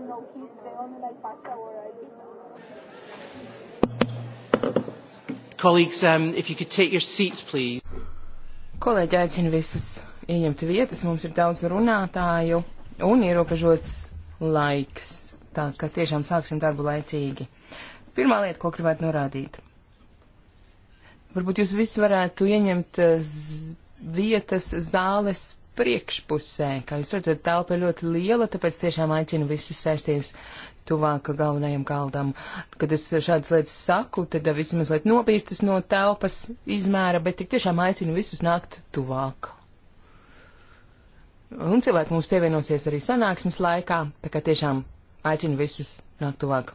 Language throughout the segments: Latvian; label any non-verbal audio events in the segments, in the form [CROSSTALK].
you know kids, they only like pasta or rice. Colleagues, um, if you could take your seats, please. Kolēģi aicina visus ieņemt vietas, mums ir daudz runātāju un ierobežots laiks, tā ka tiešām sāksim darbu laicīgi. Pirmā lieta, ko gribētu norādīt. Varbūt jūs visi varētu ieņemt eh, vietas zāles priekšpusē. Kā jūs redzat, telpa ļoti liela, tāpēc tiešām aicinu visus sēsties tuvāk galvenajam galdam. Kad es šādas lietas saku, tad visi mazliet nopīstas no telpas izmēra, bet tik tiešām aicinu visus nākt tuvāk. Un cilvēki mums pievienosies arī sanāksmes laikā, tā kā tiešām aicinu visus nākt tuvāk.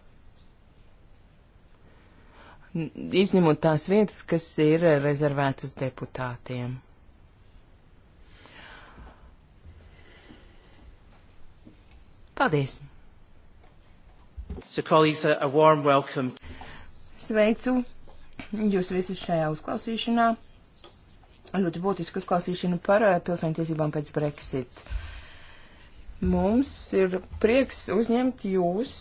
Izņemot tās vietas, kas ir rezervētas deputātiem. Paldies! So, colleagues, a warm welcome. Sveicu jūs visus šajā uzklausīšanā. Ļoti būtiska uzklausīšana par eh, pilsoņtiesībām pēc Brexit. Mums ir prieks uzņemt jūs,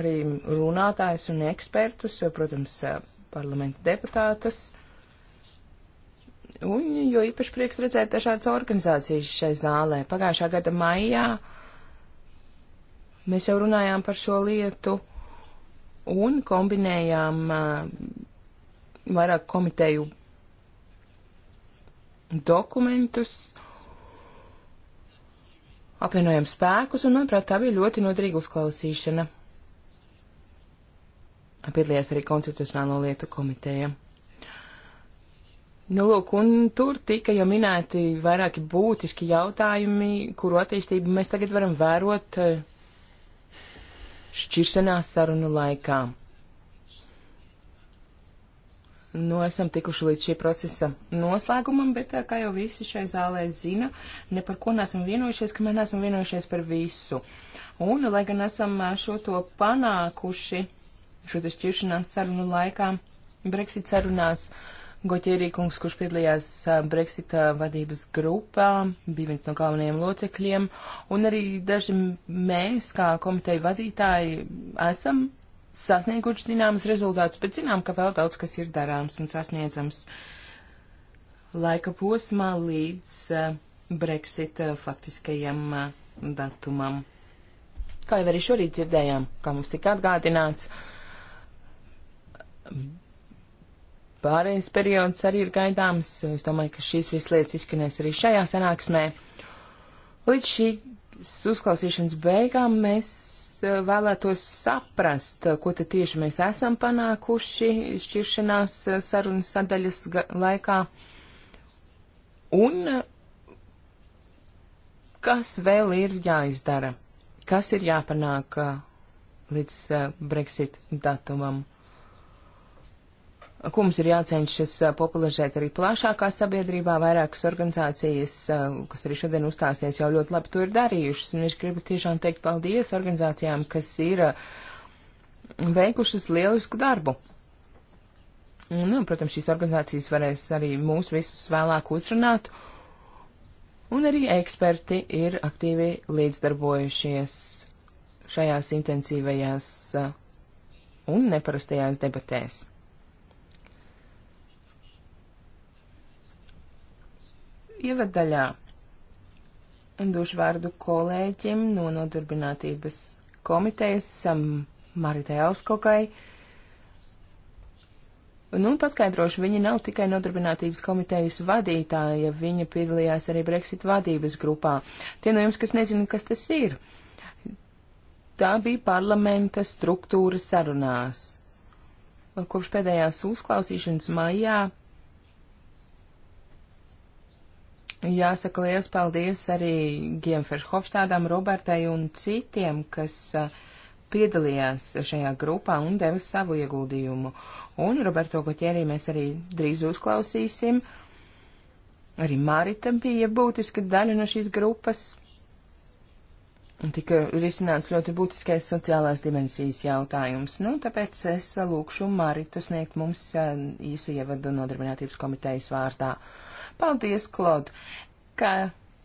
arī runātājus un ekspertus, protams, parlamenta deputātus. Un jo īpaši prieks redzēt dažādas organizācijas šai zālē. Pagājušā gada maijā uh, Mēs jau runājām par šo lietu un kombinējām uh, vairāk komiteju dokumentus, apvienojām spēkus, un, manuprāt, tā bija ļoti noderīga uzklausīšana. Piedalījās arī konstitucionālo lietu komiteja. Nu, lūk, un tur tika jau minēti vairāki būtiski jautājumi, kuru attīstību mēs tagad varam vērot uh, šķiršanās sarunu laikā. Nu, esam tikuši līdz šī procesa noslēgumam, bet, eh, kā jau visi šai zālē zina, ne par ko neesam vienojušies, kamēr neesam vienojušies par visu. Un, lai gan esam eh, šo to panākuši, šo te šķiršanās sarunu laikā, Brexit sarunās, uh, Goķierī kungs, kurš piedalījās Brexita vadības grupā, bija viens no galvenajiem locekļiem, un arī daži mēs, kā komiteja vadītāji, esam sasnieguši zināmas rezultātus, bet zinām, ka vēl daudz kas ir darāms un sasniedzams laika posmā līdz Brexita faktiskajam datumam. Kā jau arī šorīt dzirdējām, kā mums tika atgādināts, pārējais periods arī ir gaidāms. Es domāju, ka šīs visas lietas izskanēs arī šajā sanāksmē. Līdz šīs uzklausīšanas beigām mēs eh, vēlētos saprast, eh, ko tad tieši mēs esam panākuši šķiršanās eh, sarunas sadaļas laikā. Un kas vēl ir jāizdara? Kas ir jāpanāk līdz Brexit datumam? ko mums ir jācenšas popularizēt arī plašākā sabiedrībā. Vairākas organizācijas, kas arī šodien uzstāsies, jau ļoti labi to ir darījušas. Un es gribu tiešām teikt paldies organizācijām, kas ir veikušas lielisku darbu. Un, nu, protams, šīs organizācijas varēs arī mūs visus vēlāk uzrunāt. Un arī eksperti ir aktīvi līdzdarbojušies šajās intensīvajās un neparastajās debatēs. ievadaļā un došu vārdu kolēģim no nodarbinātības komitejas um, Maritai Auskokai. Nu, paskaidrošu, viņa nav tikai nodarbinātības komitejas vadītāja, viņa piedalījās arī Brexit vadības grupā. Tie no jums, kas nezinu, kas tas ir. Tā bija parlamenta struktūra sarunās. Kopš pēdējās uzklausīšanas maijā Jāsaka liels paldies arī Giemferhofstādam, Robertai un citiem, kas piedalījās šajā grupā un deva savu ieguldījumu. Un Roberto Koķērī mēs arī drīz uzklausīsim. Arī Māritam bija būtiska daļa no šīs grupas. Tika risināts ļoti būtiskais sociālās dimensijas jautājums. Nu, tāpēc es lūkšu Māritu sniegt mums īsu ievadu nodarbinātības komitejas vārdā. Uh, Paldies, Klod! Kā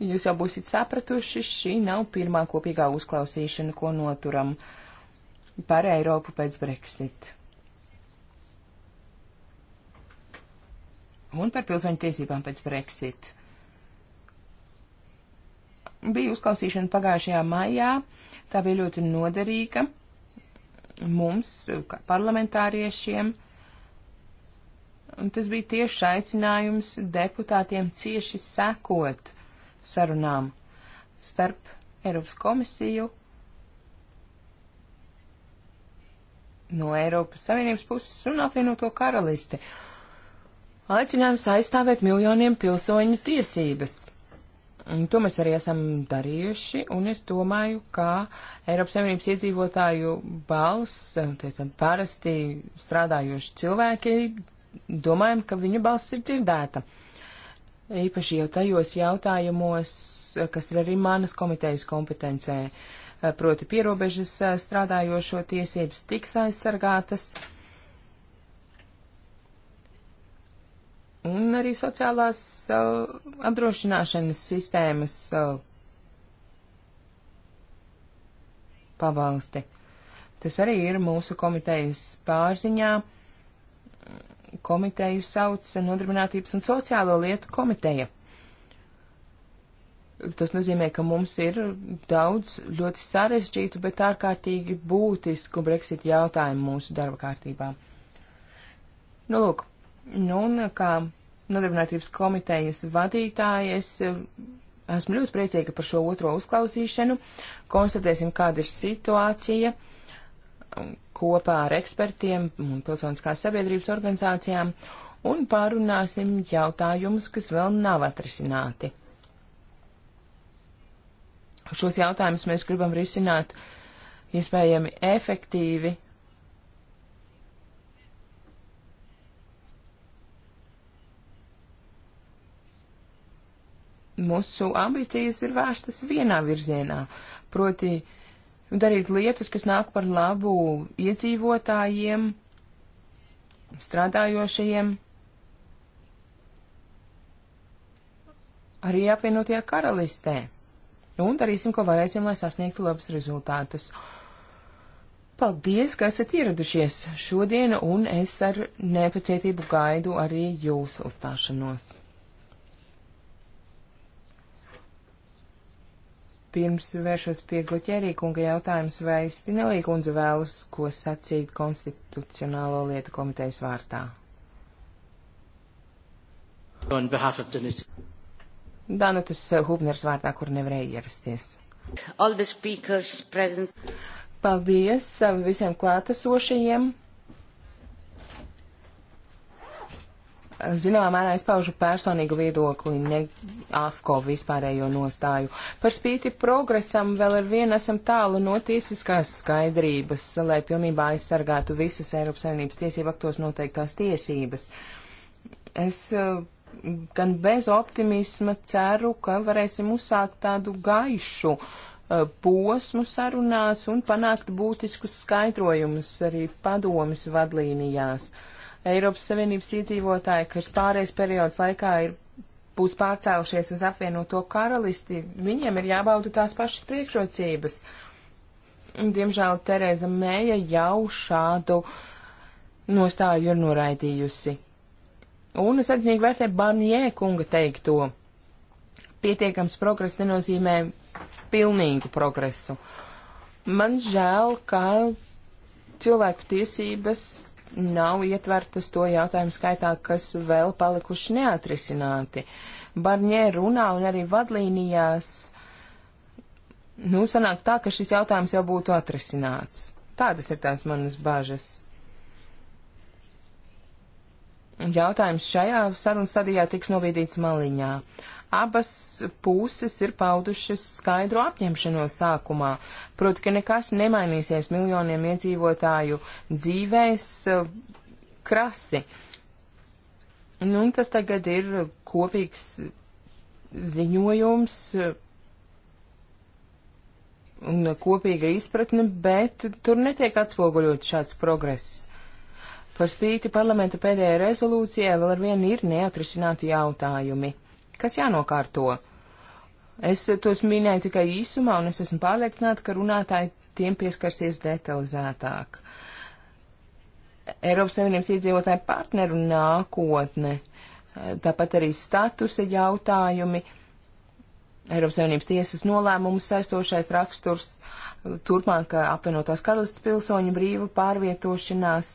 jūs jau būsiet sapratuši, šī nav pirmā kopīgā uzklausīšana, ko noturam par Eiropu pēc Brexit. Un par pilsoņu tiesībām pēc Brexit. Bija uzklausīšana pagājušajā maijā, tā bija ļoti noderīga mums, kā parlamentāriešiem. Un tas bija tieši aicinājums deputātiem cieši sekot sarunām starp Eiropas komisiju no Eiropas Savienības puses un apvienoto karalisti. Aicinājums aizstāvēt miljoniem pilsoņu tiesības. Un to mēs arī esam darījuši, un es domāju, ka Eiropas Savienības iedzīvotāju balss, tātad parasti strādājoši cilvēki, domājam, ka viņu balss ir dzirdēta. Īpaši jau tajos jautājumos, kas ir arī manas komitejas kompetencē, proti pierobežas eh, strādājošo tiesības tiks aizsargātas. Un arī sociālās uh, apdrošināšanas sistēmas uh, pabalsti. Tas arī ir mūsu komitejas pārziņā. Uh, komiteju sauc Nodarbinātības un sociālo lietu komiteja. Tas nozīmē, ka mums ir daudz ļoti sarežģītu, bet ārkārtīgi būtisku Brexit jautājumu mūsu darba kārtībā. Nu, lūk, nu, un kā Nodarbinātības komitejas vadītājas eh, esmu ļoti priecīga par šo otro uzklausīšanu. Konstatēsim, kāda ir situācija. Uh, kopā ar ekspertiem un pilsoniskās sabiedrības organizācijām un pārunāsim jautājumus, kas vēl nav atrisināti. Šos jautājumus mēs gribam risināt iespējami efektīvi mūsu ambīcijas ir vērstas vienā virzienā, proti darīt lietas, kas nāk par labu iedzīvotājiem, strādājošajiem. Arī apvienotajā karalistē. Un darīsim, ko varēsim, lai sasniegtu labus rezultātus. Paldies, ka esat ieradušies šodien, un es ar nepacietību gaidu arī jūsu uzstāšanos. Pirms vēršos pie Gluķerīkunga jautājums, vai Spinelīkundze vēlas ko sacīt konstitucionālo lietu komitejas vārtā? Danutas Hubners vārtā, kur nevarēja ierasties. Paldies visiem klātesošajiem. Zināmā mērā es paužu personīgu viedokli, ne AFCO vispārējo nostāju. Par spīti progresam vēl ar vienu esam tālu no tiesiskās skaidrības, lai pilnībā aizsargātu visas Eiropas Savienības tiesību aktos noteiktās tiesības. Es eh, gan bez optimisma ceru, ka varēsim uzsākt tādu gaišu eh, posmu sarunās un panākt būtiskus skaidrojumus arī padomis vadlīnijās. Uh, Eiropas Savienības iedzīvotāji, kas pārējais periods laikā ir būs pārcēlušies uz apvienoto karalisti, viņiem ir jābauda tās pašas priekšrocības. Diemžēl Tereza Mēja jau šādu nostāju ir noraidījusi. Un es atzinīgi vērtēju Barnjē kunga teikto. Pietiekams progress nenozīmē pilnīgu progresu. Man žēl, ka cilvēku tiesības nav ietvertas to jautājumu skaitā, kas vēl palikuši neatrisināti. Barņē runā un arī vadlīnijās, nu, sanāk tā, ka šis jautājums jau būtu atrisināts. Tādas ir tās manas bažas. Jautājums šajā sarunu stadijā tiks novīdīts maliņā abas puses ir paudušas skaidru apņemšanos sākumā, proti, ka nekas nemainīsies miljoniem iedzīvotāju dzīvēs eh, krasi. Nu, tas tagad ir kopīgs ziņojums eh, un kopīga izpratne, bet tur netiek atspoguļot šāds progress. Par spīti parlamenta pēdējai rezolūcijai vēl ar vienu ir neatrisināti jautājumi kas jānokārto. Es tos minēju tikai īsumā, un es esmu pārliecināta, ka runātāji tiem pieskarsies detalizētāk. Eiropas Savienības iedzīvotāju partneru nākotne, tāpat arī statusa jautājumi, Eiropas Savienības tiesas nolēmumu saistošais raksturs, turpmāk apvienotās karalistas pilsoņu brīva pārvietošanās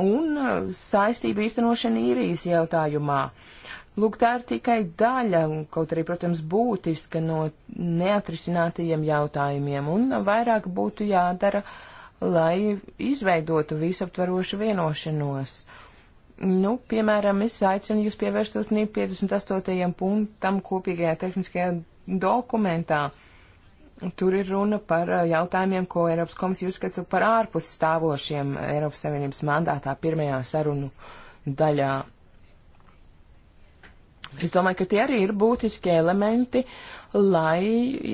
un uh, saistību īstenošana īrijas jautājumā. Lūk, tā ir tikai daļa, kaut arī, protams, būtiska no neatrisinātajiem jautājumiem, un uh, vairāk būtu jādara, lai izveidotu visaptvarošu vienošanos. Nu, piemēram, es aicinu jūs pievērst uzmanību 58. punktam kopīgajā tehniskajā dokumentā. Uh, Tur ir runa par eh, jautājumiem, ko Eiropas komisija uzskata par ārpus stāvošiem Eiropas Savienības mandātā pirmajā sarunu daļā. Es domāju, ka tie arī ir būtiski elementi, lai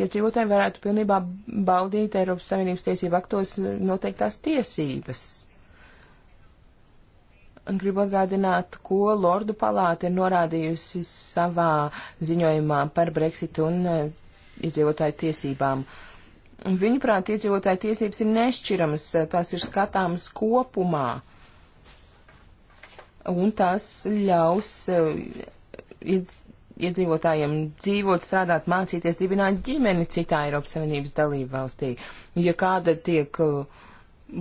iedzīvotāji ja varētu pilnībā baudīt Eiropas Savienības tiesību aktos noteiktās tiesības gribu atgādināt, ko Lordu palāta ir norādījusi savā ziņojumā par Brexitu un eh, iedzīvotāju tiesībām. Viņuprāt, iedzīvotāju tiesības ir nešķiramas, tās ir skatāmas kopumā, un tās ļaus eh, iedzīvotājiem dzīvot, strādāt, mācīties, dibināt ģimeni citā Eiropas Savienības dalību valstī. Ja kāda tiek eh,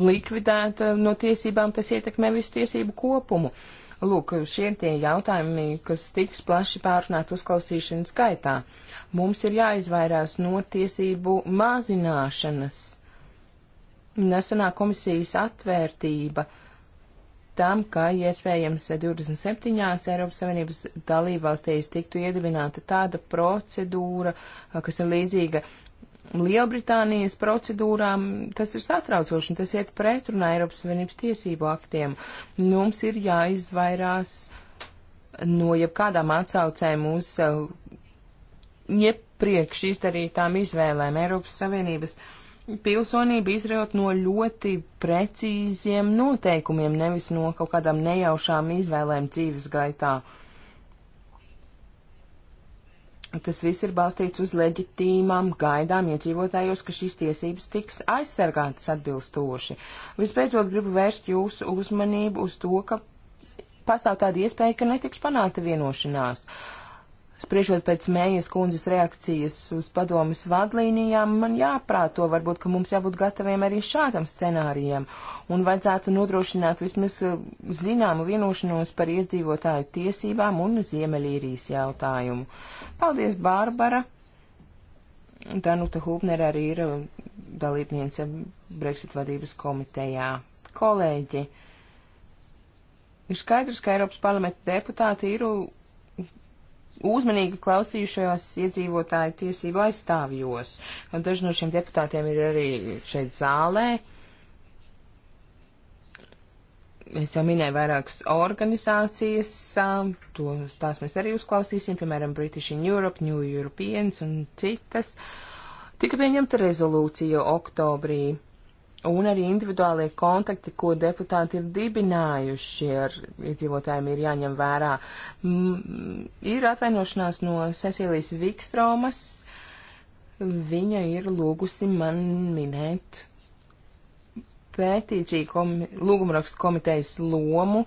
likvidēta no tiesībām, tas ietekmē visu tiesību kopumu. Uh, Lūk, šie ir tie jautājumi, kas tiks plaši pārunāt uzklausīšanas gaitā. Mums ir jāizvairās no tiesību mazināšanas. Nesenā komisijas atvērtība tam, ka iespējams 27. Eiropas Savienības dalībvalstīs tiktu iedibināta tāda procedūra, kas ir līdzīga Lielbritānijas procedūrām tas ir satraucoši, un tas iet pretrunā Eiropas Savienības tiesību aktiem. Mums ir jāizvairās no jebkādām atsaucēm uz eh, iepriekš izdarītām izvēlēm. Eiropas Savienības pilsonība izraut no ļoti precīziem noteikumiem, nevis no kaut kādām nejaušām izvēlēm dzīves gaitā. Uh, Tas viss ir balstīts uz leģitīmām gaidām iedzīvotājos, ka šīs tiesības tiks aizsargātas atbilstoši. Vispēcot gribu vērst jūsu uzmanību uz to, ka pastāv tāda iespēja, ka netiks panākta vienošanās. Uh, spriežot pēc mējas kundzes reakcijas uz padomas vadlīnijām, man jāprāto varbūt, ka mums jābūt gataviem arī šādam scenārijam un vajadzētu nodrošināt vismaz eh, zināmu vienošanos par iedzīvotāju tiesībām un Ziemeļīrijas jautājumu. Paldies, Bārbara! Danuta Hūpnera arī ir eh, dalībniece Brexit vadības komitejā. Kolēģi! Ir skaidrs, ka Eiropas parlamenta deputāti ir uzmanīgi klausījušajos iedzīvotāju tiesību aizstāvjos. Daži no šiem deputātiem ir arī šeit zālē. Es jau minēju vairākas organizācijas, to, tās mēs arī uzklausīsim, piemēram, British in Europe, New Europeans un citas. Tika pieņemta rezolūcija oktobrī un arī individuālie kontakti, ko deputāti ir dibinājuši ar iedzīvotājiem, ir jāņem vērā. M mm, ir atvainošanās no Cecīlijas Vikstromas. Viņa ir lūgusi man minēt pētīciju komi lūgumrakstu komitejas lomu.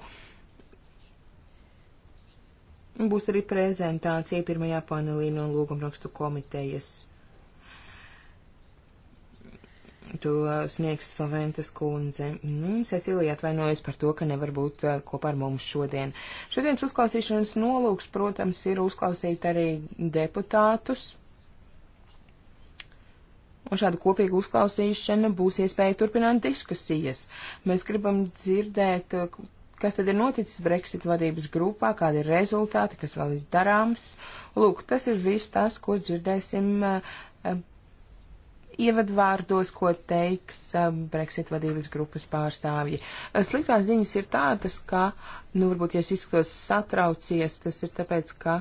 Būs arī prezentācija pirmajā panelī no lūgumrakstu komitejas To sniegs Faventas kundze. Nu, mm, Cecilija atvainojas par to, ka nevar būt uh, kopā ar mums šodien. Šodienas uzklausīšanas nolūks, protams, ir uzklausīt arī deputātus. Un šāda kopīga uzklausīšana būs iespēja turpināt diskusijas. Mēs gribam dzirdēt, uh, kas tad ir noticis Brexit vadības grupā, kādi ir rezultāti, kas vēl ir darāms. Lūk, tas ir viss tas, ko dzirdēsim. Uh, ievadvārdos, ko teiks um, Brexit vadības grupas pārstāvji. Uh, sliktās ziņas ir tādas, ka, nu, varbūt, ja es izskatos satraucies, tas ir tāpēc, ka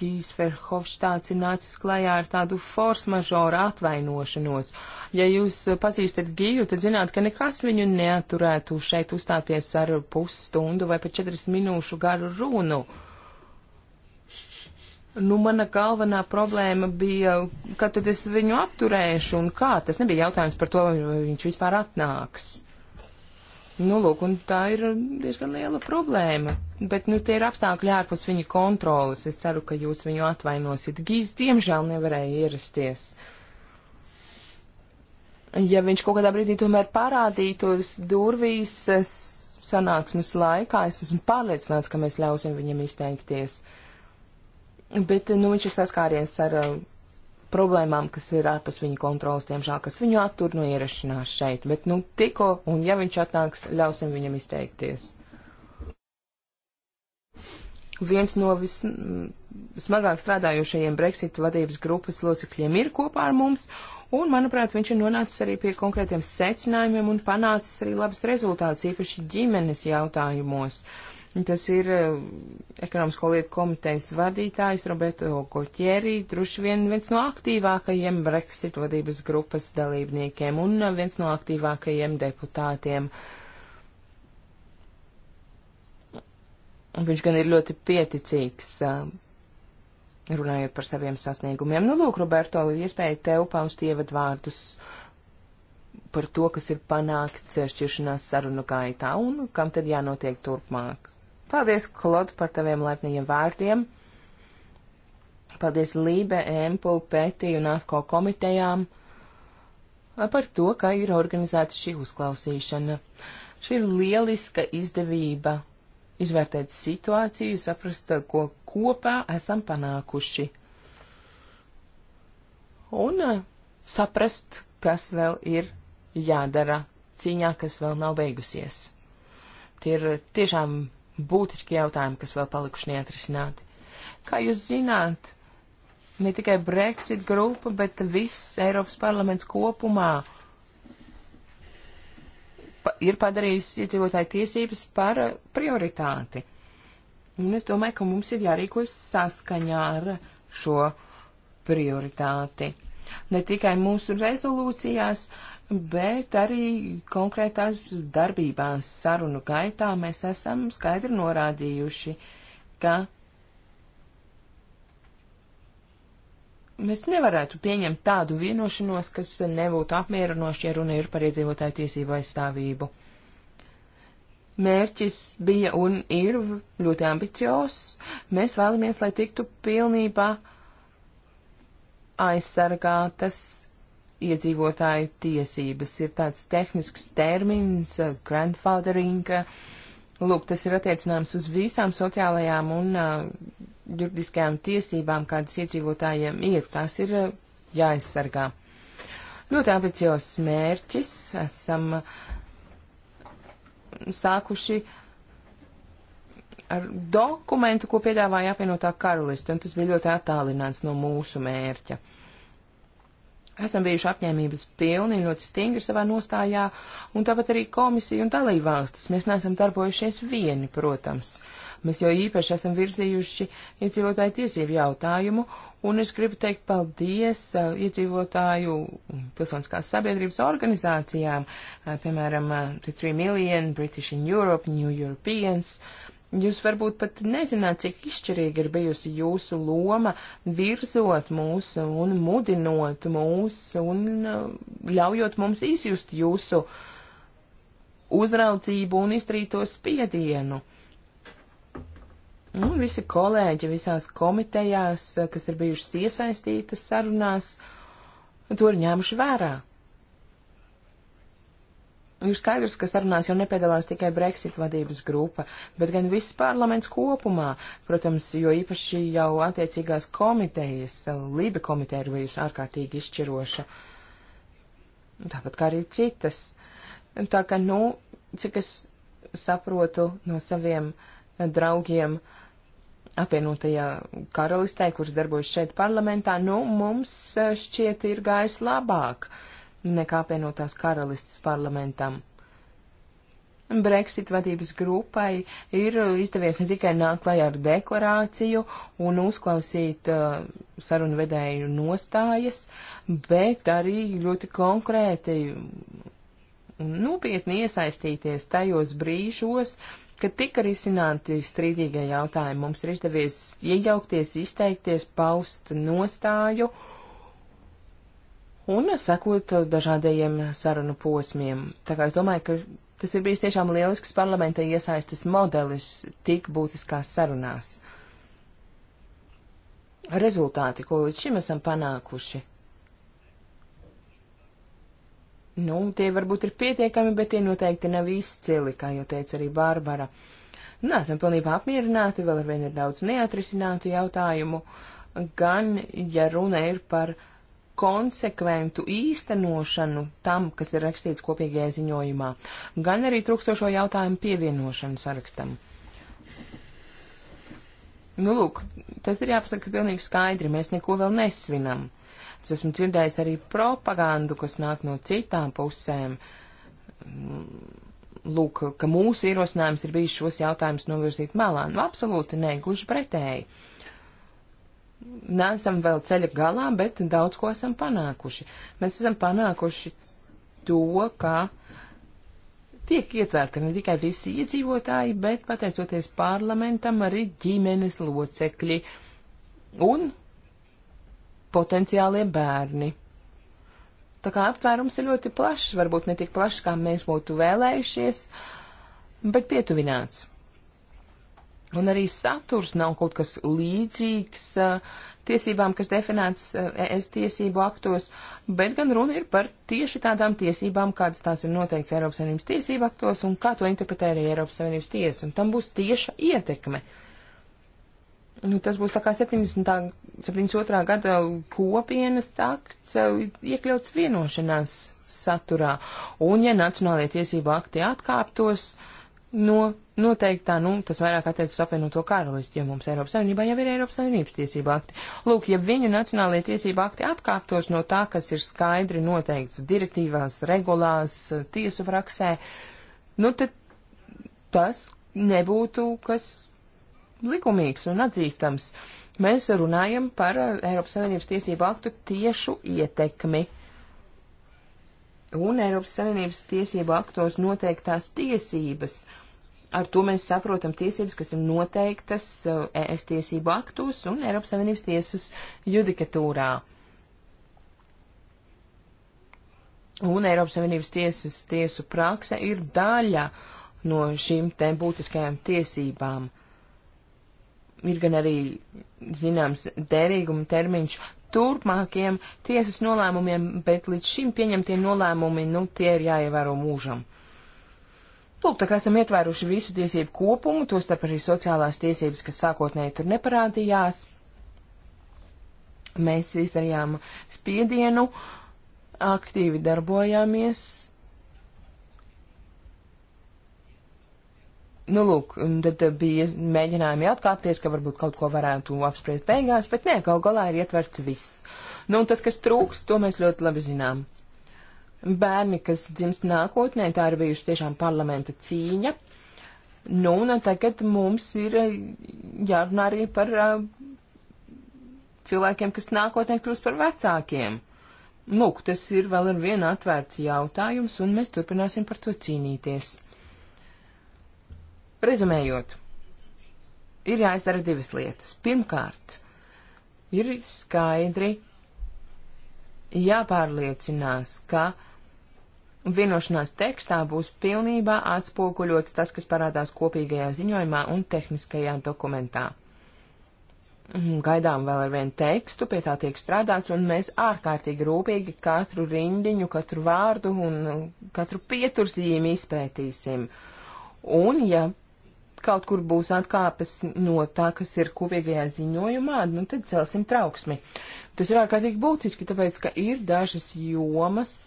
Gijs Verhofstāts ir nācis klajā ar tādu force majeure atvainošanos. Ja jūs uh, pazīstat Giju, tad zināt, ka nekas viņu neaturētu šeit uzstāties ar pusstundu vai pat 40 minūšu garu runu. Uh, Nu, mana galvenā problēma bija, ka tad es viņu apturēšu un kā. Tas nebija jautājums par to, vai viņš vispār atnāks. Nu, lūk, un tā ir diezgan liela problēma. Bet, nu, tie ir apstākļi ārpus viņa kontrolas. Es ceru, ka jūs viņu atvainosiet. Gīs, diemžēl, nevarēja ierasties. Ja viņš kaut kādā brīdī tomēr parādītos durvīs sanāksmes laikā, es esmu pārliecināts, ka mēs ļausim viņam izteikties. Uh, bet nu, viņš ir saskāries ar uh, problēmām, kas ir ārpus viņa kontrolas, tiemžēl, kas viņu attur no nu, ierašanās šeit. Bet, nu, tikko, un ja viņš atnāks, ļausim viņam izteikties. Viens no vismagāk mm, strādājošajiem Brexit vadības grupas locekļiem ir kopā ar mums, un, manuprāt, viņš ir nonācis arī pie konkrētiem secinājumiem un panācis arī labus rezultātus, īpaši ģimenes jautājumos. Uh, Tas ir eh, ekonomisko lietu komitejas vadītājs Roberto Koķēri, droši vien viens no aktīvākajiem Brexit vadības grupas dalībniekiem un eh, viens no aktīvākajiem deputātiem. Viņš gan ir ļoti pieticīgs, eh, runājot par saviem sasniegumiem. Nu, lūk, Roberto, iespēja tev paust ievadvārdus par to, kas ir panākts šķiršanās sarunu gaitā un kam tad jānotiek turpmāk. Paldies, Klod, par taviem laipniem vārdiem. Paldies Lībe, Empul, Pētī un AFKO komitejām par to, ka ir organizēta šī uzklausīšana. Šī ir lieliska izdevība izvērtēt situāciju, saprast, ko kopā esam panākuši. Un saprast, kas vēl ir jādara cīņā, kas vēl nav beigusies. Tie ir tiešām būtiski jautājumi, kas vēl palikuši neatrisināti. Kā jūs zināt, ne tikai Brexit grupa, bet viss Eiropas parlaments kopumā pa ir padarījis iedzīvotāju tiesības par prioritāti. Un es domāju, ka mums ir jārīkojas saskaņā ar šo prioritāti. Ne tikai mūsu rezolūcijās, uh, bet arī konkrētās darbībās sarunu gaitā mēs esam skaidri norādījuši, ka mēs nevarētu pieņemt tādu vienošanos, kas nebūtu apmierinoši, ja runa ir par iedzīvotāju tiesību aizstāvību. Mērķis bija un ir ļoti ambiciozs. Mēs vēlamies, lai tiktu pilnībā aizsargātas iedzīvotāju tiesības. Ir tāds tehnisks termins, uh, grandfathering. Lūk, tas ir attiecināms uz visām sociālajām un uh, juridiskajām tiesībām, kādas iedzīvotājiem ir. Tās ir uh, jāaizsargā. Ļoti ambiciozs mērķis. Esam uh, sākuši ar dokumentu, ko piedāvāja apvienotā karaliste, un tas bija ļoti attālināts no mūsu mērķa. Uh, esam bijuši apņēmības pilni un ļoti stingri savā nostājā, un tāpat arī komisija un dalībvalstis. Mēs neesam darbojušies vieni, protams. Mēs jau īpaši esam virzījuši iedzīvotāju tiesību jautājumu, un es gribu teikt paldies eh, iedzīvotāju pilsoniskās sabiedrības organizācijām, eh, piemēram, eh, The Three Million, British in Europe, New Europeans. Uh, Jūs varbūt pat nezināt, cik izšķirīga ir bijusi jūsu loma virzot mūs un mudinot mūs un uh, ļaujot mums izjust jūsu uzraudzību un izdarīto spiedienu. Un visi kolēģi visās komitejās, uh, kas ir bijušas iesaistītas sarunās, to ir ņēmuši vērā. Ir skaidrs, ka sarunās jau nepiedalās tikai Brexit vadības grupa, bet gan viss parlaments kopumā, protams, jo īpaši jau attiecīgās komitejas, Lība komiteja ir bijusi ārkārtīgi izšķiroša, tāpat kā arī citas. Tā ka, nu, cik es saprotu no saviem draugiem apvienotajā karalistē, kurš darbojas šeit parlamentā, nu, mums eh, šķiet ir gājis labāk. Uh, nekā apvienotās karalistas parlamentam. Brexit vadības grupai ir izdevies ne tikai nākt klajā ar deklarāciju un uzklausīt uh, sarunvedēju nostājas, bet arī ļoti konkrēti un nopietni iesaistīties tajos brīžos, kad tika risināti strīdīgie jautājumi. Mums ir izdevies iejaukties, izteikties, paust nostāju. Uh, un sekot dažādajiem sarunu posmiem. Tā kā es domāju, ka tas ir bijis tiešām lielisks parlamenta iesaistas modelis tik būtiskās sarunās. Rezultāti, ko līdz šim esam panākuši, Nu, tie varbūt ir pietiekami, bet tie noteikti nav izcili, kā jau teica arī Bārbara. Nē, esam pilnībā apmierināti, vēl arvien ir daudz neatrisinātu jautājumu, gan, ja runa ir par konsekventu īstenošanu tam, kas ir rakstīts kopīgajā ziņojumā, gan arī trūkstošo jautājumu pievienošanu sarakstam. Nu, lūk, tas ir jāpasaka pilnīgi skaidri, mēs neko vēl nesvinam. Es esmu dzirdējis arī propagandu, kas nāk no citām pusēm. Lūk, ka mūsu ierosinājums ir bijis šos jautājumus novirzīt malā. Nu, absolūti nē, gluži pretēji. Uh, Nesam vēl ceļa galā, bet daudz ko esam panākuši. Mēs esam panākuši to, ka tiek ietverti ne tikai visi iedzīvotāji, bet pateicoties parlamentam arī ģimenes locekļi un potenciālie bērni. Tā kā aptvērums ir ļoti plašs, varbūt ne tik plašs, kā mēs būtu vēlējušies, bet pietuvināts. Un arī saturs nav kaut kas līdzīgs tiesībām, kas definēts ES tiesību aktos, bet gan runa ir par tieši tādām tiesībām, kādas tās ir noteikts Eiropas Savienības tiesību aktos un kā to interpretē arī Eiropas Savienības tiesa. Un tam būs tieša ietekme. Nu, tas būs tā kā 70. 72. gada kopienas akts iekļauts vienošanās saturā. Un ja nacionālajie tiesību akti atkāptos, uh, no noteiktā, nu, tas vairāk attiec uz apvienoto karalisti, jo mums Eiropas Savienībā jau ir Eiropas Savienības tiesība akti. Lūk, ja viņu nacionālajie tiesība akti atkāptos no tā, kas ir skaidri noteikts direktīvās, regulās, tiesu praksē, nu, tad tas nebūtu kas likumīgs un atzīstams. Mēs runājam par uh, Eiropas Savienības tiesību aktu tiešu ietekmi un Eiropas Savienības tiesību aktos noteiktās tiesības – Ar to mēs saprotam tiesības, kas ir noteiktas uh, ES tiesību aktos un Eiropas Savienības tiesas judikatūrā. Un Eiropas Savienības tiesas tiesu prakse ir daļa no šīm te būtiskajām tiesībām. Ir gan arī zināms derīguma termiņš turpmākiem tiesas nolēmumiem, bet līdz šim pieņemtie nolēmumi, nu, tie ir jāievēro mūžam. Lūk, tā kā esam ietvēruši visu tiesību kopumu, tostarp arī sociālās tiesības, kas sākotnēji tur neparādījās. Mēs izdarījām spiedienu, aktīvi darbojāmies. Nu, lūk, tad bija mēģinājumi atkāpties, ka varbūt kaut ko varētu apspriest beigās, bet nē, kaut galā ir ietverts viss. Nu, un tas, kas trūks, to mēs ļoti labi zinām. Uh, bērni, kas dzimst nākotnē, tā ir bijuši tiešām parlamenta cīņa. Nu, un tagad mums ir eh, jārunā arī par uh, cilvēkiem, kas nākotnē kļūst par vecākiem. Lūk, tas ir vēl ar vienu atvērts jautājums, un mēs turpināsim par to cīnīties. Rezumējot, ir jāizdara divas lietas. Pirmkārt, ir skaidri jāpārliecinās, ka Vienošanās tekstā būs pilnībā atspoguļots tas, kas parādās kopīgajā ziņojumā un tehniskajā dokumentā. Mhm, gaidām vēl ar vienu tekstu, pie tā tiek strādāts, un mēs ārkārtīgi rūpīgi katru rindiņu, katru vārdu un uh, katru pieturzīmi izpētīsim. Un, ja kaut kur būs atkāpes no tā, kas ir kopīgajā ziņojumā, nu tad celsim trauksmi. Tas ir ārkārtīgi būtiski, tāpēc, ka ir dažas jomas,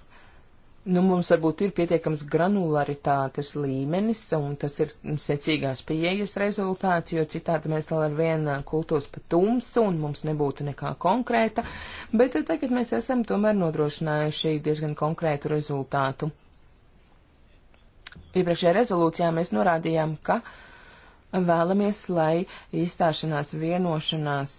Nu, mums varbūt ir pietiekams granularitātes līmenis, un tas ir secīgās pieejas rezultāts, jo citādi mēs vēl ar vienu kultos pa tumsu, un mums nebūtu nekā konkrēta, bet tagad mēs esam tomēr nodrošinājuši diezgan konkrētu rezultātu. Iepriekšējā rezolūcijā mēs norādījām, ka vēlamies, lai izstāšanās vienošanās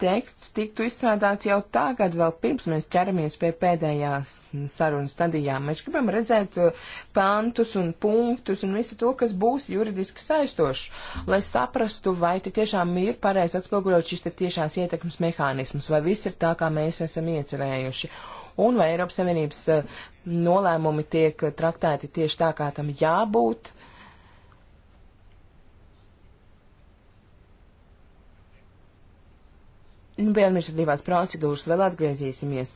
teksts tiktu izstrādāts jau tagad, vēl pirms mēs ķeramies pie pēdējās sarunas stadijām. Mēs gribam redzēt uh, pantus un punktus un visu to, kas būs juridiski saistošs, lai saprastu, vai te tiešām ir pareizi atspoguļot šis te tiešās ietekmes mehānismus, vai viss ir tā, kā mēs esam iecerējuši. Un vai Eiropas Savienības uh, nolēmumi tiek traktēti tieši tā, kā tam jābūt. Uh, Nu, pie administratīvās procedūras vēl atgriezīsimies.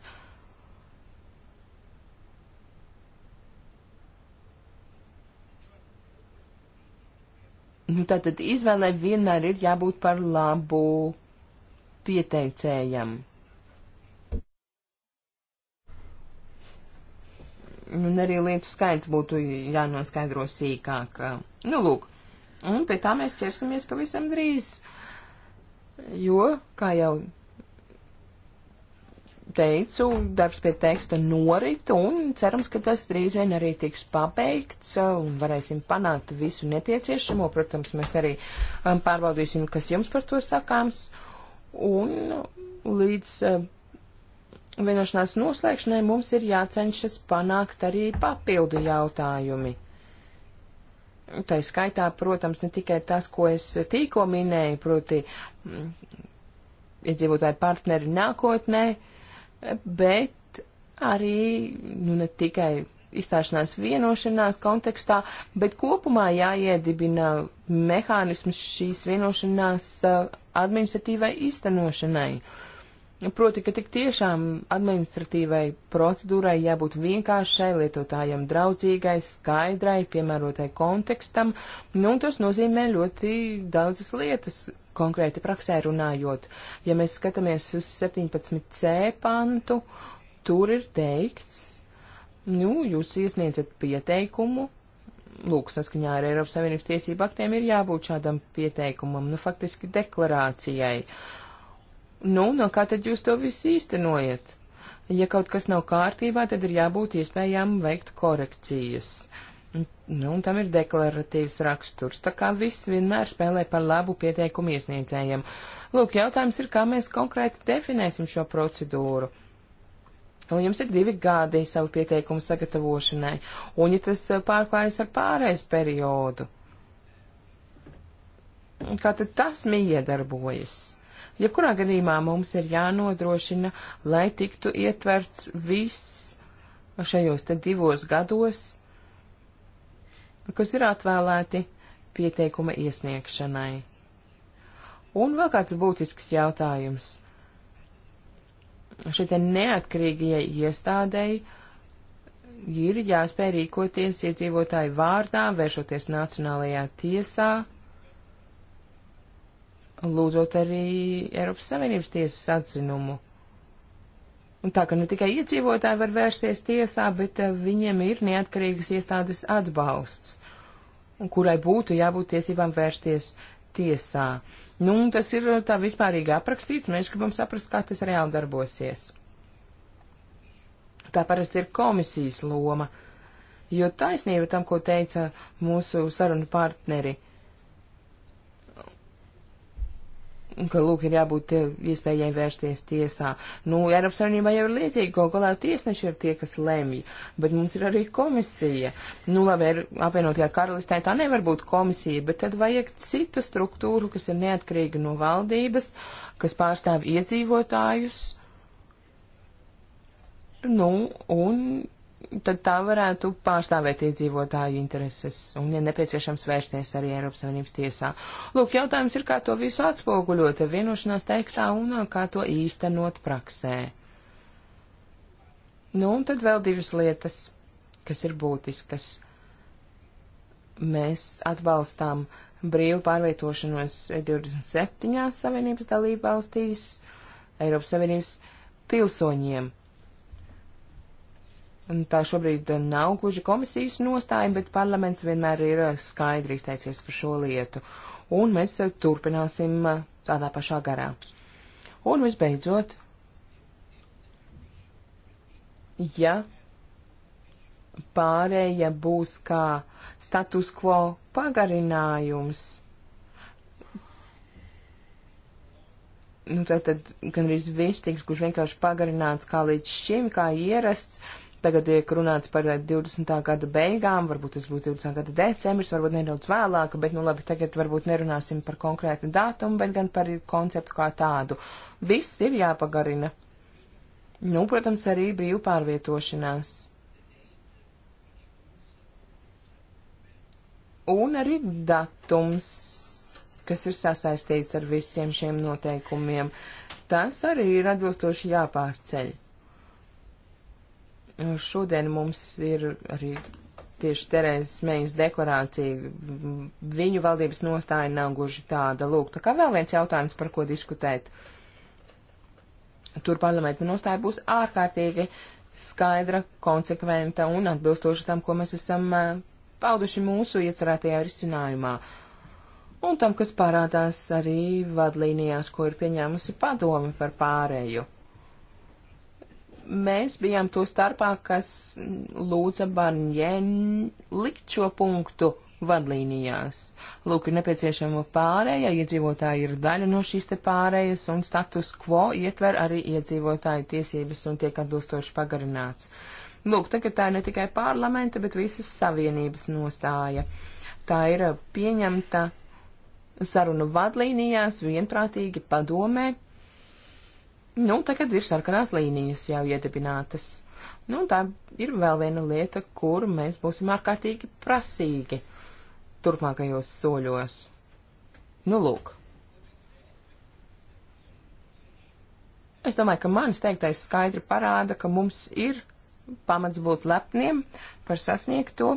Nu, tātad izvēlē vienmēr ir jābūt par labu pieteicējam. Nu, un arī lietu skaits būtu jānoskaidro sīkāk. Nu, lūk, un pie tā mēs ķersimies pavisam drīz. Uh, jo, kā jau teicu, darbs pie teksta norit, un cerams, ka tas drīz vien arī tiks pabeigts, uh, un varēsim panākt visu nepieciešamo. Protams, mēs arī um, pārbaudīsim, kas jums par to sakāms, un līdz uh, vienošanās noslēgšanai mums ir jācenšas panākt arī papildu jautājumi. Tā skaitā, protams, ne tikai tas, ko es tikko minēju, proti mm, iedzīvotāju partneri nākotnē, bet arī nu, ne tikai izstāšanās vienošanās kontekstā, bet kopumā jāiedibina mehānisms šīs vienošanās eh, administratīvai iztenošanai. Uh, Proti, ka tik tiešām administratīvai procedūrai jābūt vienkāršai, lietotājiem draudzīgai, skaidrai, piemērotai kontekstam, nu, un tas nozīmē ļoti daudzas lietas, konkrēti praksē runājot. Ja mēs skatāmies uz 17c pantu, tur ir teikts, nu, jūs iesniedzat pieteikumu, lūk, saskaņā ar Eiropas Savienības tiesību aktiem ir jābūt šādam pieteikumam, nu, faktiski deklarācijai. Uh, Nu, no kā tad jūs to visu īstenojat? Ja kaut kas nav kārtībā, tad ir jābūt iespējām veikt korekcijas. Nu, un tam ir deklaratīvs raksturs, tā kā viss vienmēr spēlē par labu pieteikumu iesniedzējiem. Lūk, jautājums ir, kā mēs konkrēti definēsim šo procedūru. Un jums ir divi gadi savu pieteikumu sagatavošanai, un ja tas eh, pārklājas ar pārējais periodu, kā tad tas miedarbojas? Jebkurā ja gadījumā mums ir jānodrošina, lai tiktu ietverts viss šajos te divos gados, kas ir atvēlēti pieteikuma iesniegšanai. Un vēl kāds būtisks jautājums. Šai te neatkarīgajai iestādēji ir jāspēj rīkoties iedzīvotāju vārdā, vēršoties Nacionālajā tiesā lūdzot arī Eiropas Savienības tiesas atzinumu. Un tā, ka ne tikai iedzīvotāji var vērsties tiesā, bet eh, viņiem ir neatkarīgas iestādes atbalsts, kurai būtu jābūt tiesībām vērsties tiesā. Nu, tas ir eh, tā vispārīgi aprakstīts, mēs gribam saprast, kā tas reāli darbosies. Tā parasti ir komisijas loma, jo taisnība tam, ko teica mūsu sarunu partneri, ka, lūk, ir jābūt eh, iespējai vērsties tiesā. Nu, Eiropas Savienībā jau ir liecīgi, ka kolēģi tiesneši ir tie, kas lemj, bet mums ir arī komisija. Nu, labi, ir apvienotajā karalistē tā nevar būt komisija, bet tad vajag citu struktūru, kas ir neatkarīga no valdības, kas pārstāv iedzīvotājus. Nu, un tad tā varētu pārstāvēt iedzīvotāju intereses un, ja nepieciešams, vērsties arī Eiropas Savienības tiesā. Lūk, jautājums ir, kā to visu atspoguļot vienošanās tekstā un uh, kā to īstenot praksē. Nu, un tad vēl divas lietas, kas ir būtiskas. Mēs atbalstām brīvu pārvietošanos 27 Savienības dalību valstīs, Eiropas Savienības pilsoņiem Tā šobrīd nav gluži komisijas nostāja, bet parlaments vienmēr ir skaidri izteicies par šo lietu, un mēs turpināsim tādā pašā garā. Un visbeidzot, ja pārēja būs kā status quo pagarinājums, nu tad, tad gan arī viss tiks gluži vienkārši pagarināts kā līdz šim, kā ierasts, uh, Tagad tiek runāts par 20. Eh, gada beigām, varbūt tas būs 20. gada decembris, varbūt nedaudz vēlāk, bet nu labi, tagad varbūt nerunāsim par konkrētu datumu, bet gan par konceptu kā tādu. Viss ir jāpagarina. Nu, protams, arī brīvu pārvietošanās. Un arī datums, kas ir sasaistīts ar visiem šiem noteikumiem, tas arī ir atbilstoši jāpārceļ. Eh, šodien mums ir arī tieši Terēzes Mejas deklarācija. Viņu valdības nostāja nav gluži tāda. Lūk, tā kā vēl viens jautājums, par ko diskutēt. Tur parlamenta nostāja būs ārkārtīgi skaidra, konsekventa un atbilstoša tam, ko mēs esam eh, pauduši mūsu iecerētajā risinājumā. Un tam, kas parādās arī vadlīnijās, ko ir pieņēmusi padome par pārēju mēs bijām to starpā, kas lūdza Barņēn likt šo punktu vadlīnijās. Lūk, ir nepieciešama pārēja, iedzīvotāji ir daļa no šīs te pārējas, un status quo ietver arī iedzīvotāju tiesības un tiek atbilstoši pagarināts. Lūk, tagad tā ir ne tikai parlamenta, bet visas savienības nostāja. Tā ir pieņemta sarunu vadlīnijās vienprātīgi padomē Nu, tagad ir sarkanās līnijas jau iedibinātas. Nu, tā ir vēl viena lieta, kur mēs būsim ārkārtīgi prasīgi turpmākajos soļos. Nu, lūk. Es domāju, ka manis teiktais skaidri parāda, ka mums ir pamats būt lepniem par sasniegto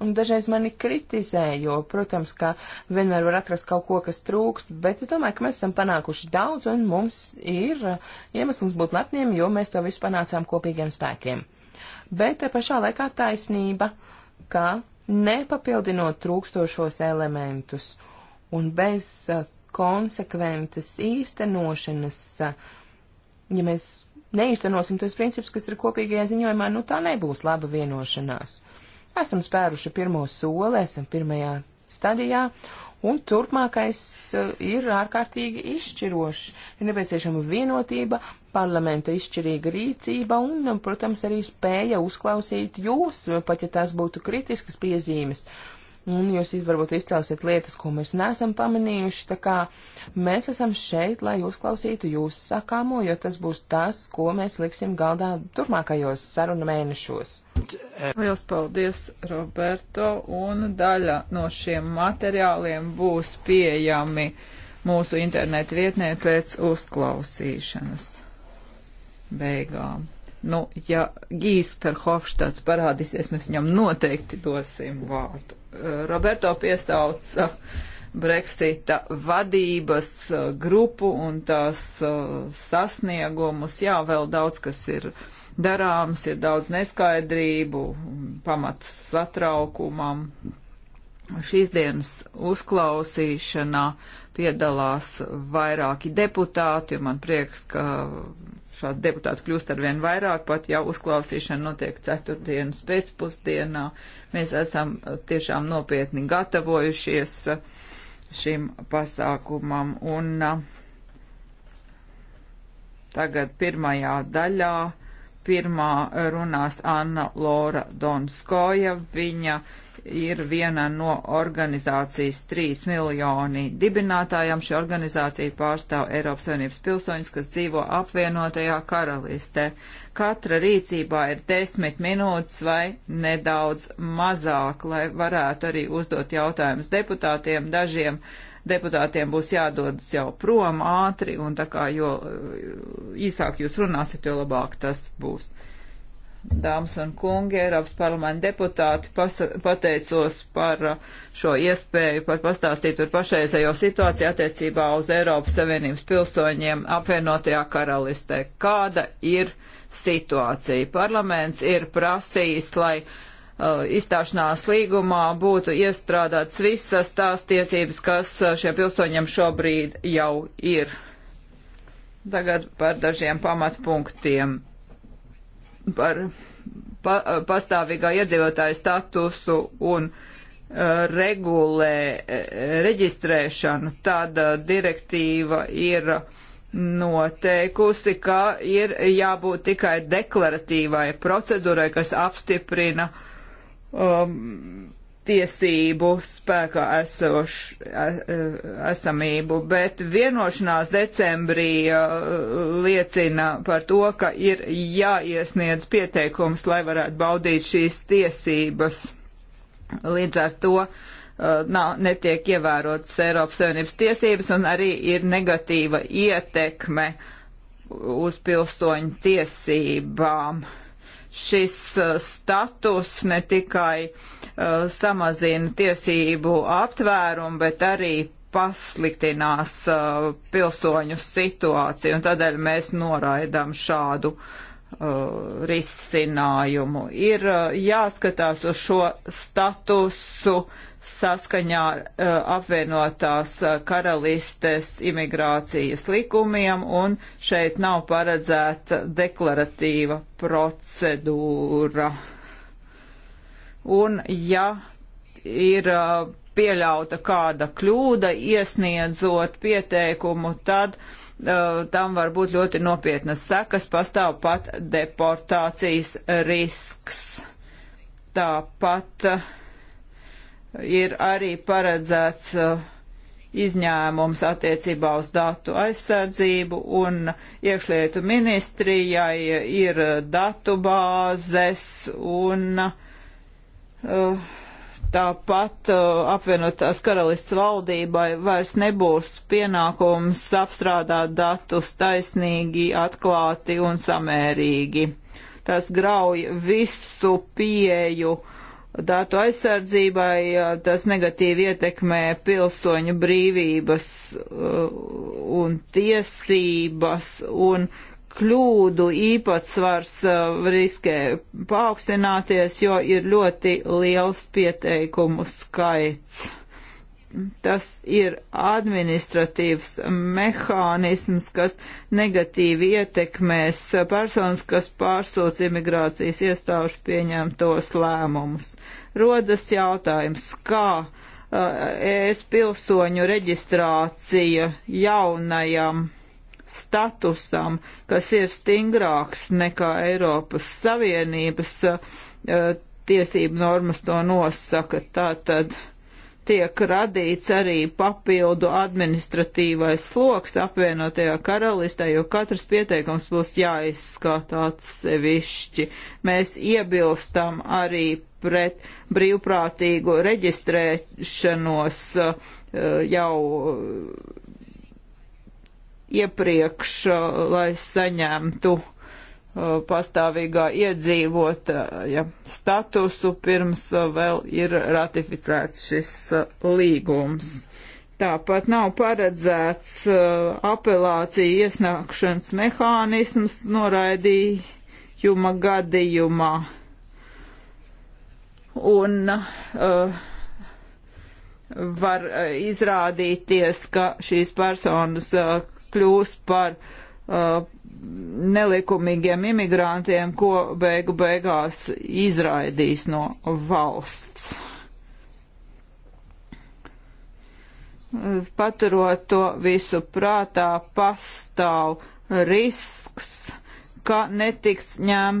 Un dažreiz mani kritizē, jo, protams, ka vienmēr var atrast kaut ko, kas trūkst, bet es domāju, ka mēs esam panākuši daudz, un mums ir uh, iemesls būt lepniem, jo mēs to visu panācām kopīgiem spēkiem. Bet te pašā laikā taisnība, ka nepapildinot trūkstošos elementus un bez uh, konsekventas īstenošanas, uh, ja mēs neīstenosim tos principus, kas ir kopīgajā ziņojumā, nu tā nebūs laba vienošanās. Esam spēruši pirmo soli, esam pirmajā stadijā, un turpmākais eh, ir ārkārtīgi izšķirošs. Ir nepieciešama vienotība, parlamenta izšķirīga rīcība un, protams, arī spēja uzklausīt jūs, pat ja tās būtu kritiskas piezīmes. Uh, un jūs varbūt izcelsiet lietas, ko mēs neesam pamanījuši. Tā kā mēs esam šeit, lai uzklausītu jūsu sakāmo, jo tas būs tas, ko mēs liksim galdā turpmākajos sarunu mēnešos. Lielas paldies, Roberto, un daļa no šiem materiāliem būs pieejami mūsu internetu vietnē pēc uzklausīšanas beigām. Nu, ja Gīs per Hofštāts parādīsies, mēs viņam noteikti dosim vārdu. Roberto piesauca Brexita vadības uh, grupu un tās uh, sasniegumus. Jā, vēl daudz kas ir darāms, ir daudz neskaidrību, pamats satraukumam. Šīs dienas uzklausīšanā piedalās vairāki deputāti, un man prieks, ka šādi deputāti kļūst arvien vairāk, pat jau uzklausīšana notiek ceturtdienas pēcpusdienā. Uh, Mēs esam uh, tiešām nopietni gatavojušies uh, šim pasākumam un uh, tagad pirmajā daļā pirmā runās Anna Lora Donskoja. Viņa ir viena no organizācijas 3 miljoni dibinātājām. Šī organizācija pārstāv Eiropas Savienības pilsoņus, kas dzīvo apvienotajā karalistē. Katra rīcībā ir 10 minūtes vai nedaudz mazāk, lai varētu arī uzdot jautājumus deputātiem dažiem deputātiem būs jādodas jau prom ātri, un tā kā jo uh, īsāk jūs runāsiet, jo labāk tas būs dāmas un kungi, Eiropas parlamenta deputāti, pateicos par uh, šo iespēju pat pastāstīt par pašreizējo situāciju attiecībā uz Eiropas Savienības pilsoņiem apvienotajā karalistē. Kāda ir situācija? Parlaments ir prasījis, lai uh, izstāšanās līgumā būtu iestrādāts visas tās tiesības, kas uh, šiem pilsoņiem šobrīd jau ir. Tagad par dažiem pamatpunktiem par pa, pastāvīgā iedzīvotāja statusu un uh, regulē eh, reģistrēšanu, tad direktīva ir noteikusi, ka ir jābūt tikai deklaratīvai procedūrai, kas apstiprina um, tiesību spēkā esoš, e, e, esamību, bet vienošanās decembrī e, liecina par to, ka ir jāiesniedz pieteikums, lai varētu baudīt šīs tiesības. Līdz ar to nav, netiek ievērotas Eiropas Savienības tiesības un arī ir negatīva ietekme uz pilsoņu tiesībām. Šis status ne tikai uh, Uh, samazina tiesību aptvērumu, bet arī pasliktinās uh, pilsoņu situāciju, un tādēļ mēs noraidām šādu uh, risinājumu. Ir uh, jāskatās uz šo statusu saskaņā ar uh, apvienotās uh, karalistes imigrācijas likumiem, un šeit nav paredzēta deklaratīva procedūra. Uh, un ja ir uh, pieļauta kāda kļūda iesniedzot pieteikumu, tad uh, tam var būt ļoti nopietnas sekas, pastāv pat deportācijas risks. Tāpat uh, ir arī paredzēts uh, izņēmums attiecībā uz datu aizsardzību un iekšlietu ministrijai ir datu bāzes un uh, Eh, tāpat eh, apvienotās karalists valdībai vairs nebūs pienākums apstrādāt datus taisnīgi, atklāti un samērīgi. Tas grauj visu pieju datu aizsardzībai, eh, tas negatīvi ietekmē pilsoņu brīvības un tiesības un kļūdu īpatsvars uh, riskē paaugstināties, jo ir ļoti liels pieteikumu skaits. Tas ir administratīvs mehānisms, kas negatīvi ietekmēs personas, kas pārsūc imigrācijas iestāžu pieņemtos lēmumus. Rodas jautājums, kā uh, es pilsoņu reģistrācija jaunajam statusam, kas ir stingrāks nekā Eiropas Savienības eh, tiesību normas to nosaka. Tātad tiek radīts arī papildu administratīvais sloks apvienotajā karalistē, jo katrs pieteikums būs jāizskatā atsevišķi. Mēs iebilstam arī pret brīvprātīgu reģistrēšanos eh, jau iepriekš, uh, lai saņemtu uh, pastāvīgā iedzīvotāja statusu pirms uh, vēl ir ratificēts šis līgums. Tāpat nav paredzēts apelācija iesnākšanas mehānisms noraidījuma gadījumā. Un uh, var izrādīties, ka šīs personas kļūs par uh, nelikumīgiem imigrantiem, ko beigu beigās izraidīs no valsts. Paturot to visu prātā, pastāv risks, ka netiks, ņem,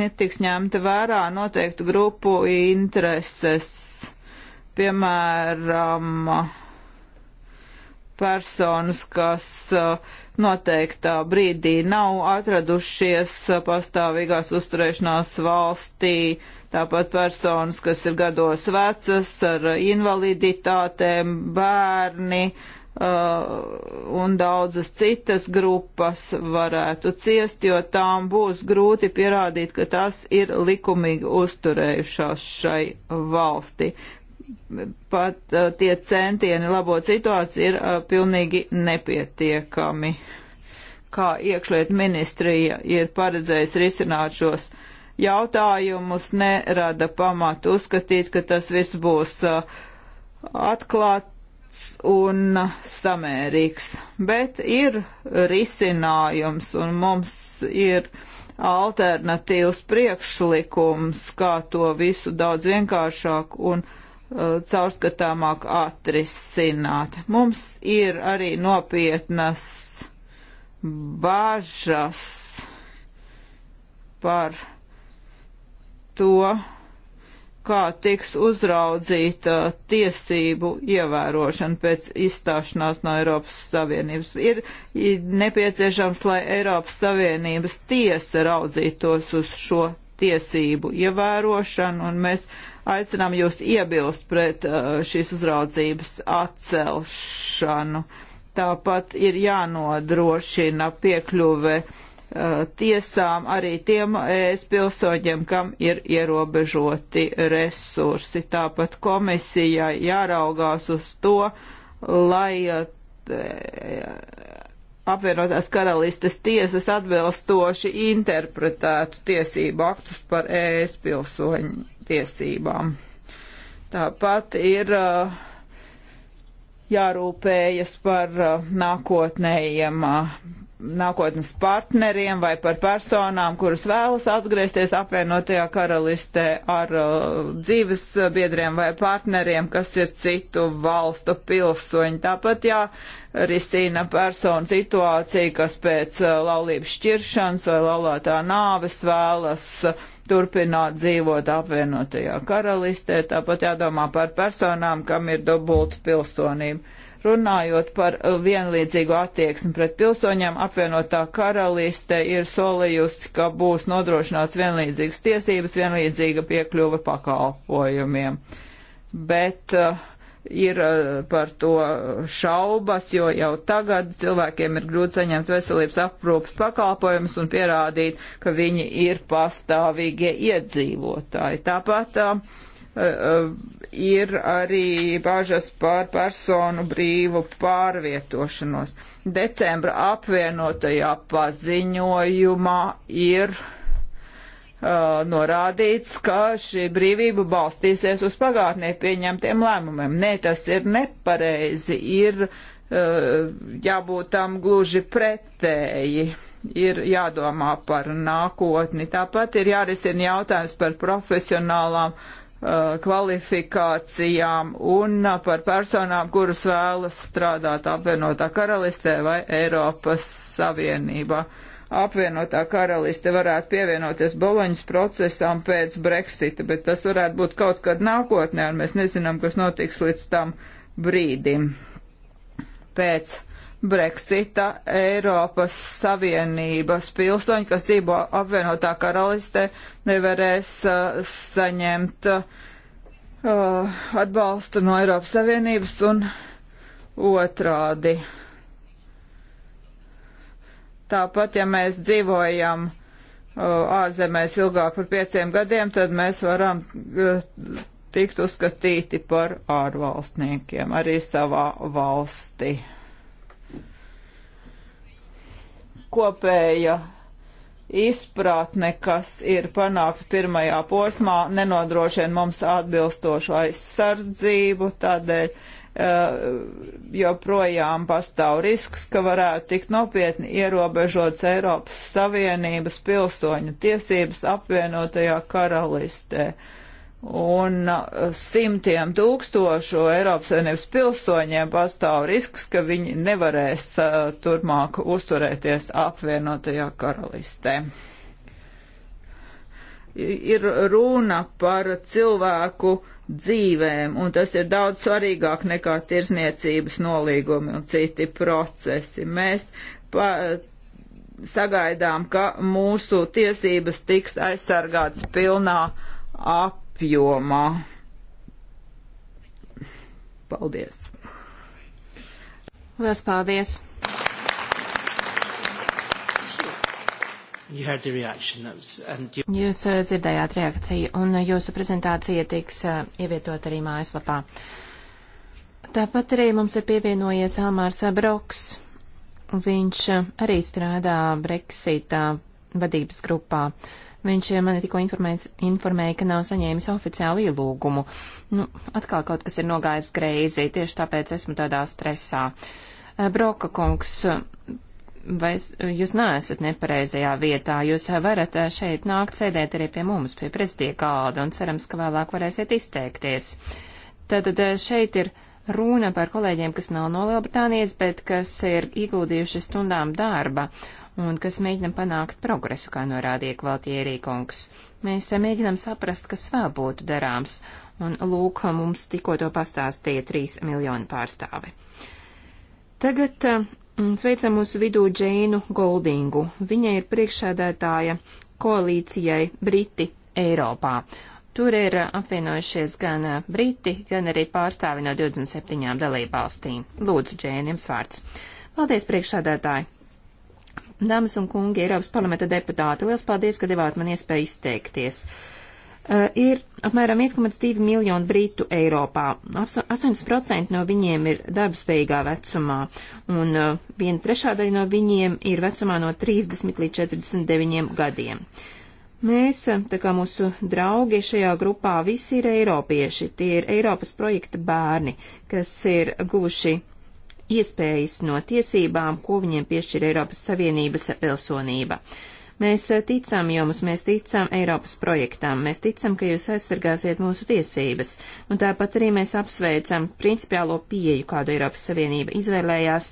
netiks ņemta vērā noteiktu grupu intereses, piemēram, personas, kas uh, noteiktā brīdī nav atradušies uh, pastāvīgās uzturēšanās valstī, tāpat personas, kas ir gados vecas, ar invaliditātēm, bērni uh, un daudzas citas grupas varētu ciest, jo tām būs grūti pierādīt, ka tās ir likumīgi uzturējušās šai valstī pat uh, tie centieni labot situāciju ir uh, pilnīgi nepietiekami. Kā iekšliet ministrija ir paredzējis risināt šos jautājumus, nerada pamatu uzskatīt, ka tas viss būs uh, atklāts un samērīgs. Bet ir risinājums un mums ir alternatīvs priekšlikums, kā to visu daudz vienkāršāk un vienkāršāk caurskatāmāk atrisināt. Mums ir arī nopietnas bažas par to, kā tiks uzraudzīta tiesību ievērošana pēc izstāšanās no Eiropas Savienības. Ir nepieciešams, lai Eiropas Savienības tiesa raudzītos uz šo tiesību ievērošanu, un mēs aicinām jūs iebilst pret uh, šīs uzraudzības atcelšanu. Tāpat ir jānodrošina piekļuve uh, tiesām arī tiem uh, ES pilsoņiem, kam ir ierobežoti resursi. Tāpat komisijai jāraugās uz to, lai apvienotās karalistes tiesas atbilstoši interpretētu tiesību aktus par ES pilsoņiem tiesībām. Tāpat ir uh, jārūpējas par uh, nākotnējiem uh, nākotnes partneriem vai par personām, kuras vēlas atgriezties apvienotajā karalistē ar uh, dzīves biedriem vai partneriem, kas ir citu valstu pilsoņi. Tāpat jārisina personu situācija, kas pēc uh, laulības šķiršanas vai laulātā nāves vēlas uh, turpināt dzīvot apvienotajā karalistē. Tāpat jādomā par personām, kam ir dubulta pilsonība Runājot par uh, vienlīdzīgu attieksmi pret pilsoņiem, apvienotā karaliste ir solījusi, ka būs nodrošināts vienlīdzīgas tiesības, vienlīdzīga piekļuva pakalpojumiem. Bet uh, ir uh, par to šaubas, jo jau tagad cilvēkiem ir grūti saņemt veselības aprūpas pakalpojumus un pierādīt, ka viņi ir pastāvīgie iedzīvotāji. Tāpat uh, Eh, eh, ir arī bažas par personu brīvu pārvietošanos. Decembra apvienotajā paziņojumā ir eh, norādīts, ka šī brīvība balstīsies uz pagātnē pieņemtiem lēmumiem. Nē, tas ir nepareizi, ir jābūt tam gluži pretēji, ir jādomā par nākotni. Tāpat ir jārisina jautājums par profesionālām uh, Uh, kvalifikācijām un uh, par personām, kuras vēlas strādāt apvienotā karalistē vai Eiropas Savienībā. Apvienotā karaliste varētu pievienoties Boloņas procesam pēc Brexita, bet tas varētu būt kaut kad nākotnē, un mēs nezinām, kas notiks līdz tam brīdim. Pēc Brexita Eiropas Savienības pilsoņi, kas dzīvo apvienotā karalistē, nevarēs uh, saņemt uh, atbalstu no Eiropas Savienības un otrādi. Tāpat, ja mēs dzīvojam uh, ārzemēs ilgāk par pieciem gadiem, tad mēs varam uh, tikt uzskatīti par ārvalstniekiem arī savā valstī. kopēja izpratne, kas ir panākta pirmajā posmā, nenodrošina mums atbilstošu aizsardzību, tādēļ uh, joprojām pastāv risks, ka varētu tik nopietni ierobežots Eiropas Savienības pilsoņu tiesības apvienotajā karalistē. Uh, un uh, simtiem tūkstošu Eiropas Savienības pilsoņiem pastāv risks, ka viņi nevarēs uh, turpmāk uzturēties apvienotajā karalistē. Ir runa par cilvēku dzīvēm, un tas ir daudz svarīgāk nekā tirzniecības nolīgumi un citi procesi. Mēs pa, sagaidām, ka mūsu tiesības tiks aizsargātas pilnā ap apjomā. Paldies! Lielas paldies! Was, you... Jūs uh, dzirdējāt reakciju, un jūsu prezentācija tiks uh, ievietot arī mājaslapā. Tāpat arī mums ir pievienojies Almārs Broks. Viņš uh, arī strādā Brexitā vadības grupā. Uh, Viņš eh, mani tikko informēja, ka nav saņēmis oficiālu ielūgumu. Nu, atkal kaut kas ir nogājis greizi, tieši tāpēc esmu tādā stresā. Eh, Broka kungs, vai jūs neesat nepareizajā vietā? Jūs eh, varat šeit nākt sēdēt arī pie mums, pie prezidija galda, un cerams, ka vēlāk varēsiet izteikties. Tātad šeit ir runa par kolēģiem, kas nav no Lielbritānijas, bet kas ir ieguldījuši stundām darba un kas mēģinam panākt progresu, kā norādīja Kvaltierī kungs. Mēs mēģinam saprast, kas vēl būtu darāms, un lūk, mums tikko to pastāstīja trīs miljoni pārstāvi. Tagad mm, sveicam mūsu vidū Džēnu Goldingu. Viņa ir priekšsēdētāja koalīcijai Briti Eiropā. Tur ir apvienojušies gan Briti, gan arī pārstāvi no 27 dalībvalstīm. Lūdzu, Džēn, jums vārds. Paldies, priekšsādātāji! Dāmas un kungi, Eiropas parlamenta deputāti, liels paldies, ka devāt man iespēju izteikties. Uh, ir apmēram 1,2 miljonu brītu Eiropā. 80% no viņiem ir darbspējīgā vecumā, un uh, viena trešā daļa no viņiem ir vecumā no 30 līdz 49 gadiem. Mēs, uh, tā kā mūsu draugi šajā grupā, visi ir eiropieši. Tie ir Eiropas projekta bērni, kas ir guvuši iespējas no tiesībām, ko viņiem piešķir Eiropas Savienības pilsonība. Mēs eh, ticam jums, mēs ticam Eiropas projektām, mēs ticam, ka jūs aizsargāsiet mūsu tiesības, un tāpat arī mēs apsveicam principiālo pieeju, kādu Eiropas Savienība izvēlējās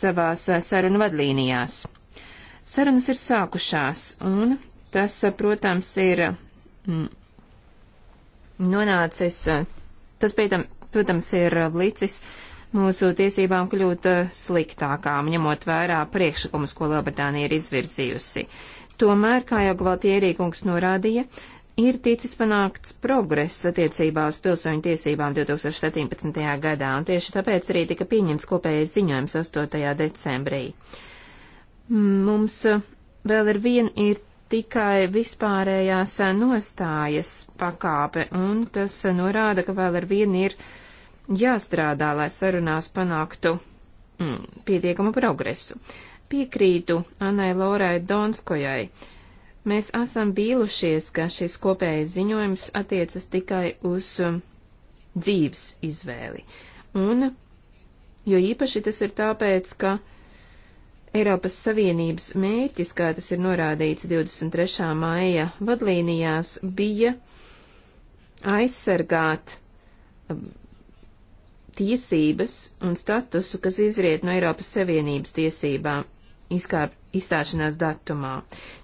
savās eh, sarunu vadlīnijās. Sarunas ir sākušās, un tas, eh, protams, ir mm, nonācis, tas, pēc tam, protams, ir licis uh, mūsu tiesībām kļūt eh, sliktākām, ņemot vērā priekšlikumus, ko Lielbritānija ir izvirzījusi. Tomēr, kā jau Gvaltierīkungs norādīja, ir ticis panākts progress attiecībā uz pilsoņu tiesībām 2017. gadā, un tieši tāpēc arī tika pieņemts kopējais ziņojums 8. decembrī. Mums eh, vēl ar vienu ir tikai vispārējās eh, nostājas pakāpe, un tas norāda, ka vēl ar vienu ir jāstrādā, lai sarunās panāktu mm, pietiekamu progresu. Piekrītu Anai Lorai Donskojai. Mēs esam bīlušies, ka šis kopējais ziņojums attiecas tikai uz um, dzīves izvēli. Un, jo īpaši tas ir tāpēc, ka Eiropas Savienības mērķis, kā tas ir norādīts 23. maija vadlīnijās, bija aizsargāt um, tiesības un statusu, kas izriet no Eiropas Savienības tiesībām izkāp, izstāšanās datumā.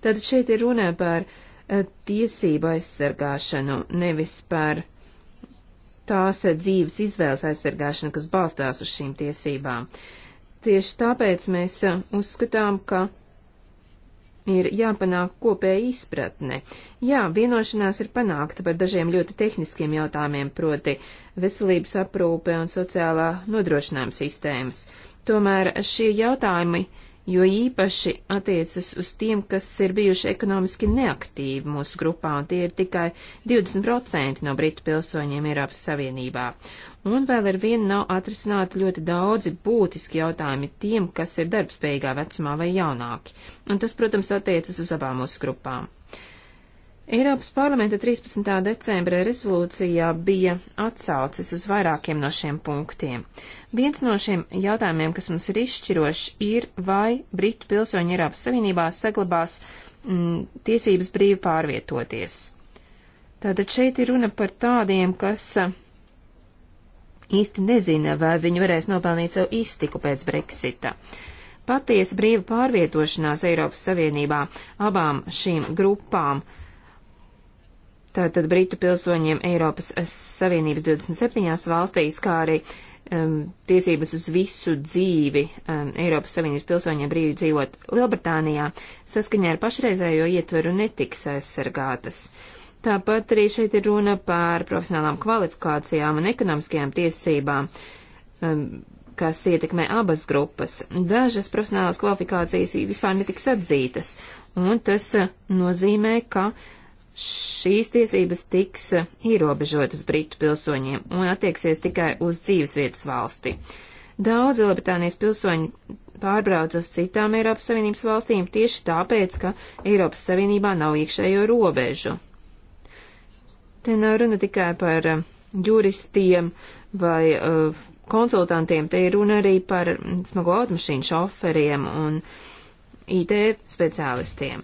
Tātad šeit ir runa par eh, tiesību aizsargāšanu, nevis par tās eh, dzīves izvēles aizsargāšanu, kas balstās uz šīm tiesībām. Tieši tāpēc mēs eh, uzskatām, ka ir jāpanāk kopēja izpratne. Jā, vienošanās ir panākta par dažiem ļoti tehniskiem jautājumiem, proti veselības aprūpe un sociālā nodrošinājuma sistēmas. Tomēr šie jautājumi jo īpaši attiecas uz tiem, kas ir bijuši ekonomiski neaktīvi mūsu grupā, un tie ir tikai 20% no britu pilsoņiem Eiropas Savienībā. Un vēl ar vienu nav atrisināti ļoti daudzi būtiski jautājumi tiem, kas ir darbspējīgā vecumā vai jaunāki, un tas, protams, attiecas uz abām mūsu grupām. Eiropas parlamenta 13. decembra rezolūcijā bija atsaucis uz vairākiem no šiem punktiem. Viens no šiem jautājumiem, kas mums ir izšķirošs, ir, vai Britu pilsoņi Eiropas Savienībā saglabās m, mm, tiesības brīvi pārvietoties. Tātad šeit ir runa par tādiem, kas īsti nezina, vai viņi varēs nopelnīt sev iztiku pēc Brexita. Patiesa brīva pārvietošanās Eiropas Savienībā abām šīm grupām, tātad Britu pilsoņiem Eiropas Savienības 27 valstīs, kā arī um, tiesības uz visu dzīvi um, Eiropas Savienības pilsoņiem brīvi dzīvot Lielbritānijā, saskaņā ar pašreizējo ietveru netiks aizsargātas. Uh, Tāpat arī šeit ir runa par profesionālām kvalifikācijām un ekonomiskajām tiesībām, um, kas ietekmē abas grupas. Dažas profesionālās kvalifikācijas vispār netiks atzītas, un tas uh, nozīmē, ka šīs tiesības tiks uh, ierobežotas Britu pilsoņiem un attieksies tikai uz dzīvesvietas valsti. Daudz Lielbritānijas pilsoņi pārbrauc uz citām Eiropas Savienības valstīm tieši tāpēc, ka Eiropas Savienībā nav iekšējo robežu. Te nav runa tikai par eh, juristiem vai uh, konsultantiem, te ir runa arī par smago automašīnu šoferiem un IT speciālistiem.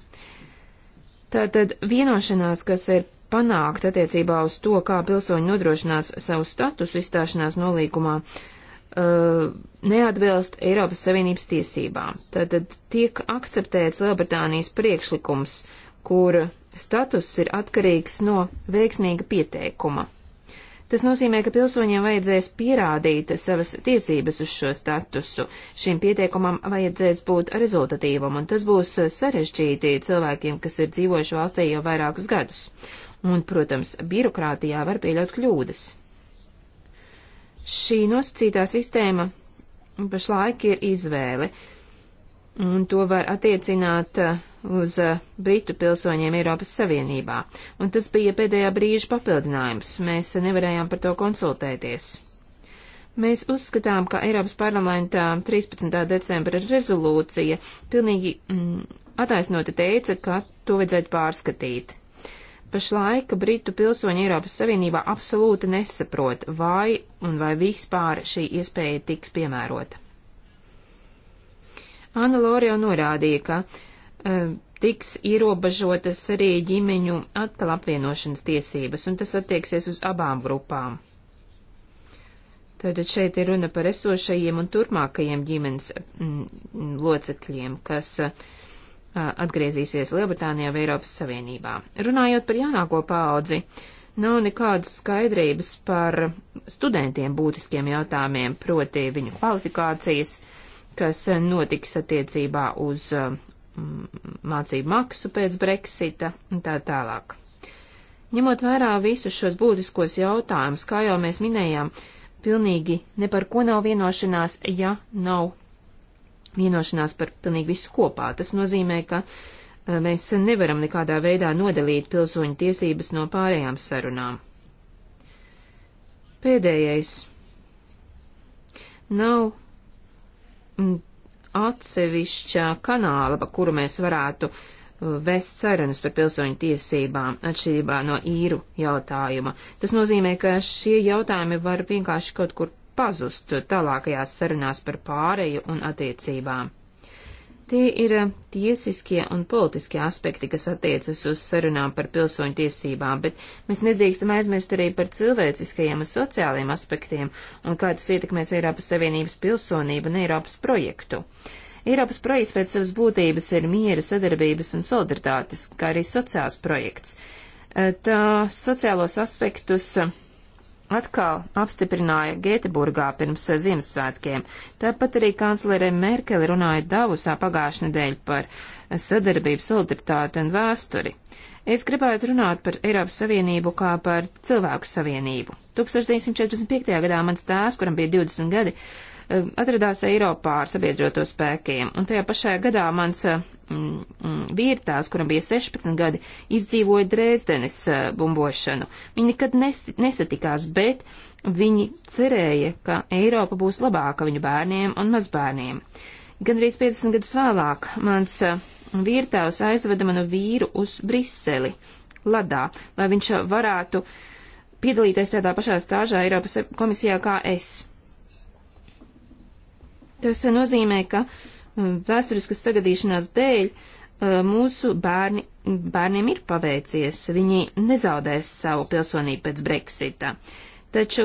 Tātad vienošanās, kas ir panākta attiecībā uz to, kā pilsoņi nodrošinās savu statusu izstāšanās nolīgumā, uh, neatbilst Eiropas Savienības tiesībām. Tātad tiek akceptēts Lielbritānijas priekšlikums, kur status ir atkarīgs no veiksmīga pieteikuma. Tas nozīmē, ka pilsoņiem vajadzēs pierādīt savas tiesības uz šo statusu. Šim pieteikumam vajadzēs būt rezultatīvam, un tas būs sarežģīti cilvēkiem, kas ir dzīvojuši valstī jau vairākus gadus. Un, protams, birokrātijā var pieļaut kļūdas. Šī nosacītā sistēma pašlaik ir izvēle. Uh, un to var attiecināt eh, uz eh, Britu pilsoņiem Eiropas Savienībā. Un tas bija pēdējā brīža papildinājums, mēs nevarējām par to konsultēties. Mēs uzskatām, ka Eiropas parlamentā 13. decembra rezolūcija pilnīgi mm, attaisnoti teica, ka to vajadzētu pārskatīt. Pašlaik Britu pilsoņi Eiropas Savienībā absolūti nesaprot, vai un vai vispār šī iespēja tiks piemērota. Anna Lore jau norādīja, ka uh, tiks ierobežotas arī ģimeņu atkal apvienošanas tiesības, un tas attieksies uz abām grupām. Tātad šeit ir runa par esošajiem un turpmākajiem ģimenes mm, mm locekļiem, kas a, e, atgriezīsies Lielbritānijā vai Eiropas Savienībā. Runājot par jaunāko paudzi, nav nekādas skaidrības par studentiem būtiskiem jautājumiem, proti viņu kvalifikācijas, uh, kas notiks attiecībā uz um, mācību maksu pēc Brexita un tā tālāk. Ņemot vērā visus šos būtiskos jautājumus, kā jau mēs minējām, pilnīgi ne par ko nav vienošanās, ja nav vienošanās par pilnīgi visu kopā. Tas nozīmē, ka uh, mēs nevaram nekādā veidā nodalīt pilsoņu tiesības no pārējām sarunām. Pēdējais. Nav atsevišķa kanāla, pa kuru mēs varētu uh, vest sarunas par pilsoņu tiesībām atšķirībā no īru jautājuma. Tas nozīmē, ka šie jautājumi var vienkārši kaut kur pazust tālākajās sarunās par pāreju un attiecībām. Tie ir tiesiskie un politiskie aspekti, kas attiecas uz sarunām par pilsoņu tiesībām, bet mēs nedrīkstam aizmirst arī par cilvēciskajiem un sociālajiem aspektiem un kā tas ietekmēs Eiropas Savienības pilsonību un Eiropas projektu. Eiropas projekts pēc savas būtības ir miera, sadarbības un solidaritātes, kā arī sociāls projekts. Eh, tā sociālos aspektus atkal apstiprināja Gēteburgā pirms eh, Ziemassvētkiem. Tāpat arī kanclere Merkele runāja Davusā pagājušajā nedēļā par eh, sadarbību, solidaritāti un vēsturi. Es gribētu runāt par Eiropas Savienību kā par cilvēku savienību. 1945. gadā mans tēvs, kuram bija 20 gadi, atradās Eiropā ar sabiedroto spēkiem, un tajā pašā gadā mans eh, mm, mm, vīrtās, kuram bija 16 gadi, izdzīvoja Dresdenes eh, bumbošanu. Viņi nekad nes nesatikās, bet viņi cerēja, ka Eiropa būs labāka viņu bērniem un mazbērniem. Gan arī 50 gadus vēlāk mans eh, vīrtēvs aizveda manu vīru uz Briseli, Ladā, lai viņš varētu piedalīties tādā pašā stāžā Eiropas komisijā kā es. Tas nozīmē, ka vēsturiskas sagadīšanās dēļ e, mūsu bērni, bērniem ir paveicies, viņi nezaudēs savu pilsonību pēc Brexita. Taču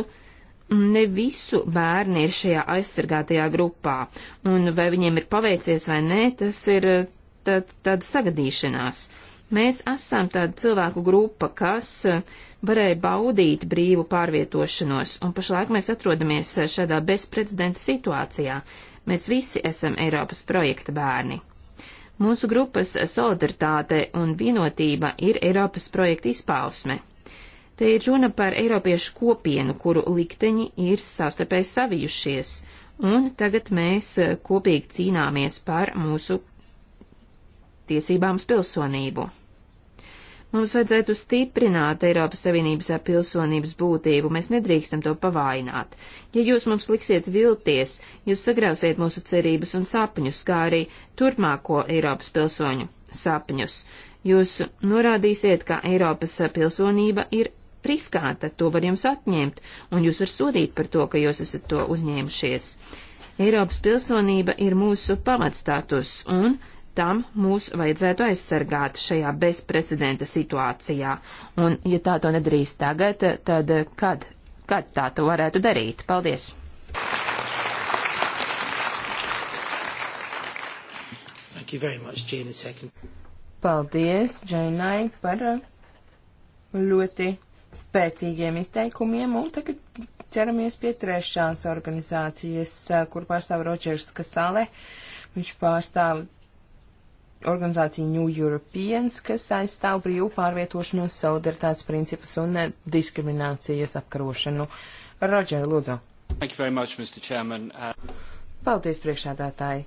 ne visu bērni ir šajā aizsargātajā grupā, un vai viņiem ir paveicies vai nē, tas ir e, tad, tad sagadīšanās. Uh, Mēs esam tāda cilvēku grupa, kas eh, varēja baudīt brīvu pārvietošanos, un pašlaik mēs atrodamies eh, šādā bezprecedenta situācijā. Mēs visi esam Eiropas projekta bērni. Mūsu grupas solidaritāte un vienotība ir Eiropas projekta izpausme. Te ir runa par Eiropiešu kopienu, kuru likteņi ir savstarpēji savijušies, un tagad mēs eh, kopīgi cīnāmies par mūsu tiesībām uz pilsonību. Mums vajadzētu stiprināt Eiropas Savienības pilsonības būtību, mēs nedrīkstam to pavājināt. Ja jūs mums liksiet vilties, jūs sagrausiet mūsu cerības un sapņus, kā arī turpmāko Eiropas pilsoņu sapņus. Jūs norādīsiet, ka Eiropas pilsonība ir riskanta, to var jums atņemt, un jūs var sodīt par to, ka jūs esat to uzņēmušies. Eiropas pilsonība ir mūsu pamatstatus, un tam mūs vajadzētu aizsargāt šajā bezprecedenta situācijā. Un, ja tā to nedarīs tagad, tad kad, kad tā to varētu darīt? Paldies! Much, Jane, Paldies, Džainai, par uh, ļoti spēcīgiem izteikumiem. Un tagad ķeramies pie trešās organizācijas, uh, kur pārstāv Rodžers Kasale. Viņš pārstāv organizācija New Europeans, kas aizstāv brīvu pārvietošanos, solidaritātes principus un eh, diskriminācijas apkarošanu. Rodžer, lūdzu. Much, uh, Paldies, priekšādātāji.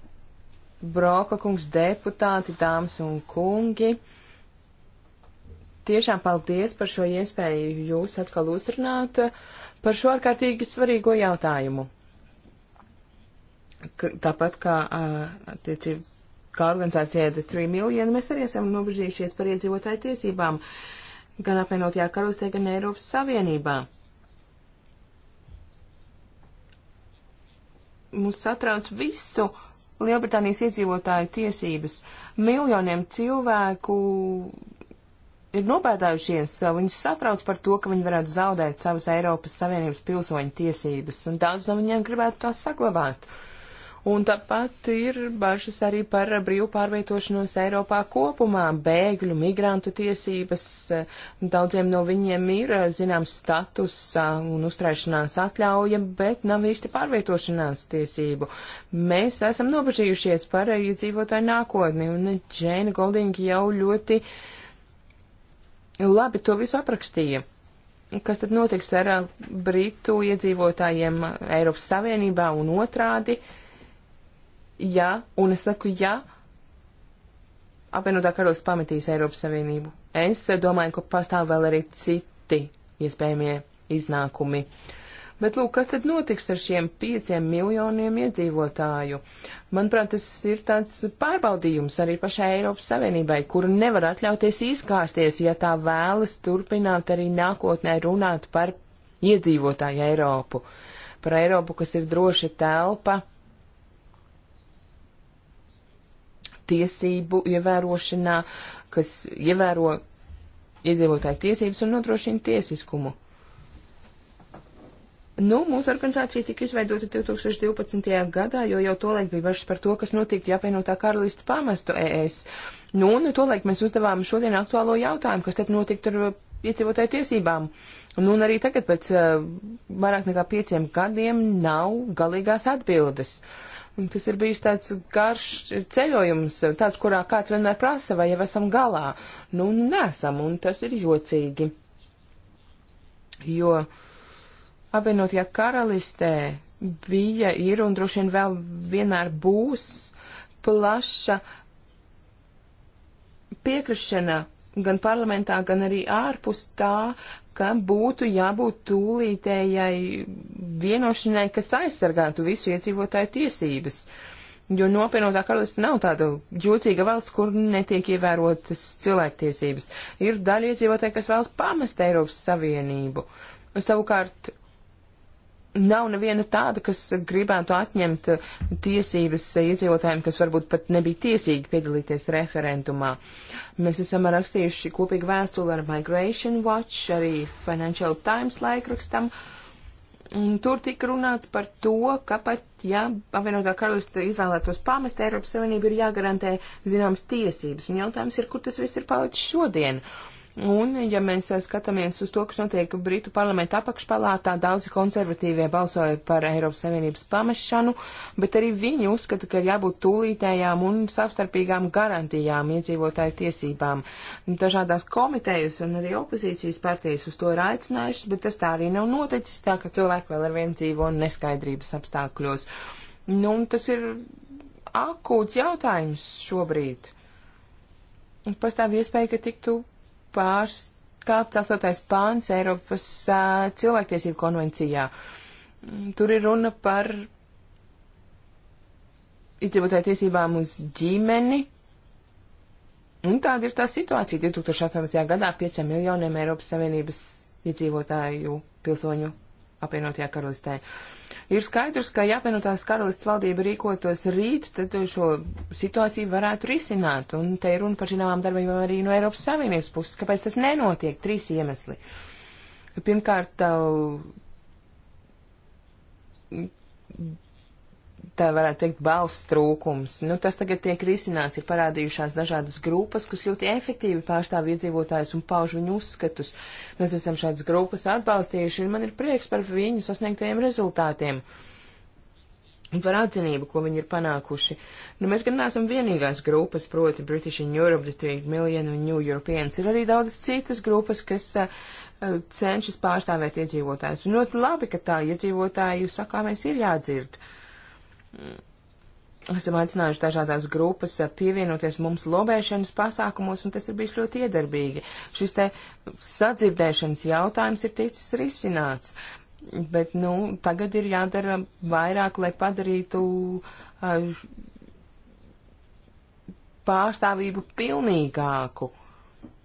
Broka kungs, deputāti, dāmas un kungi. Tiešām paldies par šo iespēju jūs atkal uzrunāt eh, par šo ārkārtīgi svarīgo jautājumu. K tāpat kā eh, attiecību kā organizācija The 3 Million, mēs arī esam nobežījušies par iedzīvotāju tiesībām gan apvienotajā karalistē, gan Eiropas Savienībā. Mūs satrauc visu Lielbritānijas iedzīvotāju tiesības. Miljoniem cilvēku ir nobēdājušies, viņus satrauc par to, ka viņi varētu zaudēt savas Eiropas Savienības pilsoņu tiesības, un daudz no viņiem gribētu tās saglabāt. Uh, Un tāpat ir bažas arī par brīvu pārvietošanos Eiropā kopumā, bēgļu, migrantu tiesības. Eh, daudziem no viņiem ir eh, zināms status eh, un uzturēšanās atļauja, bet nav īsti pārvietošanās tiesību. Mēs esam nobežījušies par iedzīvotāju nākotni, un Džēna Goldinga jau ļoti labi to visu aprakstīja kas tad notiks ar Britu iedzīvotājiem Eiropas Savienībā un otrādi. Uh, ja, un es saku ja, apvienotā karalists pametīs Eiropas Savienību. Es domāju, ka pastāv vēl arī citi iespējamie iznākumi. Bet, lūk, kas tad notiks ar šiem pieciem miljoniem iedzīvotāju? Manuprāt, tas ir tāds pārbaudījums arī pašai Eiropas Savienībai, kuru nevar atļauties izkāsties, ja tā vēlas turpināt arī nākotnē runāt par iedzīvotāju Eiropu. Par Eiropu, kas ir droša telpa tiesību ievērošanā, kas ievēro iedzīvotāju tiesības un nodrošina tiesiskumu. Nu, mūsu organizācija tika izveidota 2012. gadā, jo jau tolaik bija bažas par to, kas notiktu, ja apvienotā karalista pamestu ES. Nu, un tolaik mēs uzdevām šodien aktuālo jautājumu, kas tad notiktu ar uh, iedzīvotāju tiesībām. Nu, un arī tagad pēc uh, vairāk nekā pieciem gadiem nav galīgās atbildes. Uh, Un tas ir bijis tāds garš ceļojums, tāds, kurā kāds vienmēr prasa, vai jau esam galā. Nu, nesam, nu, un tas ir jocīgi. Jo apvienotajā karalistē bija, ir un droši vien vēl vienmēr būs plaša piekrišana gan parlamentā, gan arī ārpus tā, ka būtu jābūt tūlītējai vienošanai, kas aizsargātu visu iedzīvotāju tiesības. Jo nopienotā karalista nav tāda jūtīga valsts, kur netiek ievērotas cilvēktiesības. Ir daļa iedzīvotāji, kas vēlas pamest Eiropas Savienību. Savukārt nav neviena tāda, kas gribētu atņemt tiesības iedzīvotājiem, kas varbūt pat nebija tiesīgi piedalīties referendumā. Mēs esam rakstījuši kopīgu vēstuli ar Migration Watch, arī Financial Times laikrakstam. Tur tika runāts par to, ka pat, ja apvienotā karaliste izvēlētos pamest, Eiropas Savienība ir jāgarantē zināmas tiesības. Un jautājums ir, kur tas viss ir palicis šodien. Uh, Un, ja mēs eh, skatāmies uz to, kas notiek Britu parlamenta apakšpalātā, daudzi konservatīvie balsoja par Eiropas Savienības pamešanu, bet arī viņi uzskata, ka ir jābūt tūlītējām un savstarpīgām garantijām iedzīvotāju tiesībām. Dažādās komitejas un arī opozīcijas partijas uz to ir aicinājušas, bet tas tā arī nav noticis, tā ka cilvēki vēl ar vienu dzīvo neskaidrības apstākļos. Nu, tas ir akūts jautājums šobrīd. Pastāv iespēja, ka tiktu pārskāpts 8. pāns Eiropas uh, cilvēktiesību konvencijā. Mm, tur ir runa par iedzīvotāju tiesībām uz ģimeni. Un tāda ir tā situācija 2018. gadā 5 miljoniem Eiropas Savienības iedzīvotāju pilsoņu apvienotajā karalistē. Uh, Ir skaidrs, ka ja vienotās karalists valdība rīkotos rīt, tad šo situāciju varētu risināt. Un te ir runa par zināmām darbībām arī no Eiropas Savienības puses. Kāpēc tas nenotiek? Trīs iemesli. Pirmkārt, tā varētu teikt, balss trūkums. Nu, tas tagad tiek risināts, ir parādījušās dažādas grupas, kas ļoti efektīvi pārstāv iedzīvotājus un pauž viņu uzskatus. Mēs esam šādas grupas atbalstījuši, un man ir prieks par viņu sasniegtajiem rezultātiem. Un par atzinību, ko viņi ir panākuši. Nu, mēs gan neesam vienīgās grupas, proti British in Europe, The Trade Million un New Europeans. Ir arī daudzas citas grupas, kas uh, uh, cenšas pārstāvēt iedzīvotājus. Un ļoti labi, ka tā iedzīvotāju sakāmēs ir jādzird. Uh, esam aicinājuši dažādās grupas eh, pievienoties mums lobēšanas pasākumos, un tas ir bijis ļoti iedarbīgi. Šis te sadzirdēšanas jautājums ir ticis risināts, bet, nu, tagad ir jādara vairāk, lai padarītu uh, pārstāvību pilnīgāku. Uh,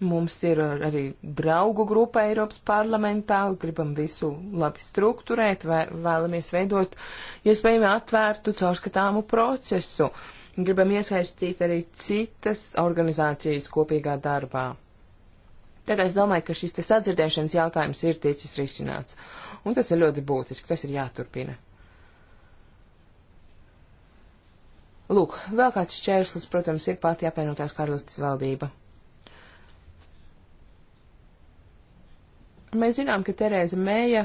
Mums ir arī draugu grupa Eiropas parlamentā, gribam visu labi strukturēt, vē, vēlamies veidot iespējami ja atvērtu, caurskatāmu procesu. Gribam iesaistīt arī citas organizācijas kopīgā darbā. Tad es domāju, ka šis te sadzirdēšanas jautājums ir ticis risināts. Un tas ir ļoti būtiski, tas ir jāturpina. Lūk, vēl kāds šķērslis, protams, ir pati apvienotās karalistes valdība. Mēs zinām, ka Tereza Mēja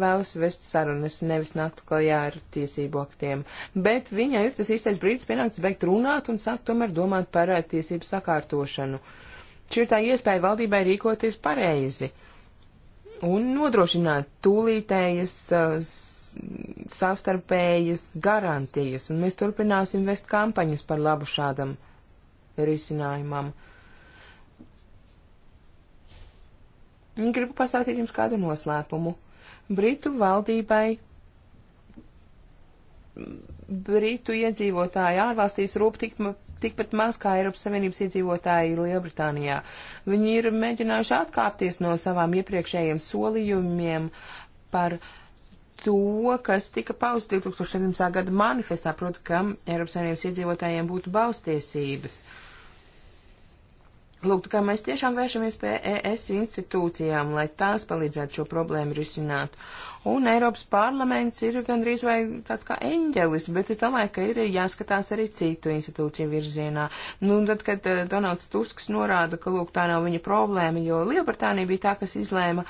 vēlas vest sarunas, nevis nākt klajā ar tiesību aktiem, bet viņai ir tas īstais brīdis pienācis beigt runāt un sākt tomēr domāt par eh, tiesību sakārtošanu. Šī ir tā iespēja valdībai rīkoties pareizi un nodrošināt tūlītējas eh, savstarpējas garantijas, un mēs turpināsim vest kampaņas par labu šādam risinājumam. Gribu pasāstīt jums kādu noslēpumu. Britu valdībai Britu iedzīvotāji ārvalstīs rūp tik, tikpat maz kā Eiropas Savienības iedzīvotāji Lielbritānijā. Viņi ir mēģinājuši atkāpties no savām iepriekšējiem solījumiem par to, kas tika pausts 2017. gada manifestā, proti, ka Eiropas Savienības iedzīvotājiem būtu balstiesības. Uh, Lūk, kā mēs tiešām vēršamies pie ES institūcijām, lai tās palīdzētu šo problēmu risināt. Un Eiropas parlaments ir gandrīz vai tāds kā eņģelis, bet es domāju, ka ir jāskatās arī citu institūciju virzienā. Nu, un tad, kad eh, Donalds Tusks norāda, ka lūk, tā nav viņa problēma, jo Lielbritānija bija tā, kas izlēma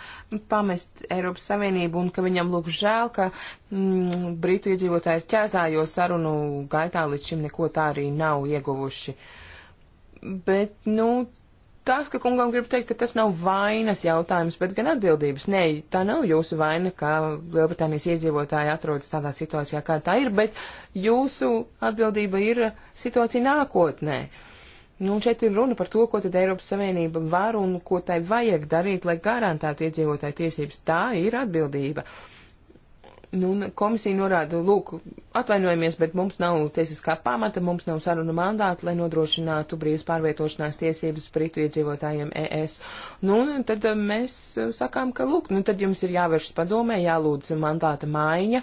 pamest Eiropas Savienību un ka viņam lūk žēl, ka mm, Britu iedzīvotāji ir ķēzājo sarunu gaitā līdz šim neko tā arī nav ieguvuši. Bet, nu, Tas, ka kungam grib teikt, ka tas nav vainas jautājums, bet gan atbildības. Nē, tā nav jūsu vaina, ka Lielbritānijas iedzīvotāji atrodas tādā situācijā, kā tā ir, bet jūsu atbildība ir situācija nākotnē. Nu, šeit ir runa par to, ko tad Eiropas Savienība var un ko tai vajag darīt, lai garantētu iedzīvotāju tiesības. Tā ir atbildība. Uh, Nu, komisija norāda, lūk, atvainojamies, bet mums nav tiesiskā pamata, mums nav saruna mandāta, lai nodrošinātu brīvas pārvietošanās tiesības britu iedzīvotājiem ES. Nu, tad uh, mēs uh, sakām, ka, lūk, nu, tad jums ir jāvēršas padomē, jālūdz mandāta maiņa,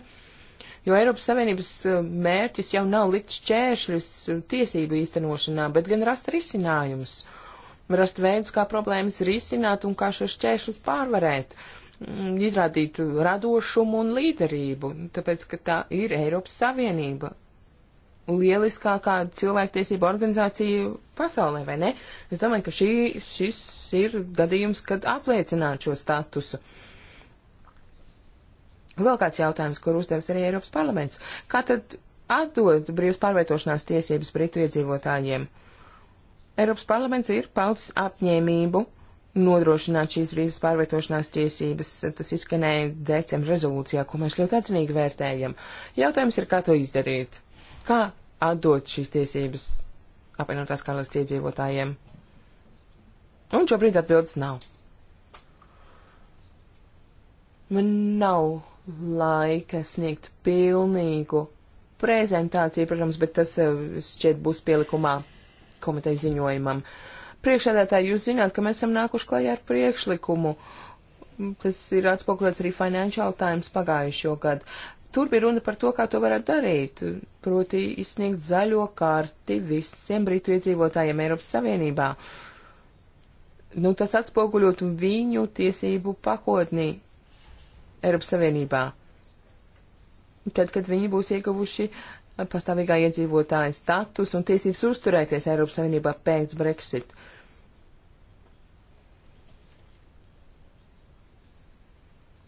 jo Eiropas Savienības uh, mērķis jau nav likt šķēršļus tiesību īstenošanā, bet gan rast risinājumus, rast veidus, kā problēmas risināt un kā šos šķēršļus pārvarēt. Uh, izrādīt radošumu un līderību, tāpēc, ka tā ir Eiropas Savienība. Lieliskākā cilvēktiesība organizācija pasaulē, vai ne? Es domāju, ka šī, šis ir gadījums, kad apliecināt šo statusu. Vēl kāds jautājums, kur uzdevs arī Eiropas parlaments. Kā tad atdot brīvas pārvietošanās tiesības Britu iedzīvotājiem? Eiropas parlaments ir paudzis apņēmību nodrošināt šīs brīvas pārvietošanās tiesības. Tas izskanēja decembra rezolūcijā, ko mēs ļoti atzinīgi vērtējam. Jautājums ir, kā to izdarīt? Kā atdot šīs tiesības apvienotās karalists iedzīvotājiem? Un šobrīd atbildes nav. Man nav laika sniegt pilnīgu prezentāciju, protams, bet tas eh, šķiet būs pielikumā komitejas ziņojumam. Uh, Priekšēdētāji, jūs zināt, ka mēs esam nākuši klajā ar priekšlikumu. Tas ir atspoguļots arī Financial Times pagājušo gadu. Tur bija runa par to, kā to varētu darīt, proti izsniegt zaļo karti visiem britu iedzīvotājiem Eiropas Savienībā. Nu, tas atspoguļotu viņu tiesību pakotnī Eiropas Savienībā. Tad, kad viņi būs ieguvuši pastāvīgā iedzīvotāja status un tiesības uzturēties Eiropas Savienībā pēc Brexit.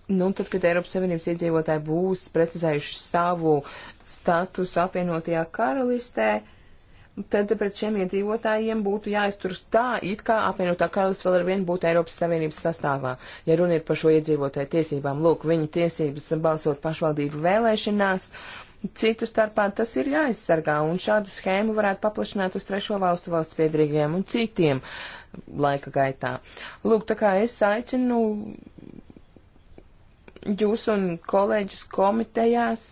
Nu, tad, kad Eiropas Savienības iedzīvotāji būs precizējuši savu statusu apvienotajā karalistē, tad pret šiem iedzīvotājiem būtu jāizturas tā, it kā apvienotā karalista vēl ar vienu būtu Eiropas Savienības sastāvā. Ja runa ir par šo iedzīvotāju tiesībām, lūk, viņu tiesības balsot pašvaldību vēlēšanās, citu starpā tas ir jāizsargā, un šādu schēmu varētu paplašināt uz trešo valstu valsts piedrīgajiem un citiem laika gaitā. Lūk, tā kā es aicinu jūs un kolēģus komitejās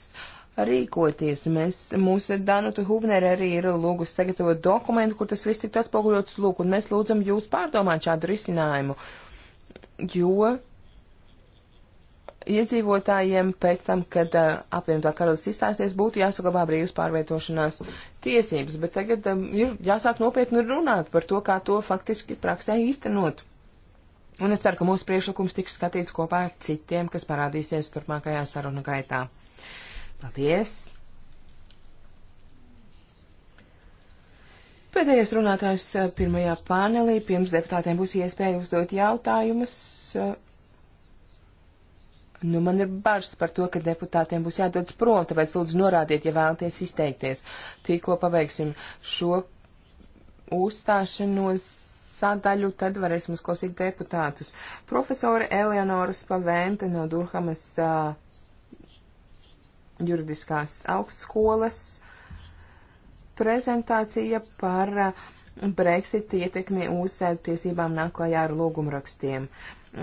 rīkoties. Mēs, mūsu Danuta Hubner arī ir lūgusi sagatavot dokumentu, kur tas viss tiktu atspoguļots lūk, un mēs lūdzam jūs pārdomāt šādu risinājumu, jo iedzīvotājiem pēc tam, kad uh, apvienotā karalists izstāsies, būtu jāsaglabā brīvas pārvietošanās tiesības, bet tagad um, ir jāsāk nopietni runāt par to, kā to faktiski praksē īstenot. Un es ceru, ka mūsu priekšlikums tiks skatīts kopā ar citiem, kas parādīsies turpmākajā sarunu gaitā. Paldies! Pēdējais runātājs eh, pirmajā panelī. Pirms deputātiem būs iespēja uzdot jautājumus. Eh, nu, man ir bažas par to, ka deputātiem būs jādodas prom, tāpēc lūdzu norādiet, ja vēlaties izteikties. Tikko pabeigsim šo uzstāšanos sādaļu, tad varēsim uzklausīt deputātus. Profesore Eleonora Spavente no Durhamas uh, juridiskās augstskolas prezentācija par uh, Brexit ietekmi uz uh, tiesībām nākamajā ar lūgumrakstiem.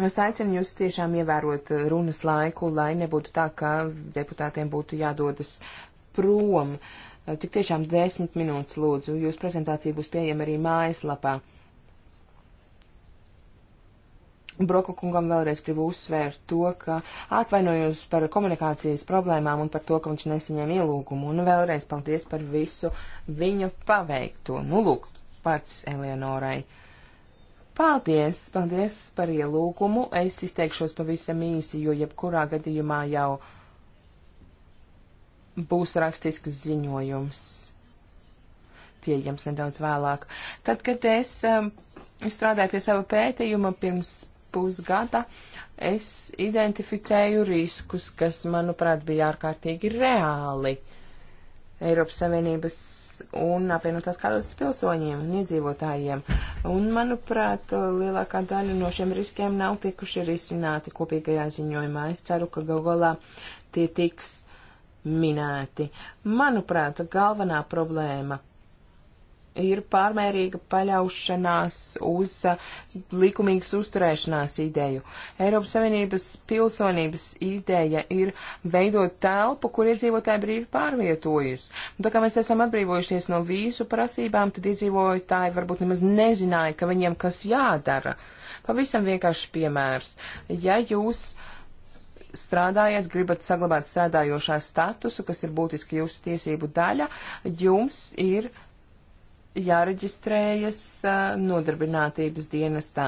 Es aicinu jūs tiešām ievērot runas laiku, lai nebūtu tā, ka deputātiem būtu jādodas prom. Tik tiešām desmit minūtes lūdzu, jūs prezentācija būs pieejama arī mājaslapā. Broku kungam vēlreiz gribu uzsvērt to, ka atvainojos par komunikācijas problēmām un par to, ka viņš nesaņēma ielūgumu. Un vēlreiz paldies par visu viņa paveikto. Nu, lūk, pats Eleonorai. Paldies, paldies par ielūgumu. Es izteikšos pavisam īsi, jo jebkurā gadījumā jau būs rakstisks ziņojums. Pieejams nedaudz vēlāk. Tad, kad es um, strādāju pie sava pētījuma pirms pusgada es identificēju riskus, kas, manuprāt, bija ārkārtīgi reāli Eiropas Savienības un apvienotās karalistas pilsoņiem un iedzīvotājiem. Un, manuprāt, lielākā daļa no šiem riskiem nav tikuši risināti kopīgajā ziņojumā. Es ceru, ka galgolā tie tiks minēti. Manuprāt, galvenā problēma ir pārmērīga paļaušanās uz uh, likumīgas uzturēšanās ideju. Eiropas Savienības pilsonības ideja ir veidot telpu, kur iedzīvotāji brīvi pārvietojas. Un tā kā mēs esam atbrīvojušies no vīzu prasībām, tad iedzīvotāji varbūt nemaz nezināja, ka viņiem kas jādara. Pavisam vienkārši piemērs. Ja jūs strādājat, gribat saglabāt strādājošā statusu, kas ir būtiski jūsu tiesību daļa, jums ir jāreģistrējas nodarbinātības dienestā.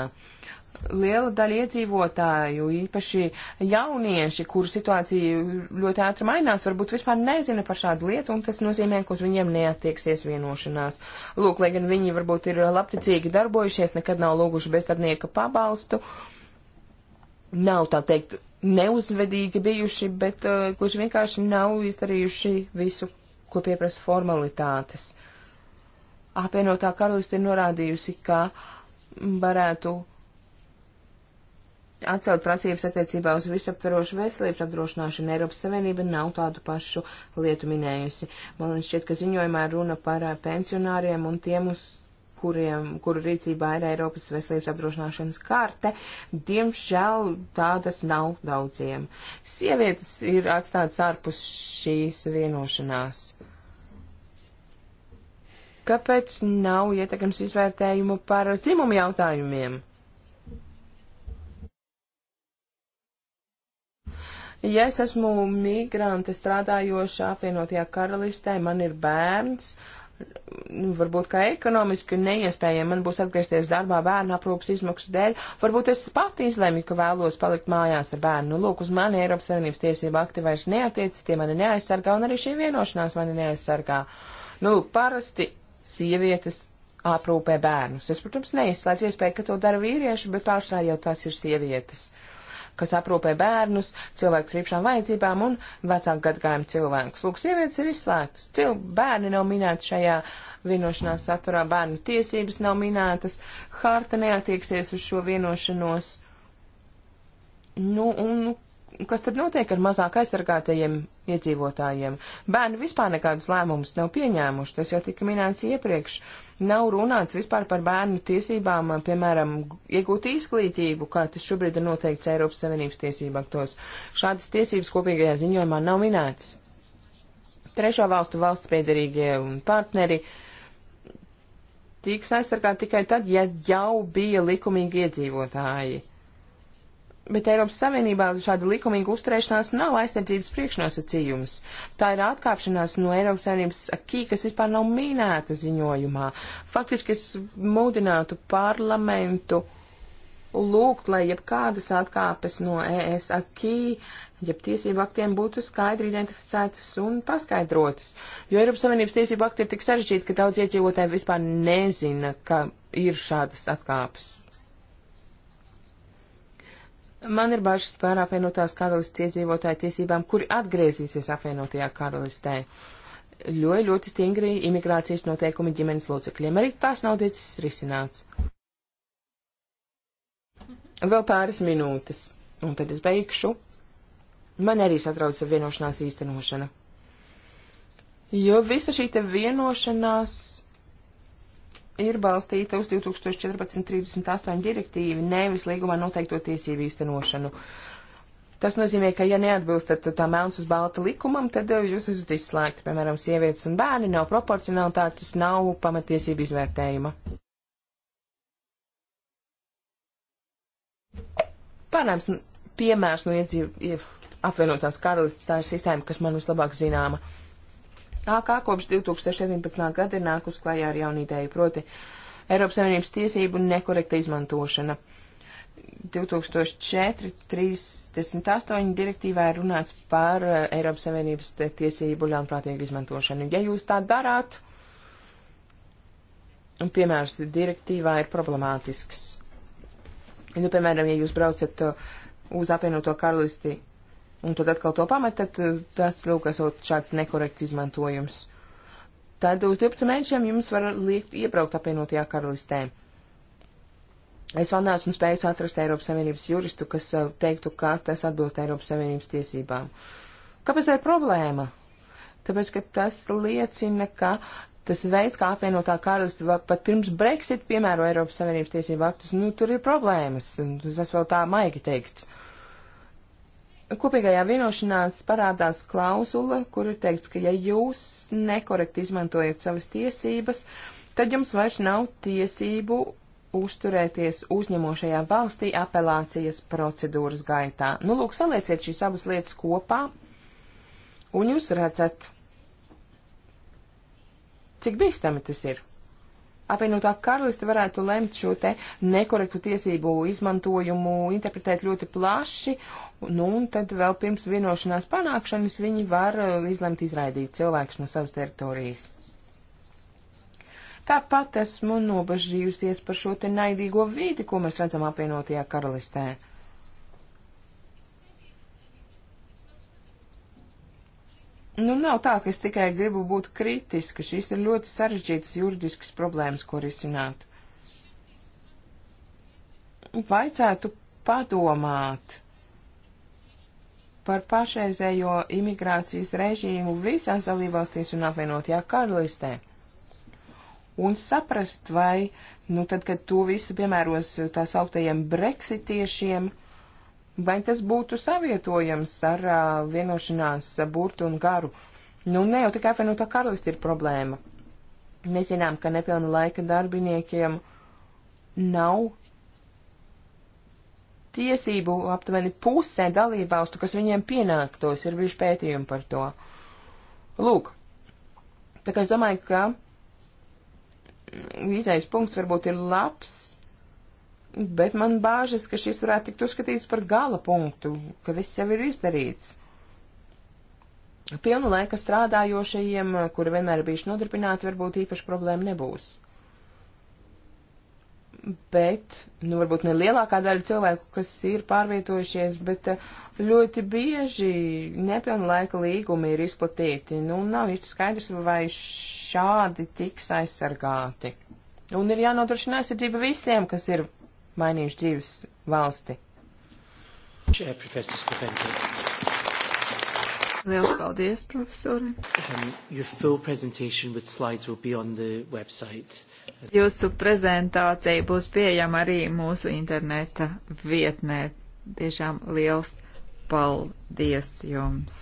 Liela daļa iedzīvotāju, īpaši jaunieši, kuru situācija ļoti ātri mainās, varbūt vispār nezina par šādu lietu, un tas nozīmē, ka uz viņiem neattieksies vienošanās. Lūk, lai gan viņi varbūt ir labticīgi darbojušies, nekad nav lūguši bezdarbnieka pabalstu, nav tā teikt neuzvedīgi bijuši, bet uh, gluži vienkārši nav izdarījuši visu, ko pieprasa formalitātes. Uh, apvienotā karaliste ir norādījusi, ka varētu atcelt prasības attiecībā uz visaptvarošu veselības apdrošināšanu. Eiropas Savienība nav tādu pašu lietu minējusi. Man šķiet, ka ziņojumā runa par eh, pensionāriem un tiem, uz kuriem, kuru rīcībā ir Eiropas veselības apdrošināšanas karte. Diemžēl tādas nav daudziem. Sievietes ir atstātas ārpus šīs vienošanās. Kāpēc nav ietekams izvērtējumu par dzimumu jautājumiem? Ja es esmu migrante strādājoša apvienotajā karalistē, man ir bērns, nu, varbūt kā ekonomiski neiespējami man būs atgriezties darbā bērnu aprūpas izmaksu dēļ, varbūt es pati izlēmu, ka vēlos palikt mājās ar bērnu. Nu, lūk, uz mani Eiropas Savienības tiesība akti vairs neatiec, tie mani neaizsargā un arī šī vienošanās mani neaizsargā. Nu, parasti sievietes aprūpē bērnus. Es, protams, neizslēdzu iespēju, ka to dara vīrieši, bet pārsvarā jau tās ir sievietes, kas aprūpē bērnus, cilvēku trīpšām vajadzībām un vecāku gadgājumu cilvēkus. Lūk, sievietes ir izslēgtas, Cil bērni nav minēti šajā vienošanās saturā, bērnu tiesības nav minētas, harta neatieksies uz šo vienošanos. Nu, un nu, kas tad notiek ar mazāk aizsargātajiem iedzīvotājiem? Bērni vispār nekādus lēmumus nav pieņēmuši, tas jau tika minēts iepriekš. Nav runāts vispār par bērnu tiesībām, piemēram, iegūt izglītību, kā tas šobrīd ir noteikts Eiropas Savienības tiesību aktos. Šādas tiesības kopīgajā ziņojumā nav minētas. Trešo valstu valsts piedarīgie un partneri tiks aizsargāti tikai tad, ja jau bija likumīgi iedzīvotāji. Bet Eiropas Savienībā šāda likumīga uzturēšanās nav aizsardzības priekšnosacījums. Tā ir atkāpšanās no Eiropas Savienības akī, kas vispār nav minēta ziņojumā. Faktiski es mudinātu parlamentu lūgt, lai jebkādas atkāpes no ES akī, jeb tiesību aktiem būtu skaidri identificētas un paskaidrotas. Jo Eiropas Savienības tiesību akti ir tik sarežģīti, ka daudz iedzīvotāji vispār nezina, ka ir šādas atkāpes. Man ir bažas par apvienotās karalists iedzīvotāju tiesībām, kuri atgriezīsies apvienotajā karalistē. Ļoti, ļoti stingri imigrācijas noteikumi ģimenes locekļiem. Arī tās nav ticis risināts. Vēl pāris minūtes, un tad es beigšu. Man arī satrauc vienošanās īstenošana. Jo visa šī te vienošanās ir balstīta uz 2014-38 direktīvu, nevis līgumā noteikto tiesību īstenošanu. Tas nozīmē, ka ja neatbilstat tā melns uz balta likumam, tad eh, jūs esat izslēgti, piemēram, sievietes un bērni, nav proporcionalitātes, nav pamatiesību izvērtējuma. Pārnēms piemērs no iedzīv, apvienotās karalistas, tā ir sistēma, kas man vislabāk zināma. AK kopš 2017. gada ir nākus klajā ar jaunu ideju, proti Eiropas Savienības tiesību nekorekta izmantošana. 2004.38 direktīvā ir runāts par Eiropas Savienības tiesību ļaunprātīgu izmantošanu. Ja jūs tā darāt, un piemērs direktīvā ir problemātisks. Nu, piemēram, ja jūs braucat uz apvienoto karalisti un tad atkal to pamet, tad eh, tas lūk, esot šāds nekorekts izmantojums. Tad uz 12 mēnešiem jums var liekt iebraukt apvienotajā karalistē. Es vēl neesmu spējis atrast Eiropas Savienības juristu, kas eh, teiktu, ka tas atbilst Eiropas Savienības tiesībām. Kāpēc tā ir problēma? Tāpēc, ka tas liecina, ka tas veids, kā apvienotā karalista pat pirms Brexit piemēro Eiropas Savienības tiesību aktus, nu tur ir problēmas, un tas vēl tā maigi teikts. Uh, Kopīgajā vienošanās parādās klauzula, kur ir teikts, ka ja jūs nekorekti izmantojat savas tiesības, tad jums vairs nav tiesību uzturēties uzņemošajā valstī apelācijas procedūras gaitā. Nu, lūk, salieciet šīs abas lietas kopā, un jūs redzat, cik bīstami tas ir apvienotā karaliste varētu lemt šo te nekorektu tiesību izmantojumu interpretēt ļoti plaši, nu, un tad vēl pirms vienošanās panākšanas viņi var uh, izlemt izraidīt cilvēkus no savas teritorijas. Tāpat esmu nobažījusies par šo te naidīgo vīdi, ko mēs redzam apvienotajā karalistē. Nu, nav tā, ka es tikai gribu būt kritiska. Šīs ir ļoti sarežģītas juridiskas problēmas, ko risināt. Vajadzētu padomāt par pašreizējo imigrācijas režīmu visās dalībvalstīs un apvienotajā karalistē. Un saprast, vai, nu, tad, kad to visu piemēros tās augtajiem breksitiešiem, uh, vai tas būtu savietojams ar uh, vienošanās burtu un garu. Nu, ne jau tikai apvienotā karalista ir problēma. Mēs zinām, ka nepilna laika darbiniekiem nav tiesību aptuveni pusē dalībvalstu, kas viņiem pienāktos, ir bijuši pētījumi par to. Lūk, tā kā es domāju, ka izējas punkts varbūt ir labs, bet man bāžas, ka šis varētu tikt uzskatīts par gala punktu, ka viss jau ir izdarīts. Pilnu laika strādājošajiem, kuri vienmēr bijuši nodarbināti, varbūt īpaši problēma nebūs. Bet, nu, varbūt ne lielākā daļa cilvēku, kas ir pārvietojušies, bet eh, ļoti bieži nepilnu laika līgumi ir izplatīti. Nu, nav īsti skaidrs, vai šādi tiks aizsargāti. Un ir jānodrošina aizsardzība visiem, kas ir mainījuši dzīves valsti. Liels paldies, profesori. Um, Jūsu prezentācija būs pieejama arī mūsu interneta vietnē. Tiešām liels paldies jums.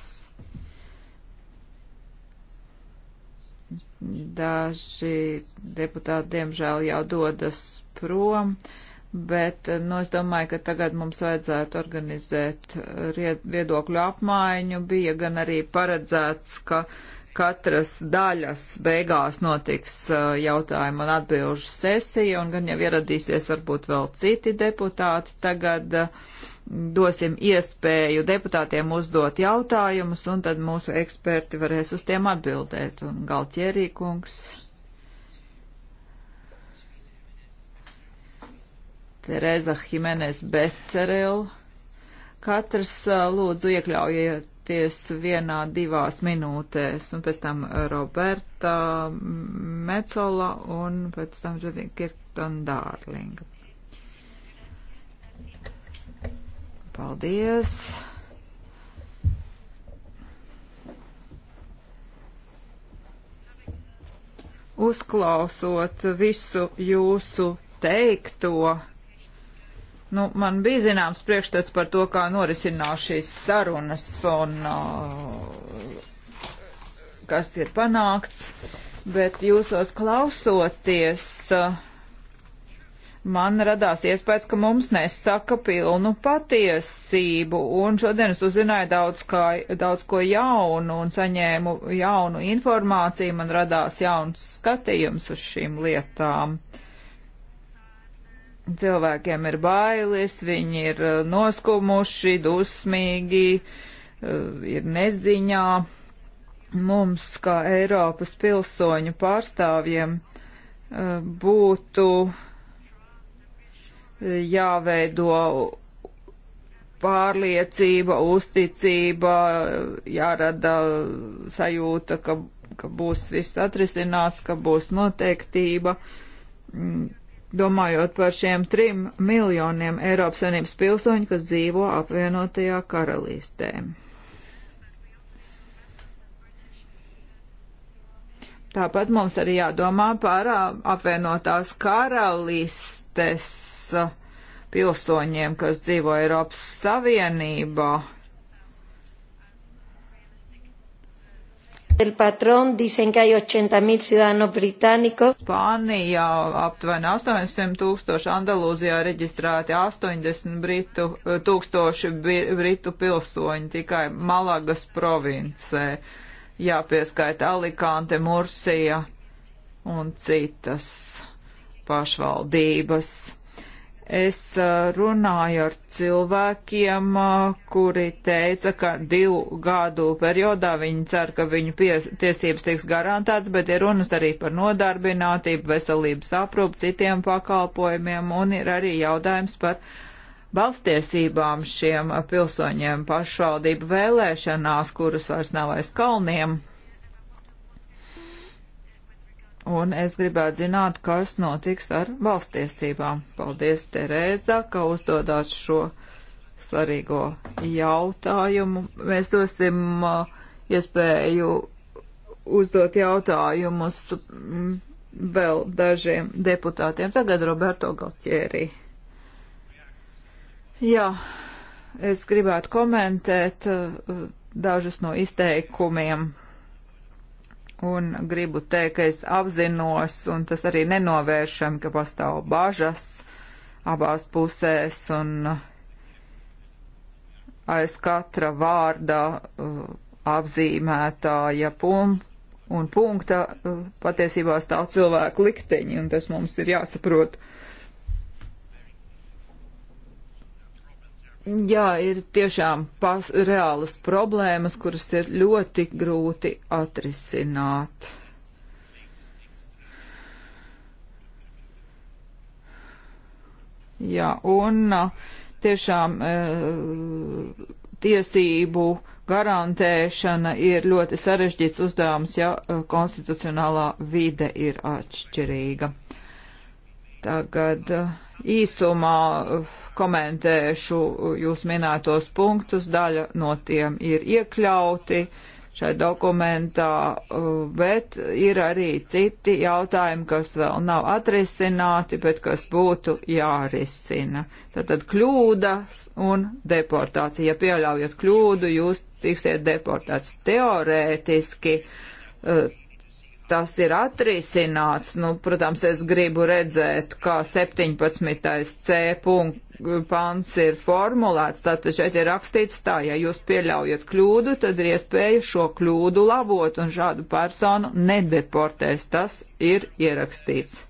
Daži deputāti, diemžēl, jau dodas prom bet, eh, nu, es domāju, ka tagad mums vajadzētu organizēt eh, viedokļu apmaiņu. Bija gan arī paredzēts, ka katras daļas beigās notiks eh, jautājumu un atbilžu sesija, un gan jau ieradīsies varbūt vēl citi deputāti. Tagad dosim iespēju deputātiem uzdot jautājumus, un tad mūsu eksperti varēs uz tiem atbildēt. Un Galtierī kungs Tereza Jimenez Becerel. Katrs lūdzu iekļaujieties vienā divās minūtēs, un pēc tam Roberta Mecola un pēc tam Džudina Kirktona Dārlinga. Paldies! Uzklausot visu jūsu teikto, Nu, man bija zināms priekšstats par to, kā norisinās šīs sarunas un uh, kas ir panākts, bet jūsos klausoties, uh, man radās iespējas, ka mums nesaka pilnu patiesību, un šodien es uzzināju daudz, kā, daudz ko jaunu un saņēmu jaunu informāciju, man radās jauns skatījums uz šīm lietām. Uh, cilvēkiem ir bailes, viņi ir uh, noskumuši, dusmīgi, uh, ir neziņā. Mums, kā Eiropas pilsoņu pārstāvjiem, uh, būtu jāveido pārliecība, uzticība, jārada sajūta, ka, ka būs viss atrisināts, ka būs noteiktība mm domājot par šiem trim miljoniem Eiropas Savienības pilsoņu, kas dzīvo apvienotajā karalistē. Tāpat mums arī jādomā par apvienotās karalistes pilsoņiem, kas dzīvo Eiropas Savienībā. El patrón dicen, ka hay 80.000 ciudadanos británicos. Spānijā aptuveni 800 tūkstoši, Andalūzijā reģistrēti 80 britu, eh, tūkstoši britu pilsoņi tikai Malagas provincē. Jāpieskaita Alikante, Mursija un citas pašvaldības. Es uh, runāju ar cilvēkiem, uh, kuri teica, ka divu gadu periodā viņi cer, ka viņu pies, tiesības tiks garantētas, bet ir runas arī par nodarbinātību, veselības aprūpu, citiem pakalpojumiem un ir arī jautājums par balstiesībām šiem pilsoņiem pašvaldību vēlēšanās, kuras vairs nav aiz kalniem un es gribētu zināt, kas notiks ar valstiesībām. Paldies, Terēza, ka uzdodāt šo svarīgo jautājumu. Mēs dosim uh, iespēju uzdot jautājumus mm, vēl dažiem deputātiem. Tagad Roberto Galtieri. Jā, es gribētu komentēt uh, dažus no izteikumiem un gribu teikt, ka es apzinos, un tas arī nenovēršam, ka pastāv bažas abās pusēs, un aiz katra vārda uh, apzīmētāja pum, un punkta uh, patiesībā stāv cilvēku likteņi, un tas mums ir jāsaprot. Uh, jā, ir tiešām pas, reālas problēmas, kuras ir ļoti grūti atrisināt. Jā, un tiešām e, tiesību garantēšana ir ļoti sarežģīts uzdevums, ja e, konstitucionālā vide ir atšķirīga. Tagad īsumā uh, komentēšu jūs minētos punktus. Daļa no tiem ir iekļauti šai dokumentā, uh, bet ir arī citi jautājumi, kas vēl nav atrisināti, bet kas būtu jārisina. Tātad kļūdas un deportācija. Ja pieļaujat kļūdu, jūs tiksiet deportāts teorētiski uh, tas ir atrisināts. Nu, protams, es gribu redzēt, kā 17. C pants ir formulēts. Tātad šeit ir rakstīts tā, ja jūs pieļaujat kļūdu, tad ir iespēja šo kļūdu labot un šādu personu nedeportēs. Tas ir ierakstīts.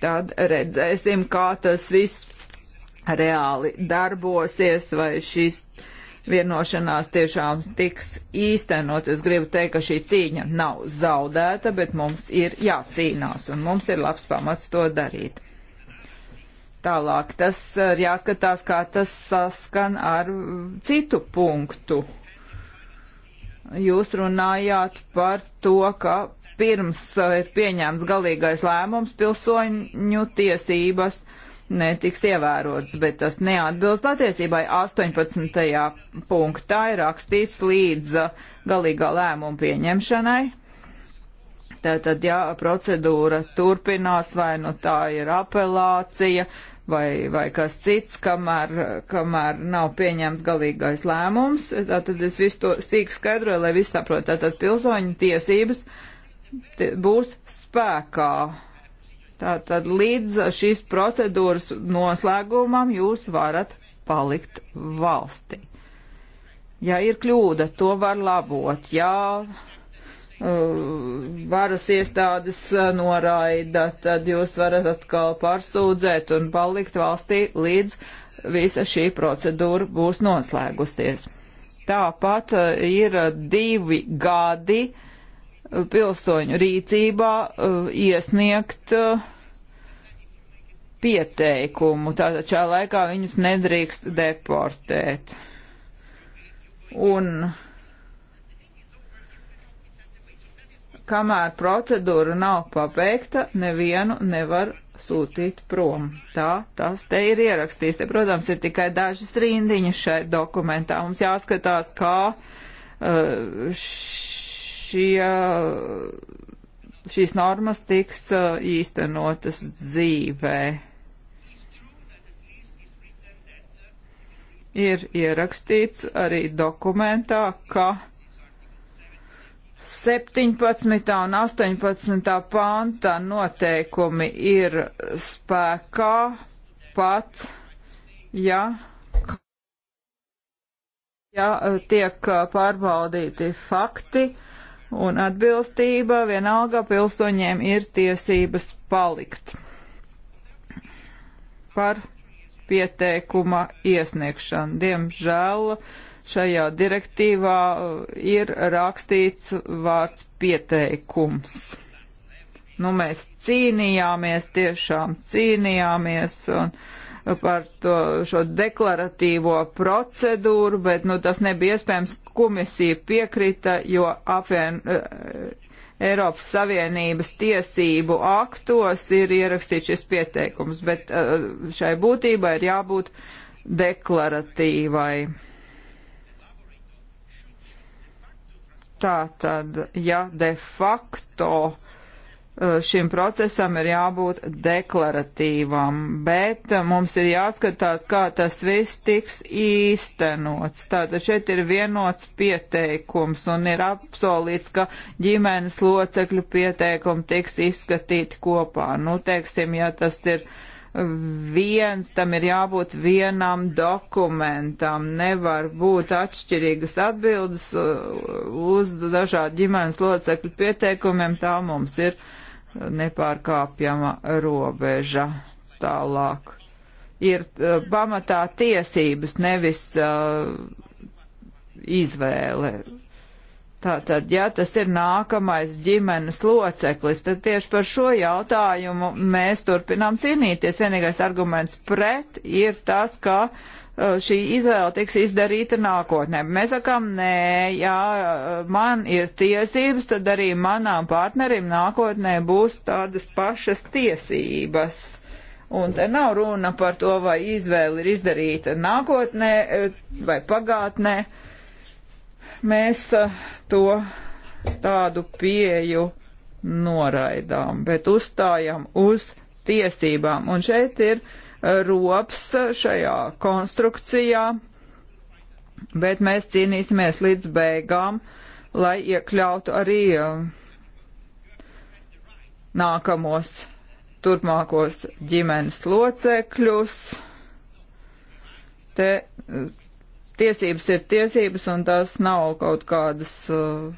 Tad redzēsim, kā tas viss reāli darbosies vai šīs. Uh, vienošanās tiešām tiks īstenot. Es gribu teikt, ka šī cīņa nav zaudēta, bet mums ir jācīnās un mums ir labs pamats to darīt. Tālāk tas ir jāskatās, kā tas saskan ar citu punktu. Jūs runājāt par to, ka pirms ir pieņemts galīgais lēmums pilsoņu tiesības uh, netiks ievērots, bet tas neatbilst patiesībai. 18. punktā ir rakstīts līdz uh, galīgā lēmuma pieņemšanai. Tātad, ja procedūra turpinās, vai nu tā ir apelācija, vai, vai kas cits, kamēr, kamēr nav pieņemts galīgais lēmums, tātad es visu to sīku skaidroju, lai visi saprot, tātad pilsoņu tiesības būs spēkā Tātad līdz šīs procedūras noslēgumam jūs varat palikt valstī. Ja ir kļūda, to var labot. Ja uh, varas iestādes noraida, tad jūs varat atkal pārsūdzēt un palikt valstī līdz visa šī procedūra būs noslēgusies. Tāpat uh, ir divi gadi, uh, pilsoņu rīcībā uh, iesniegt uh, pieteikumu. Tātad šā laikā viņus nedrīkst deportēt. Un kamēr procedūra nav pabeigta, nevienu nevar sūtīt prom. Tā tas te ir ierakstīts. Te, protams, ir tikai dažas rindiņas šai dokumentā. Mums jāskatās, kā uh, š šie, šīs normas tiks īstenotas dzīvē. Ir ierakstīts arī dokumentā, ka 17. un 18. pānta noteikumi ir spēkā pat, ja, ja tiek pārbaudīti fakti un atbilstība, vienalga pilsoņiem ir tiesības palikt par pieteikuma iesniegšanu. Diemžēl šajā direktīvā uh, ir rakstīts vārds pieteikums. Nu, mēs cīnījāmies, tiešām cīnījāmies, un uh, par to, šo deklaratīvo procedūru, bet nu, tas nebija iespējams. Komisija piekrita, jo apvien, e, Eiropas Savienības tiesību aktos ir ierakstīts šis pieteikums, bet e, šai būtībai ir jābūt deklaratīvai. Tā tad, ja de facto uh, Eh, šim procesam ir jābūt deklaratīvam, bet eh, mums ir jāskatās, kā tas viss tiks īstenots. Tātad šeit ir vienots pieteikums un ir apsolīts, ka ģimenes locekļu pieteikumi tiks izskatīti kopā. Nu, teiksim, ja tas ir viens, tam ir jābūt vienam dokumentam. Nevar būt atšķirīgas atbildes eh, uz dažādu ģimenes locekļu pieteikumiem. Tā mums ir nepārkāpjama robeža tālāk. Ir eh, pamatā tiesības, nevis uh, izvēle. Tātad, ja tas ir nākamais ģimenes loceklis, tad tieši par šo jautājumu mēs turpinām cīnīties. Vienīgais arguments pret ir tas, ka uh, Uh, šī izvēle tiks izdarīta nākotnē. Mēs sakām, nē, ja man ir tiesības, tad arī manām partnerim nākotnē būs tādas pašas tiesības. Un te nav runa par to, vai izvēle ir izdarīta nākotnē uh, vai pagātnē. Mēs uh, to tādu pieju noraidām, bet uzstājam uz tiesībām. Un šeit ir uh, rops šajā konstrukcijā, bet mēs cīnīsimies līdz beigām, lai iekļautu arī um, nākamos turpmākos ģimenes locekļus. Te uh, tiesības ir tiesības, un tās nav kaut kādas uh,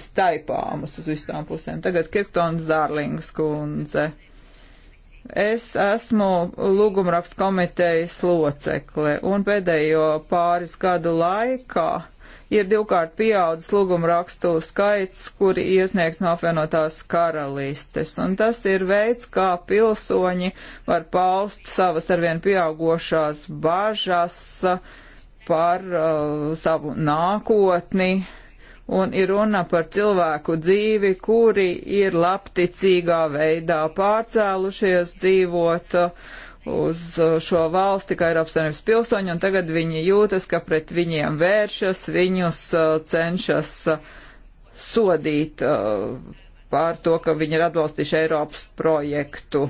staipāmas uz visām pusēm. Tagad Kirktons Dārlings kundze. Uh, Es esmu lūgumrakstu komitejas locekle, un pēdējo pāris gadu laikā ir divkārt pieaudzis lūgumrakstu skaits, kuri iesniegt no apvienotās karalistes, un tas ir veids, kā pilsoņi var paust savas arvien pieaugošās bažas par uh, savu nākotni, uh, un ir runa par cilvēku dzīvi, kuri ir labticīgā veidā pārcēlušies dzīvot uh, uz uh, šo valsti, kā Eiropas Savienības pilsoņi, un tagad viņi jūtas, ka pret viņiem vēršas, viņus uh, cenšas sodīt pār to, ka viņi ir atbalstījuši Eiropas projektu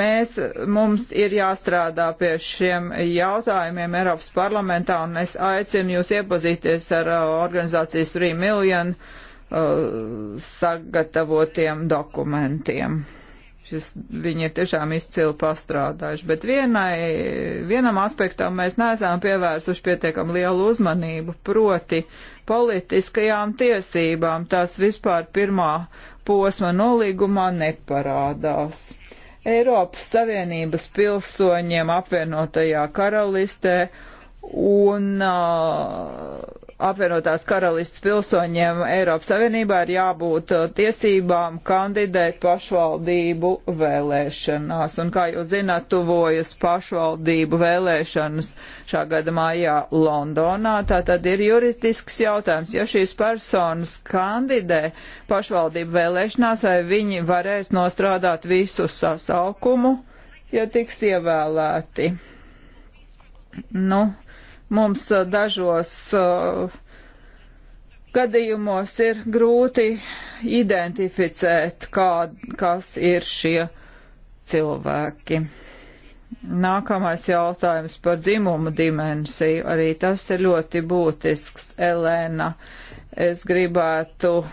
mēs, mums ir jāstrādā pie šiem jautājumiem Eiropas parlamentā, un es aicinu jūs iepazīties ar uh, organizācijas 3 miljonu uh, sagatavotiem dokumentiem. Šis, viņi ir tiešām izcili pastrādājuši, bet vienai, vienam aspektam mēs neesam pievērsuši pietiekam lielu uzmanību, proti politiskajām tiesībām. Tās vispār pirmā posma nolīgumā neparādās. Eiropas Savienības pilsoņiem apvienotajā karalistē un uh, apvienotās karalists pilsoņiem Eiropas Savienībā ir jābūt uh, tiesībām kandidēt pašvaldību vēlēšanās. Un kā jūs zināt, tuvojas pašvaldību vēlēšanas šā gada mājā Londonā. Tā tad ir juridisks jautājums, ja šīs personas kandidē pašvaldību vēlēšanās, vai viņi varēs nostrādāt visu sasaukumu, ja tiks ievēlēti. Nu, mums uh, dažos uh, gadījumos ir grūti identificēt, kā, kas ir šie cilvēki. Nākamais jautājums par dzimumu dimensiju. Arī tas ir ļoti būtisks, Elēna. Es gribētu uh,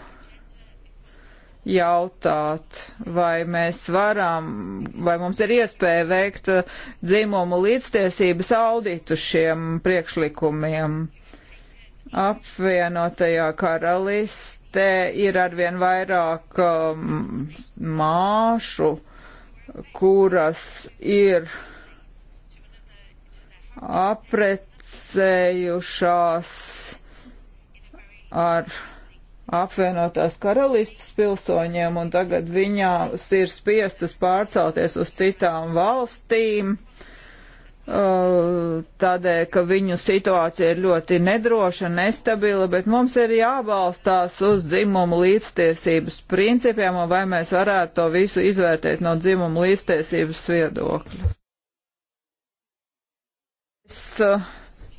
jautāt, vai mēs varam, vai mums ir iespēja veikt uh, dzimumu līdztiesības auditu šiem priekšlikumiem. Apvienotajā karalistē ir arvien vairāk um, māšu, kuras ir aprecējušās ar apvienotās karalistas pilsoņiem, un tagad viņās ir spiestas pārcelties uz citām valstīm, uh, tādēļ, ka viņu situācija ir ļoti nedroša, nestabila, bet mums ir jābalstās uz dzimumu līdztiesības principiem, un vai mēs varētu to visu izvērtēt no dzimumu līdztiesības viedokļa. Es uh,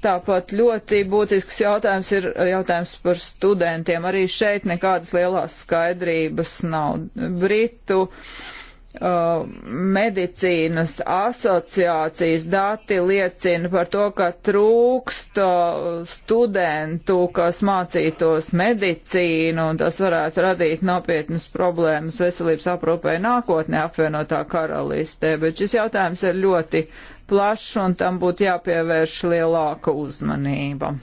Tāpat ļoti būtisks jautājums ir jautājums par studentiem. Arī šeit nekādas lielās skaidrības nav. Britu uh, Uh, medicīnas asociācijas dati liecina par to, ka trūkst uh, studentu, kas mācītos medicīnu, un tas varētu radīt nopietnas problēmas veselības aprūpē nākotnē apvienotā karalistē, bet šis jautājums ir ļoti plašs, un tam būtu jāpievērš lielāka uzmanība.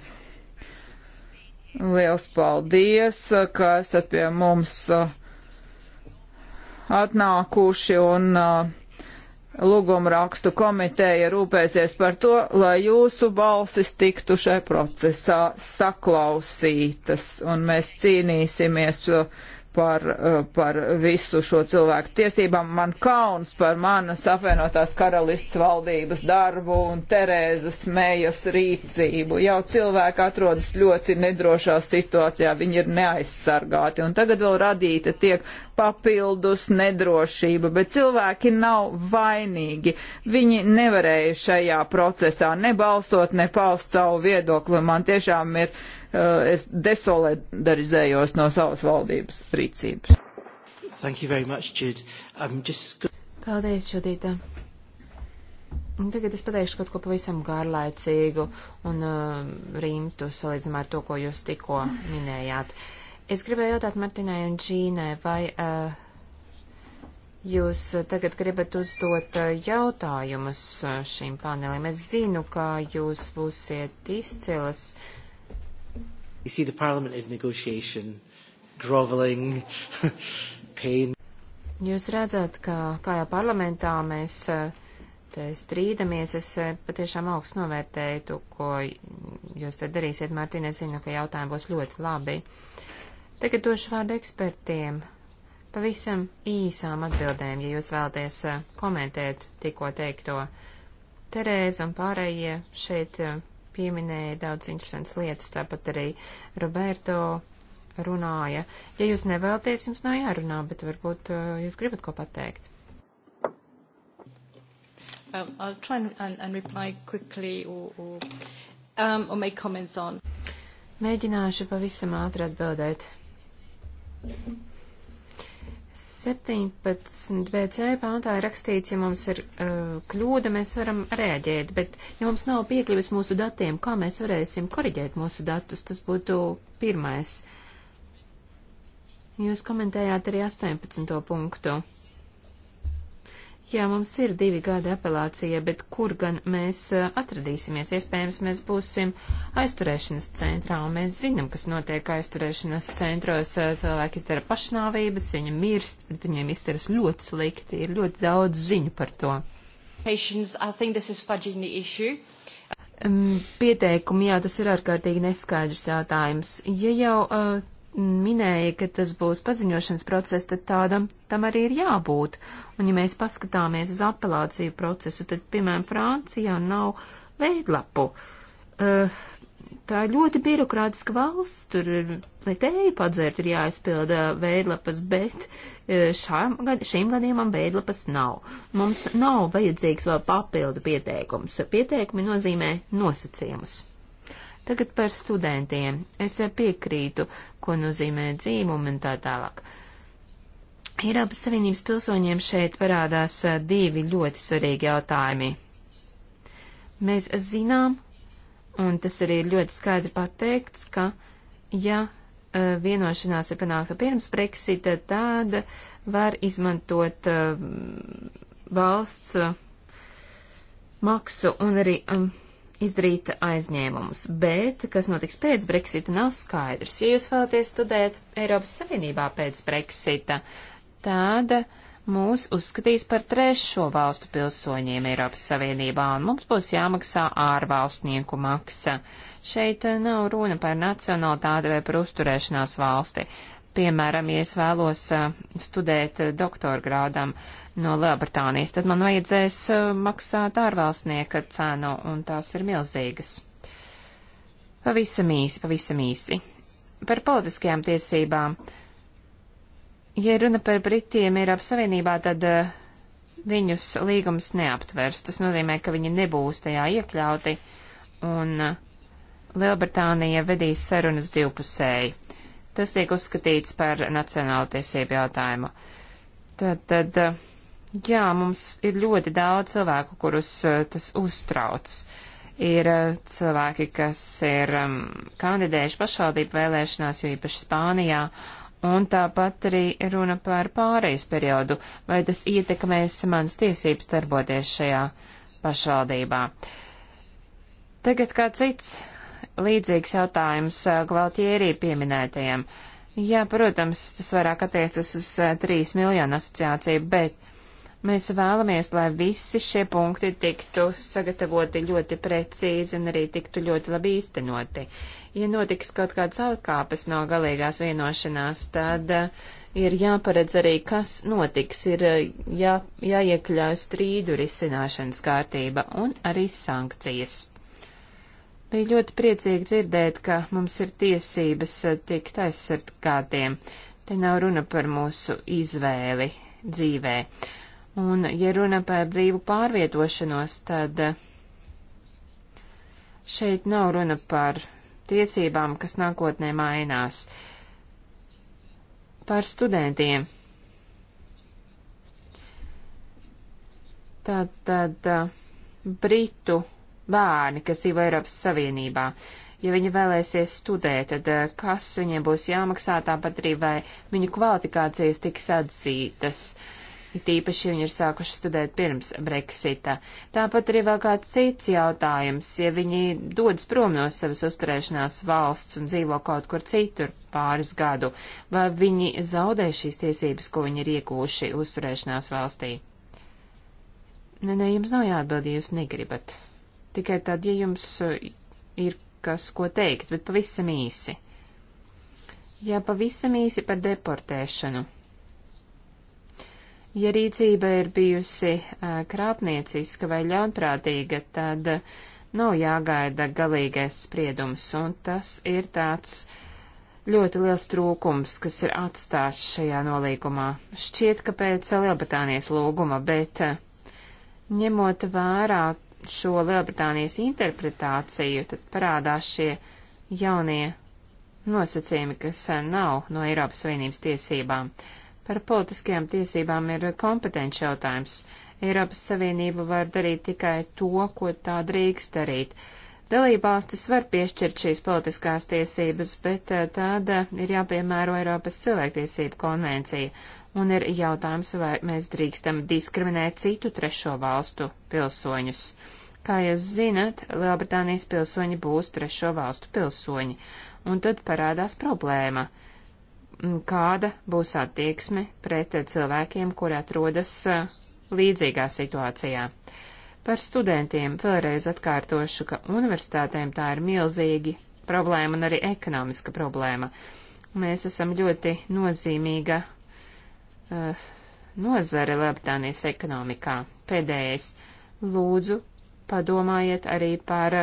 Liels paldies, ka esat pie mums uh, atnākuši un uh, lūgumrakstu komiteja rūpēsies par to, lai jūsu balsis tiktu šai procesā saklausītas un mēs cīnīsimies. Uh, par, eh, par visu šo cilvēku tiesībām. Man kauns par manas apvienotās karalists valdības darbu un Terēzas mējas rīcību. Jau cilvēki atrodas ļoti nedrošā situācijā, viņi ir neaizsargāti. Un tagad vēl radīta tiek papildus nedrošība, bet cilvēki nav vainīgi. Viņi nevarēja šajā procesā nebalstot, nepaust savu viedokli. Man tiešām ir Eh, es desolidarizējos no savas valdības rīcības. Much, Jude. Um, just... Paldies, Čudīta. Tagad es pateikšu kaut ko pavisam garlaicīgu un uh, rimtu salīdzinājumā ar to, ko jūs tikko minējāt. Es gribēju jautāt Martinai un Džīnai, vai uh, Jūs tagad gribat uzdot jautājumus šīm panelim. Es zinu, ka jūs būsiet izcilas You see, the Parliament is negotiation, groveling, [LAUGHS] pain. Jūs redzat, ka kā jau parlamentā mēs eh, te strīdamies, es eh, patiešām augstu novērtēju to, ko jūs te darīsiet, Mārtiņa, es zinu, ka jautājumi būs ļoti labi. Tagad došu vārdu ekspertiem. Pavisam īsām atbildēm, ja jūs vēlaties eh, komentēt tikko teikto. Terēza un pārējie šeit pieminēja daudz interesants lietas, tāpat arī Roberto runāja. Ja jūs nevēlaties, jums nav jārunā, bet varbūt uh, jūs gribat ko pateikt. Um, I'll try and, and, and reply quickly or, or, um, or make comments on. Mēģināšu pavisam ātri atbildēt. Mm -hmm. 17.2c pāntā ir rakstīts, ja mums ir uh, kļūda, mēs varam rēģēt, bet ja mums nav piekļuvis mūsu datiem, kā mēs varēsim koriģēt mūsu datus, tas būtu pirmais. Jūs komentējāt arī 18. punktu. Jā, mums ir divi gadi apelācija, bet kur gan mēs eh, atradīsimies? Iespējams, mēs būsim aizturēšanas centrā, un mēs zinām, kas notiek aizturēšanas centros. Eh, cilvēki izdara pašnāvības, viņi mirst, bet viņiem izturas ļoti slikti. Ir ļoti daudz ziņu par to. Mm, pieteikumi, jā, tas ir ārkārtīgi neskaidrs jautājums. Ja jau uh, minēja, ka tas būs paziņošanas process, tad tādam tam arī ir jābūt. Un ja mēs paskatāmies uz apelāciju procesu, tad, piemēram, Francijā nav veidlapu. Uh, tā ir ļoti birokrātiska valsts, tur, lai teju padzērt, ir jāizpilda veidlapas, bet eh, šām, šīm gadījumam veidlapas nav. Mums nav vajadzīgs vēl papildu pieteikums. Pieteikumi nozīmē nosacījumus. Tagad par studentiem. Es eh, piekrītu, ko nozīmē dzīvumu un tā tālāk. Eiropas Savienības pilsoņiem šeit parādās eh, divi ļoti svarīgi jautājumi. Mēs zinām, un tas arī ir ļoti skaidri pateikts, ka ja eh, vienošanās ir panākta pirms Brexita, tad var izmantot valsts maksu un arī mm, izdarīt aizņēmumus, bet kas notiks pēc Brexita nav skaidrs. Ja jūs vēlaties studēt Eiropas Savienībā pēc Brexita, tad mūs uzskatīs par trešo valstu pilsoņiem Eiropas Savienībā, un mums būs jāmaksā ārvalstnieku maksa. Šeit nav runa par nacionalitāti vai par uzturēšanās valsti. Piemēram, ja es vēlos studēt doktora grādam no Lielbritānijas, tad man vajadzēs maksāt ārvalstnieka cenu, un tās ir milzīgas. Pavisam īsi, pavisam īsi. Par politiskajām tiesībām. Ja runa par Britiem Eiropas Savienībā, tad viņus līgums neaptvers. Tas nozīmē, ka viņi nebūs tajā iekļauti, un Lielbritānija vedīs sarunas divpusēji tas tiek uzskatīts par nacionālu tiesību jautājumu. Tad, tad, eh, jā, mums ir ļoti daudz cilvēku, kurus eh, tas uztrauc. Ir eh, cilvēki, kas ir um, kandidējuši pašvaldību vēlēšanās, jo īpaši Spānijā, un tāpat arī runa par pārejas periodu, vai tas ietekmēs manas tiesības darboties šajā pašvaldībā. Tagad kā cits līdzīgs jautājums eh, Glautierī pieminētajam. Jā, protams, tas vairāk attiecas uz 3 eh, miljonu asociāciju, bet mēs vēlamies, lai visi šie punkti tiktu sagatavoti ļoti precīzi un arī tiktu ļoti labi īstenoti. Ja notiks kaut kāds atkāpes no galīgās vienošanās, tad uh, ir jāparedz arī, kas notiks, ir jā, jāiekļauj strīdu risināšanas kārtība un arī sankcijas. Bija ļoti priecīgi dzirdēt, ka mums ir tiesības eh, tikt aizsargātiem. Te nav runa par mūsu izvēli dzīvē. Un, ja runa par brīvu pārvietošanos, tad eh, šeit nav runa par tiesībām, kas nākotnē mainās. Par studentiem. Tātad eh, Britu bērni, kas dzīvo Eiropas Savienībā. Ja viņi vēlēsies studēt, tad eh, kas viņiem būs jāmaksā, tāpat arī vai viņu kvalifikācijas tiks atzītas. It īpaši viņi ir sākuši studēt pirms Brexita. Tāpat arī vēl kāds cits jautājums, ja viņi dodas prom no savas uzturēšanās valsts un dzīvo kaut kur citur pāris gadu, vai viņi zaudē šīs tiesības, ko viņi ir iegūši uzturēšanās valstī? Nē, nē, jums nav jāatbild, ja jūs negribat tikai tad, ja jums eh, ir kas ko teikt, bet pavisam īsi. Jā, pavisam īsi par deportēšanu. Ja rīcība ir bijusi eh, krāpnieciska vai ļaunprātīga, tad nav jāgaida galīgais spriedums, un tas ir tāds ļoti liels trūkums, kas ir atstāts šajā nolīgumā. Šķiet, ka pēc Lielbritānijas lūguma, bet eh, ņemot vērā šo Lielbritānijas interpretāciju, tad parādās šie jaunie nosacījumi, kas eh, nav no Eiropas Savienības tiesībām. Par politiskajām tiesībām ir kompetenci jautājums. Eiropas Savienība var darīt tikai to, ko tā drīkst darīt. Dalībvalstis var piešķirt šīs politiskās tiesības, bet eh, tāda ir jāpiemēro Eiropas cilvēktiesību konvencija un ir jautājums, vai mēs drīkstam diskriminēt citu trešo valstu pilsoņus. Kā jūs zinat, Lielbritānijas pilsoņi būs trešo valstu pilsoņi, un tad parādās problēma. Kāda būs attieksme pret cilvēkiem, kuri atrodas uh, līdzīgā situācijā? Par studentiem vēlreiz atkārtošu, ka universitātēm tā ir milzīgi problēma un arī ekonomiska problēma. Mēs esam ļoti nozīmīga uh, nozare Lielbritānijas ekonomikā. Pēdējais, lūdzu, padomājiet arī par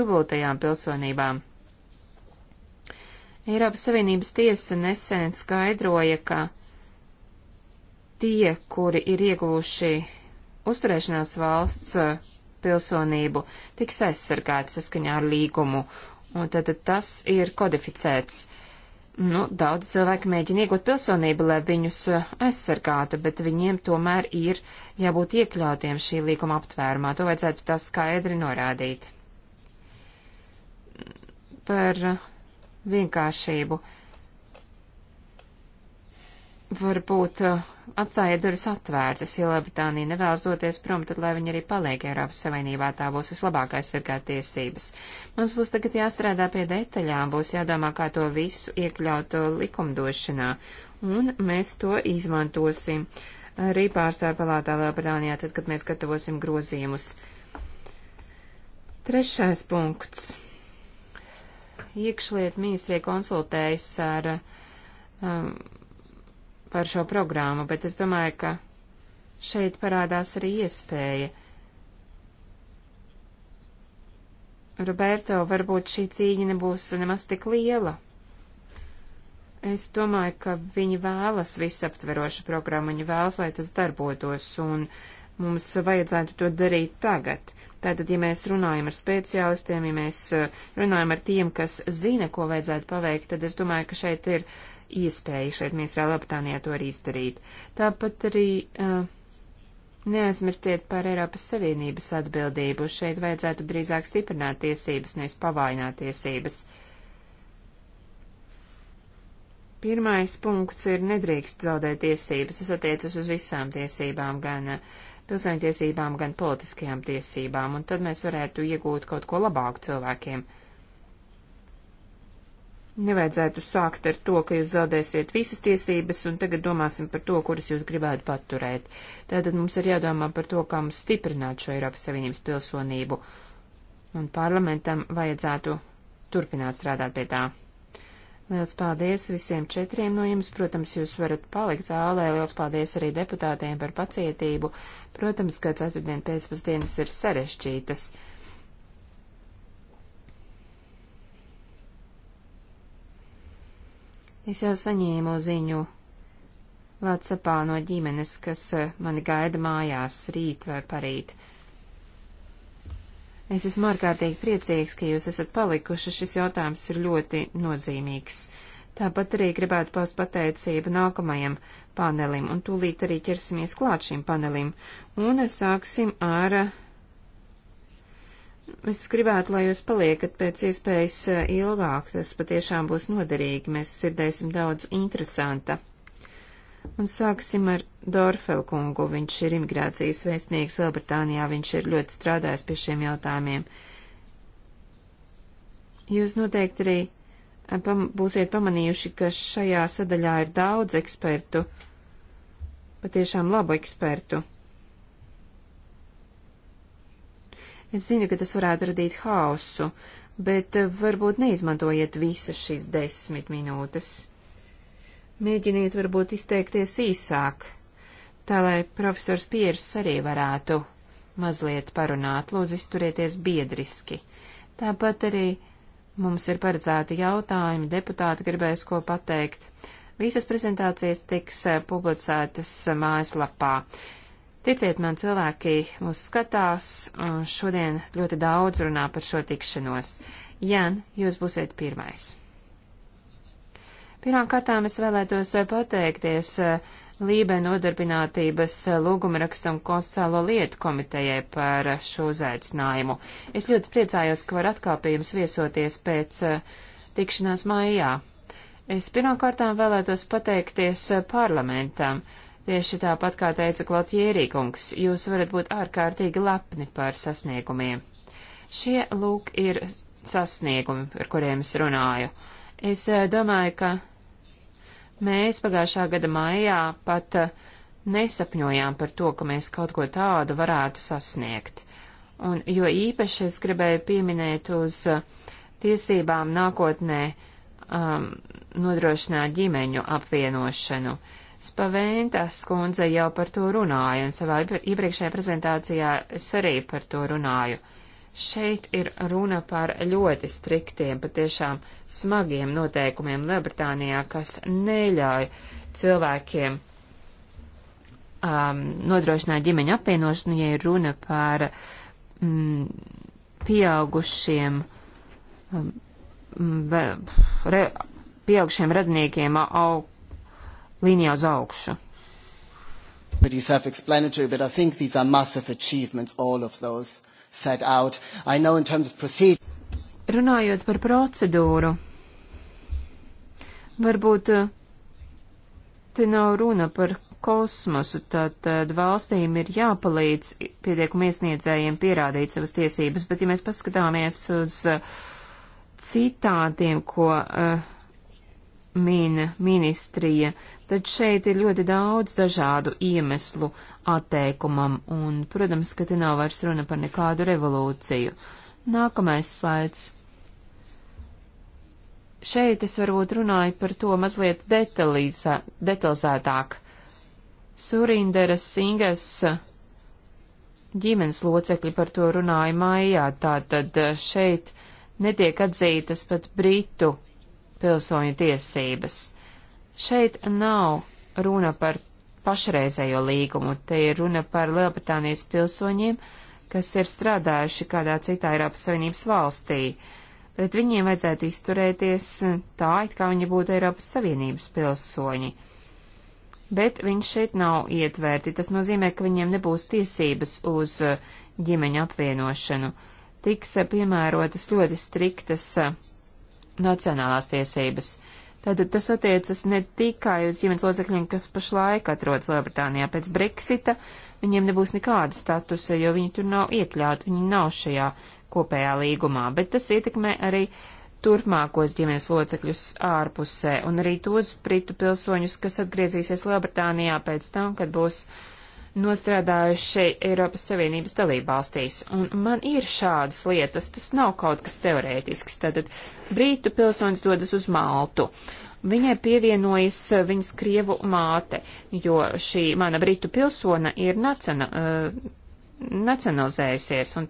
dubultajām pilsonībām. Eiropas Savienības tiesa nesen skaidroja, ka tie, kuri ir ieguvuši uzturēšanās valsts eh, pilsonību, tiks aizsargāti saskaņā ar līgumu, un tad tas ir kodificēts. Nu, daudz cilvēki mēģina iegūt pilsonību, lai viņus eh, aizsargātu, bet viņiem tomēr ir jābūt iekļautiem šī līguma aptvērumā. To vajadzētu tā skaidri norādīt. Par eh, vienkāršību. Uh, varbūt uh, atstājiet durvis atvērtas, ja Lielbritānija nevēlas doties prom, tad lai viņi arī paliek Eiropas Savienībā, tā būs vislabāk aizsargāt tiesības. Mums būs tagad jāstrādā pie detaļām, būs jādomā, kā to visu iekļaut uh, likumdošanā, un mēs to izmantosim arī pārstāvpalātā Lielbritānijā, tad, kad mēs gatavosim grozījumus. Trešais punkts. Iekšliet ministrie konsultējas ar um, par šo programmu, bet es domāju, ka šeit parādās arī iespēja. Roberto, varbūt šī cīņa nebūs nemaz tik liela. Es domāju, ka viņi vēlas visaptverošu programmu, viņi vēlas, lai tas darbotos, un mums vajadzētu to darīt tagad. Tātad, ja mēs runājam ar speciālistiem, ja mēs eh, runājam ar tiem, kas zina, ko vajadzētu paveikt, tad es domāju, ka šeit ir iespēja šeit Miesrā Lielbritānijā to arī izdarīt. Tāpat arī uh, neaizmirstiet par Eiropas Savienības atbildību. Šeit vajadzētu drīzāk stiprināt tiesības, nevis pavājināt tiesības. Pirmais punkts ir nedrīkst zaudēt tiesības. Tas attiecas uz visām tiesībām, gan uh, pilsēmtiesībām, gan politiskajām tiesībām, un tad mēs varētu iegūt kaut ko labāku cilvēkiem. Uh, Nevajadzētu sākt ar to, ka jūs zaudēsiet visas tiesības, un tagad domāsim par to, kuras jūs gribētu paturēt. Tātad mums ir jādomā par to, kā mums stiprināt šo Eiropas Savienības pilsonību, un parlamentam vajadzētu turpināt strādāt pie tā. Liels paldies visiem četriem no jums. Protams, jūs varat palikt zālē. Liels paldies arī deputātiem par pacietību. Protams, ka ceturtdien pēcpusdienas ir sarešķītas. Es jau saņēmu ziņu Vācijā no ģimenes, kas eh, mani gaida mājās rīt vai parīt. Es esmu ārkārtīgi priecīgs, ka jūs esat palikuši. Šis jautājums ir ļoti nozīmīgs. Tāpat arī gribētu paust pateicību nākamajam panelim, un tūlīt arī ķersimies klāt šim panelim. Un sāksim ar Es gribētu, lai jūs paliekat pēc iespējas eh, ilgāk, tas patiešām būs noderīgi, mēs dzirdēsim daudz interesanta. Un sāksim ar Dorfel kungu, viņš ir imigrācijas vēstnieks Lielbritānijā, viņš ir ļoti strādājis pie šiem jautājumiem. Jūs noteikti arī eh, pam būsiet pamanījuši, ka šajā sadaļā ir daudz ekspertu, patiešām labu ekspertu. Es zinu, ka tas varētu radīt haosu, bet eh, varbūt neizmantojiet visas šīs desmit minūtes. Mēģiniet varbūt izteikties īsāk, tā lai profesors Piers arī varētu mazliet parunāt, lūdzu izturieties biedriski. Tāpat arī mums ir paredzēti jautājumi, deputāti gribēs ko pateikt. Visas prezentācijas tiks eh, publicētas eh, mājaslapā. Ticiet man, cilvēki mūs skatās, un šodien ļoti daudz runā par šo tikšanos. Jan, jūs būsiet pirmais. Pirmām kārtām es vēlētos pateikties eh, Lībe nodarbinātības eh, lūgumrakstu un konstitucionālo lietu komitejai par šo uzaicinājumu. Es ļoti priecājos, ka var atkal pie jums viesoties pēc eh, tikšanās mājā. Es pirmkārtām vēlētos pateikties parlamentam Tieši tāpat, kā teica Klotjērī kungs, jūs varat būt ārkārtīgi lepni par sasniegumiem. Šie lūk ir sasniegumi, par kuriem es runāju. Es eh, domāju, ka mēs pagājušā gada maijā pat eh, nesapņojām par to, ka mēs kaut ko tādu varētu sasniegt. Un jo īpaši es gribēju pieminēt uz eh, tiesībām nākotnē um, nodrošināt ģimeņu apvienošanu. Uh, Spavēntas kundze jau par to runāja, un savā iepriekšējā prezentācijā es arī par to runāju. Šeit ir runa par ļoti striktiem, patiešām smagiem noteikumiem Lielbritānijā, kas neļauj cilvēkiem um, nodrošināt ģimeņu apvienošanu, ja ir runa par mm, pieaugušiem, um, re, pieaugušiem radniekiem au, līnijā uz augšu. Pretty self-explanatory, but I think these are massive achievements, all of those set out. I know in terms of procedure. Runājot par procedūru, varbūt eh, te nav runa par kosmosu, tad eh, valstīm ir jāpalīdz pietiekumu iesniedzējiem pierādīt savas tiesības, bet ja mēs paskatāmies uz eh, citātiem, ko uh, min ministrija, tad šeit ir ļoti daudz dažādu iemeslu atteikumam, un, protams, ka te nav vairs runa par nekādu revolūciju. Nākamais slaids. Šeit es varbūt runāju par to mazliet detalizā, detalizētāk. Surinderas Singas ģimenes locekļi par to runāja maijā, tātad šeit netiek atzītas pat britu pilsoņu tiesības. Šeit nav runa par pašreizējo līgumu, te ir runa par Lielbritānijas pilsoņiem, kas ir strādājuši kādā citā Eiropas Savienības valstī. Pret viņiem vajadzētu izturēties tā, it kā viņi būtu Eiropas Savienības pilsoņi. Bet viņi šeit nav ietverti, tas nozīmē, ka viņiem nebūs tiesības uz uh, ģimeņu apvienošanu. Tiks uh, piemērotas ļoti striktas uh, nacionālās tiesības. Tātad tas attiecas ne tikai uz ģimenes locekļiem, kas pašlaik atrodas Lielbritānijā pēc Brexita, viņiem nebūs nekāda statusa, jo viņi tur nav iekļauti, viņi nav šajā kopējā līgumā, bet tas ietekmē arī turpmākos ģimenes locekļus ārpusē un arī tos britu pilsoņus, kas atgriezīsies Lielbritānijā pēc tam, kad būs uh, nostrādājuši Eiropas Savienības dalībvalstīs, un man ir šādas lietas, tas nav kaut kas teorētisks. Tātad Brītu pilsonis dodas uz Maltu. Viņai pievienojas eh, viņas Krievu māte, jo šī mana Britu pilsona ir naciona, uh, eh, nacionalizējusies, un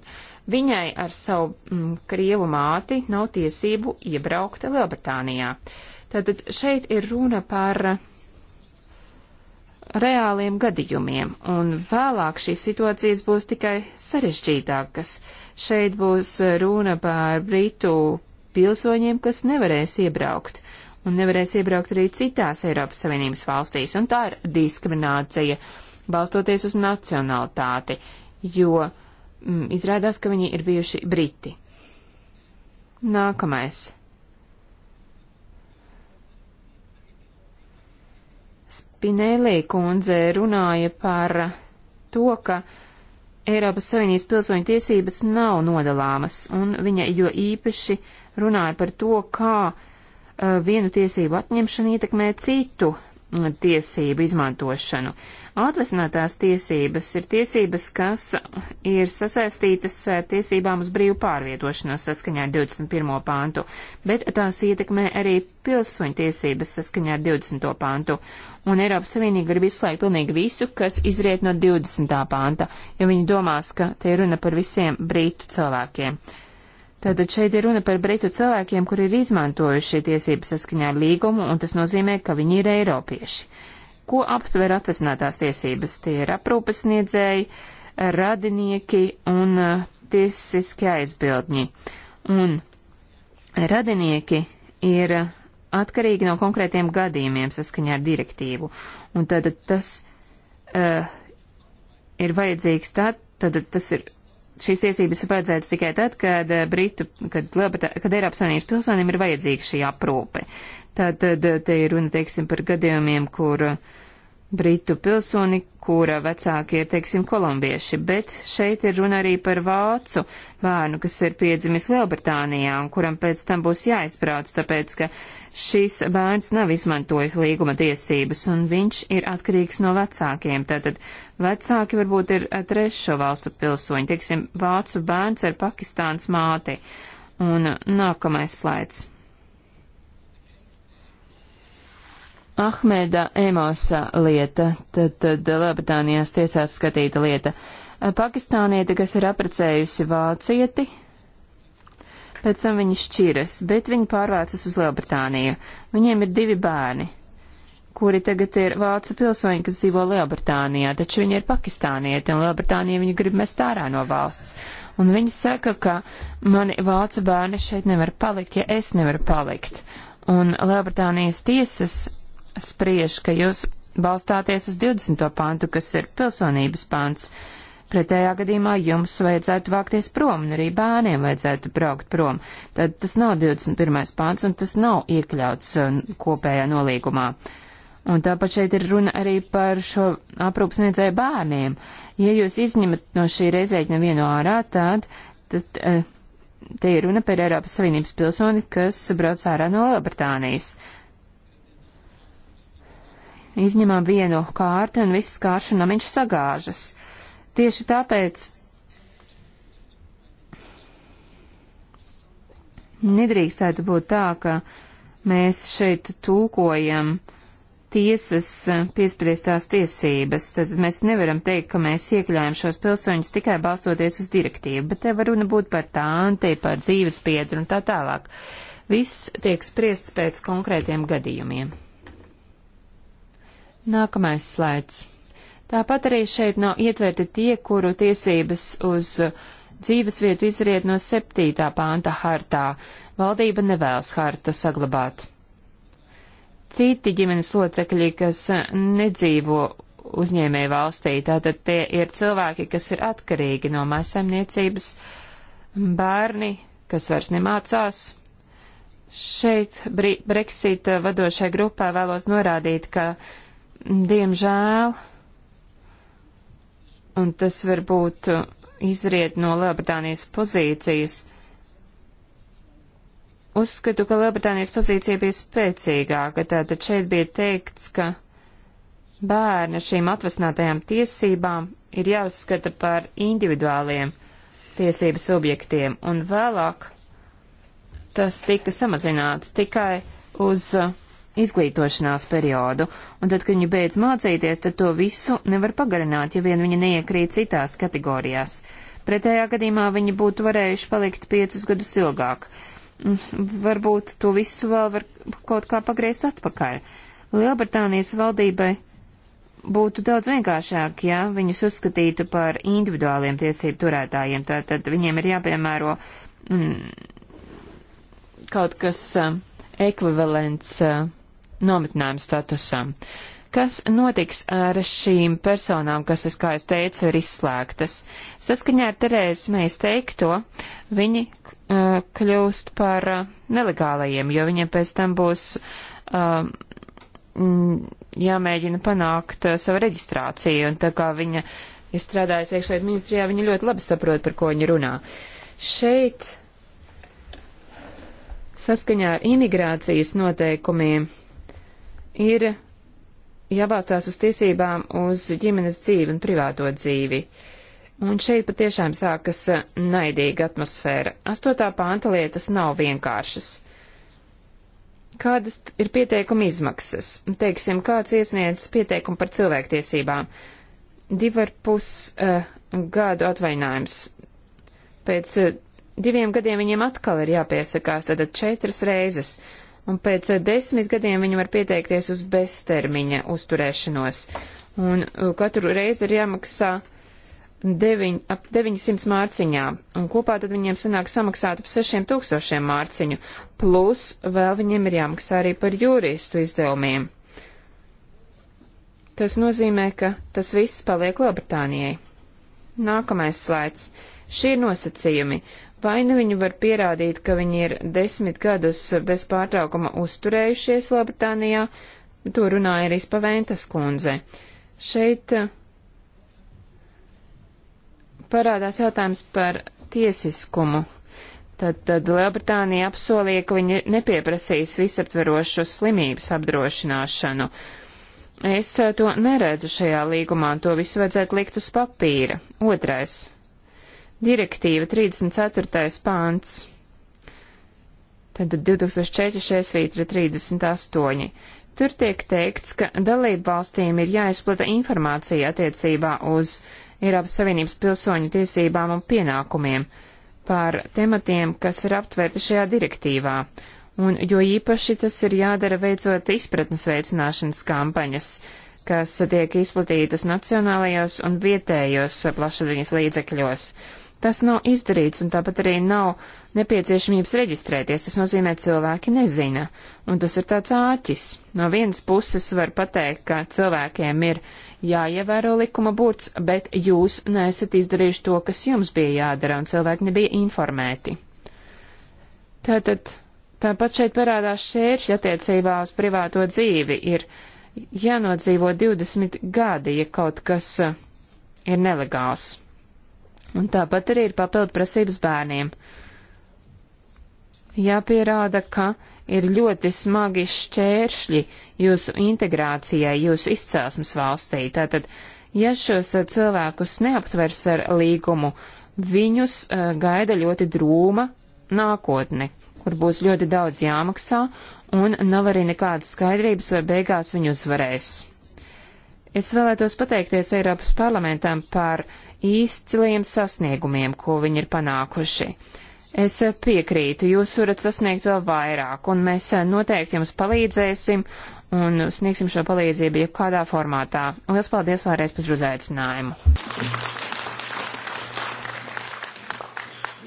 viņai ar savu mm, Krievu māti nav tiesību iebraukt Lielbritānijā. Tātad šeit ir runa par uh, reāliem gadījumiem, un vēlāk šīs situācijas būs tikai sarežģītākas. Šeit būs runa par Britu pilsoņiem, kas nevarēs iebraukt, un nevarēs iebraukt arī citās Eiropas Savienības valstīs, un tā ir diskriminācija, balstoties uz nacionalitāti, jo mm, izrādās, ka viņi ir bijuši Briti. Nākamais. Pinēlī kundze runāja par to, ka Eiropas Savienības pilsoņu tiesības nav nodalāmas, un viņa jo īpaši runāja par to, kā uh, vienu tiesību atņemšana ietekmē citu tiesību izmantošanu. Atvesinātās tiesības ir tiesības, kas ir sasaistītas ar tiesībām uz brīvu pārvietošanos saskaņā ar 21. pāntu, bet tās ietekmē arī pilsoņu tiesības saskaņā ar 20. pāntu. Un Eiropas Savienība grib izslēgt pilnīgi visu, kas izriet no 20. pānta, jo viņi domās, ka te ir runa par visiem brītu cilvēkiem. Tātad šeit ir runa par britu cilvēkiem, kuri ir izmantojuši tiesības saskaņā ar līgumu, un tas nozīmē, ka viņi ir eiropieši. Ko aptver atvesinātās tiesības? Tie ir aprūpes sniedzēji, radinieki un uh, tiesiski aizbildņi. Un radinieki ir atkarīgi no konkrētiem gadījumiem saskaņā ar direktīvu. Un tātad tas uh, ir vajadzīgs tā, tātad tas ir šīs tiesības ir paredzētas tikai tad, kad eh, Britu, kad, kad Eiropas Savienības pilsonim ir vajadzīga šī aprūpe. Tātad eh, te ir runa, teiksim, par gadījumiem, kur uh, britu pilsoni, kura vecāki ir, teiksim, kolumbieši, bet šeit ir runa arī par vācu bērnu, kas ir piedzimis Lielbritānijā un kuram pēc tam būs jāizbrauc, tāpēc, ka šis bērns nav izmantojis līguma tiesības un viņš ir atkarīgs no vecākiem. Tātad vecāki varbūt ir trešo valstu pilsoņi, teiksim, vācu bērns ar Pakistānas māti. Un nākamais slaids. Ahmeda Emosa lieta, tad, tad Lielbritānijās tiesās skatīta lieta. Pakistāniete, kas ir aprecējusi vācieti, pēc tam viņi šķiras, bet viņi pārvācas uz Lielbritāniju. Viņiem ir divi bērni, kuri tagad ir vācu pilsoņi, kas dzīvo Lielbritānijā, taču viņi ir pakistānieti, un Lielbritānija viņu grib mest ārā no valsts. Un viņi saka, ka mani vācu bērni šeit nevar palikt, ja es nevaru palikt. Un Lielbritānijas tiesas spriež, ka jūs balstāties uz 20. pantu, kas ir pilsonības pants. Pretējā gadījumā jums vajadzētu vākties prom, un arī bērniem vajadzētu braukt prom. Tad tas nav 21. pants, un tas nav iekļauts um, kopējā nolīgumā. Un tāpat šeit ir runa arī par šo aprūpsniedzēju bērniem. Ja jūs izņemat no šī reizēķina vienu ārā, tad, tad eh, te ir runa par Eiropas Savienības pilsoni, kas brauc ārā no Lielbritānijas izņemam vienu kārti un viss kāršu namiņš sagāžas. Tieši tāpēc nedrīkstētu būt tā, ka mēs šeit tulkojam tiesas piespriestās tiesības, tad mēs nevaram teikt, ka mēs iekļājam šos pilsoņus tikai balstoties uz direktīvu, bet te var runa būt par tānti, par dzīvespiedru un tā tālāk. Viss tiek spriests pēc konkrētiem gadījumiem. Nākamais slaids. Tāpat arī šeit nav ietverti tie, kuru tiesības uz dzīvesvietu izriet no 7. pānta hartā. Valdība nevēlas hartu saglabāt. Citi ģimenes locekļi, kas nedzīvo uzņēmēju valstī, tātad tie ir cilvēki, kas ir atkarīgi no mājasemniecības, bērni, kas vairs nemācās, Šeit Brexit vadošai grupai vēlos norādīt, ka Diemžēl, un tas varbūt izriet no Lielbritānijas pozīcijas, uzskatu, ka Lielbritānijas pozīcija bija spēcīgāka, tātad šeit bija teikts, ka bērni ar šīm atvasinātajām tiesībām ir jāuzskata par individuāliem tiesību subjektiem, un vēlāk tas tika samazināts tikai uz uh, izglītošanās periodu, un tad, kad viņi beidz mācīties, tad to visu nevar pagarināt, ja vien viņi neiekrīt citās kategorijās. Pretējā gadījumā viņi būtu varējuši palikt piecus gadus ilgāk. Mm, varbūt to visu vēl var kaut kā pagriezt atpakaļ. Lielbritānijas valdībai būtu daudz vienkāršāk, ja viņus uzskatītu par individuāliem tiesību turētājiem, tātad viņiem ir jāpiemēro mm, kaut kas. Uh, ekvivalents uh, nometnēm statusam. Kas notiks ar šīm personām, kas, es, kā es teicu, ir izslēgtas? Saskaņā ar Terēzes mēs teikto, viņi uh, kļūst par uh, nelegālajiem, jo viņiem pēc tam būs uh, jāmēģina panākt uh, savu reģistrāciju, un tā kā viņa ir strādājusi iekšlietu ministrijā, viņa ļoti labi saprot, par ko viņa runā. Šeit saskaņā ar imigrācijas noteikumiem ir jābalstās uz tiesībām uz ģimenes dzīvi un privāto dzīvi. Un šeit patiešām sākas naidīga atmosfēra. Astotā panta lietas nav vienkāršas. Kādas ir pieteikuma izmaksas? Teiksim, kāds iesniedz pieteikumu par cilvēktiesībām? Divi ar pus uh, gadu atvainājums. Pēc uh, diviem gadiem viņiem atkal ir jāpiesakās, tad četras reizes. Uh, un pēc eh, desmit gadiem viņam var pieteikties uz beztermiņa uzturēšanos. Un eh, katru reizi ir jāmaksā deviņ, ap 900 mārciņām, un kopā tad viņiem sanāk samaksāt ap 6000 mārciņu, plus vēl viņiem ir jāmaksā arī par juristu izdevumiem. Tas nozīmē, ka tas viss paliek Lielbritānijai. Nākamais slaids. Šie ir nosacījumi. Vai nu viņi var pierādīt, ka viņi ir desmit gadus bez pārtraukuma uzturējušies Lielbritānijā, to runāja arī Spaventas kundze. Šeit eh, parādās jautājums par tiesiskumu. Tad, tad Lielbritānija apsolīja, ka viņi nepieprasīs visaptverošu slimības apdrošināšanu. Es eh, to neredzu šajā līgumā, to visu vajadzētu likt uz papīra. Otrais Direktīva 34. pāns. Tad 2004.38. Tur tiek teikts, ka dalību valstīm ir jāizplata informācija attiecībā uz Eiropas Savienības pilsoņu tiesībām un pienākumiem par tematiem, kas ir aptverti šajā direktīvā, un jo īpaši tas ir jādara veicot izpratnes veicināšanas kampaņas, kas tiek izplatītas nacionālajos un vietējos plašsaziņas līdzekļos. Tas nav izdarīts, un tāpat arī nav nepieciešamības reģistrēties. Tas nozīmē, cilvēki nezina, un tas ir tāds āķis. No vienas puses var pateikt, ka cilvēkiem ir jāievēro likuma burts, bet jūs nesat izdarījuši to, kas jums bija jādara, un cilvēki nebija informēti. Tātad Tāpat šeit parādās šķēršļi attiecībā uz privāto dzīvi. Ir jānodzīvo 20 gadi, ja kaut kas uh, ir nelegāls. Un tāpat arī ir papildu prasības bērniem. Jāpierāda, ka ir ļoti smagi šķēršļi jūsu integrācijai, jūsu izcelsmes valstī. Tātad, ja šos eh, cilvēkus neaptvers ar līgumu, viņus uh, gaida ļoti drūma nākotne, kur būs ļoti daudz jāmaksā, un nav arī nekādas skaidrības, vai beigās viņu uzvarēs. Es vēlētos pateikties Eiropas parlamentam par uh, izciliem sasniegumiem, ko viņi ir panākuši. Es piekrītu, jūs varat sasniegt vēl vairāk, un mēs noteikti jums palīdzēsim un sniegsim šo palīdzību jebkādā formātā. Lielas paldies vēlreiz par uzaicinājumu.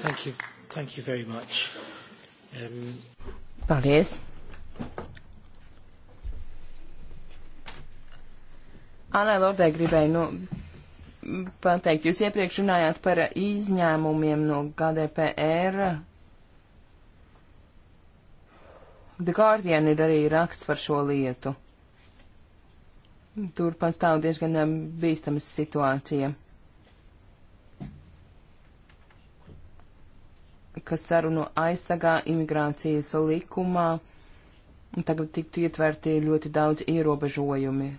Thank you. Thank you very much. Um... Paldies. Anai Lordai gribēju nu, pateikt, jūs iepriekš runājāt par izņēmumiem no GDPR. The Guardian ir arī raksts par šo lietu. Tur pastāv diezgan um, bīstamas situācija, kas sarunu aizsargā imigrācijas likumā, un tagad tiktu ietverti ļoti daudz ierobežojumi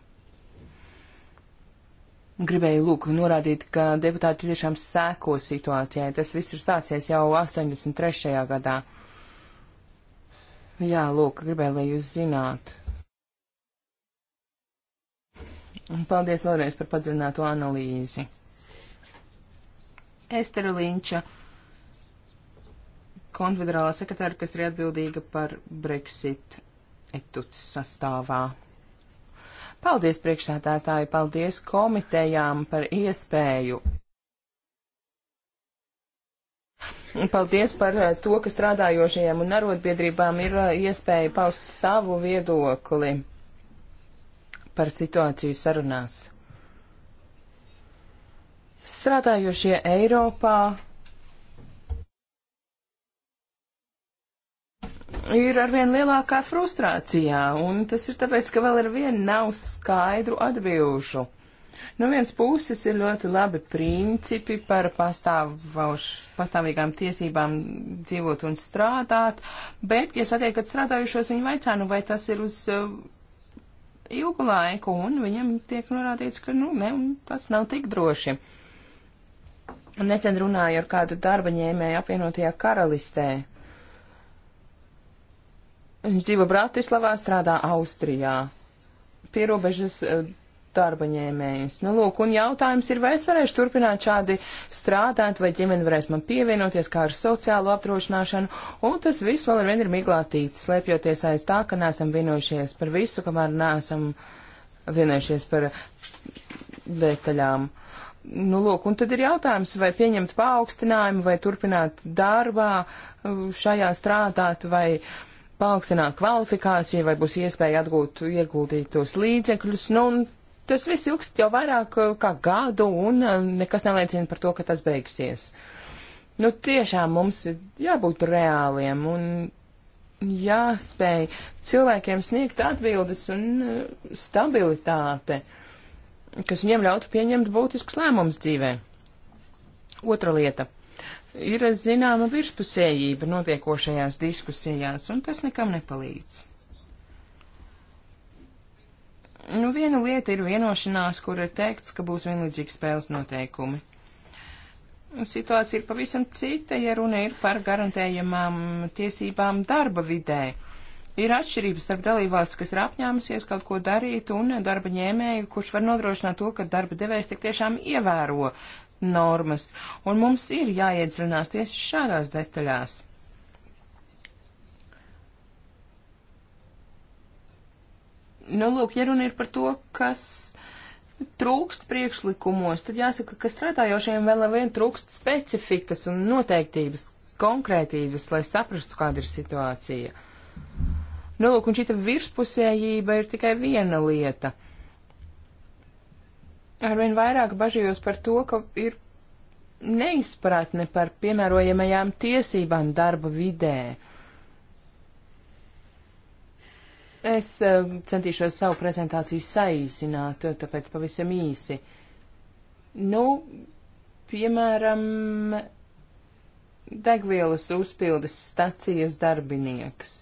Gribēju lūk norādīt, ka deputāti tiešām sēko situācijai. Tas viss ir sācies jau 83. gadā. Jā, lūk, gribēju, lai jūs zinātu. Un paldies vēlreiz par padziļināto analīzi. Estera Linča, konfederālā sekretāra, kas ir atbildīga par Brexit etuts sastāvā. Paldies priekšsēdētāji, paldies komitejām par iespēju. Paldies par eh, to, ka strādājošajiem un arotbiedrībām ir eh, iespēja paust savu viedokli par situāciju sarunās. Strādājošie Eiropā ir arvien lielākā frustrācijā, un tas ir tāpēc, ka vēl arvien nav skaidru atbilžu. No nu, vienas puses ir ļoti labi principi par pastāvoš, pastāvīgām tiesībām dzīvot un strādāt, bet, ja satiekat strādājušos, viņi vaicā, nu vai tas ir uz uh, ilgu laiku, un viņam tiek norādīts, ka, nu, ne, tas nav tik droši. Nesen runāju ar kādu darba ņēmēju apvienotajā karalistē Viņš dzīvo Bratislavā, strādā Austrijā. Pierobežas eh, darba ņēmējs. Nu, lūk, un jautājums ir, vai es varēšu turpināt šādi strādāt, vai ģimene varēs man pievienoties kā ar sociālo apdrošināšanu, un tas viss vēl ar vienu ir miglātīts, slēpjoties aiz tā, ka neesam vienojušies par visu, kamēr neesam vienojušies par detaļām. Nu, lūk, un tad ir jautājums, vai pieņemt paaugstinājumu, vai turpināt darbā eh, šajā strādāt, vai. Uh, paaugstināt kvalifikāciju, vai būs iespēja atgūt ieguldītos līdzekļus. Nu, tas viss ilgst jau vairāk uh, kā gadu, un uh, nekas neliecina par to, ka tas beigsies. Nu, tiešām mums ir jābūt reāliem un jāspēj cilvēkiem sniegt atbildes un uh, stabilitāte, kas viņiem ļautu pieņemt būtiskus lēmumus dzīvē. Otra lieta ir zināma virspusējība notiekošajās diskusijās, un tas nekam nepalīdz. Nu, viena lieta ir vienošanās, kur ir teikts, ka būs vienlīdzīgi spēles noteikumi. Situācija ir pavisam cita, ja runa ir par garantējamām tiesībām darba vidē. Ir atšķirības starp dalībvalstu, kas ir apņēmusies kaut ko darīt, un darba ņēmēju, kurš var nodrošināt to, ka darba devējs tik tiešām ievēro normas, un mums ir jāiedzināties tieši šādās detaļās. Nu, lūk, ja runa ir par to, kas trūkst priekšlikumos, tad jāsaka, ka strādājošiem vēl vien trūkst specifikas un noteiktības, konkrētības, lai saprastu, kāda ir situācija. Nu, lūk, un šī virspusējība ir tikai viena lieta – arvien vairāk bažījos par to, ka ir neizpratne par piemērojamajām tiesībām darba vidē. Es eh, centīšos savu prezentāciju saīsināt, tāpēc pavisam īsi. Nu, piemēram, degvielas uzpildes stacijas darbinieks.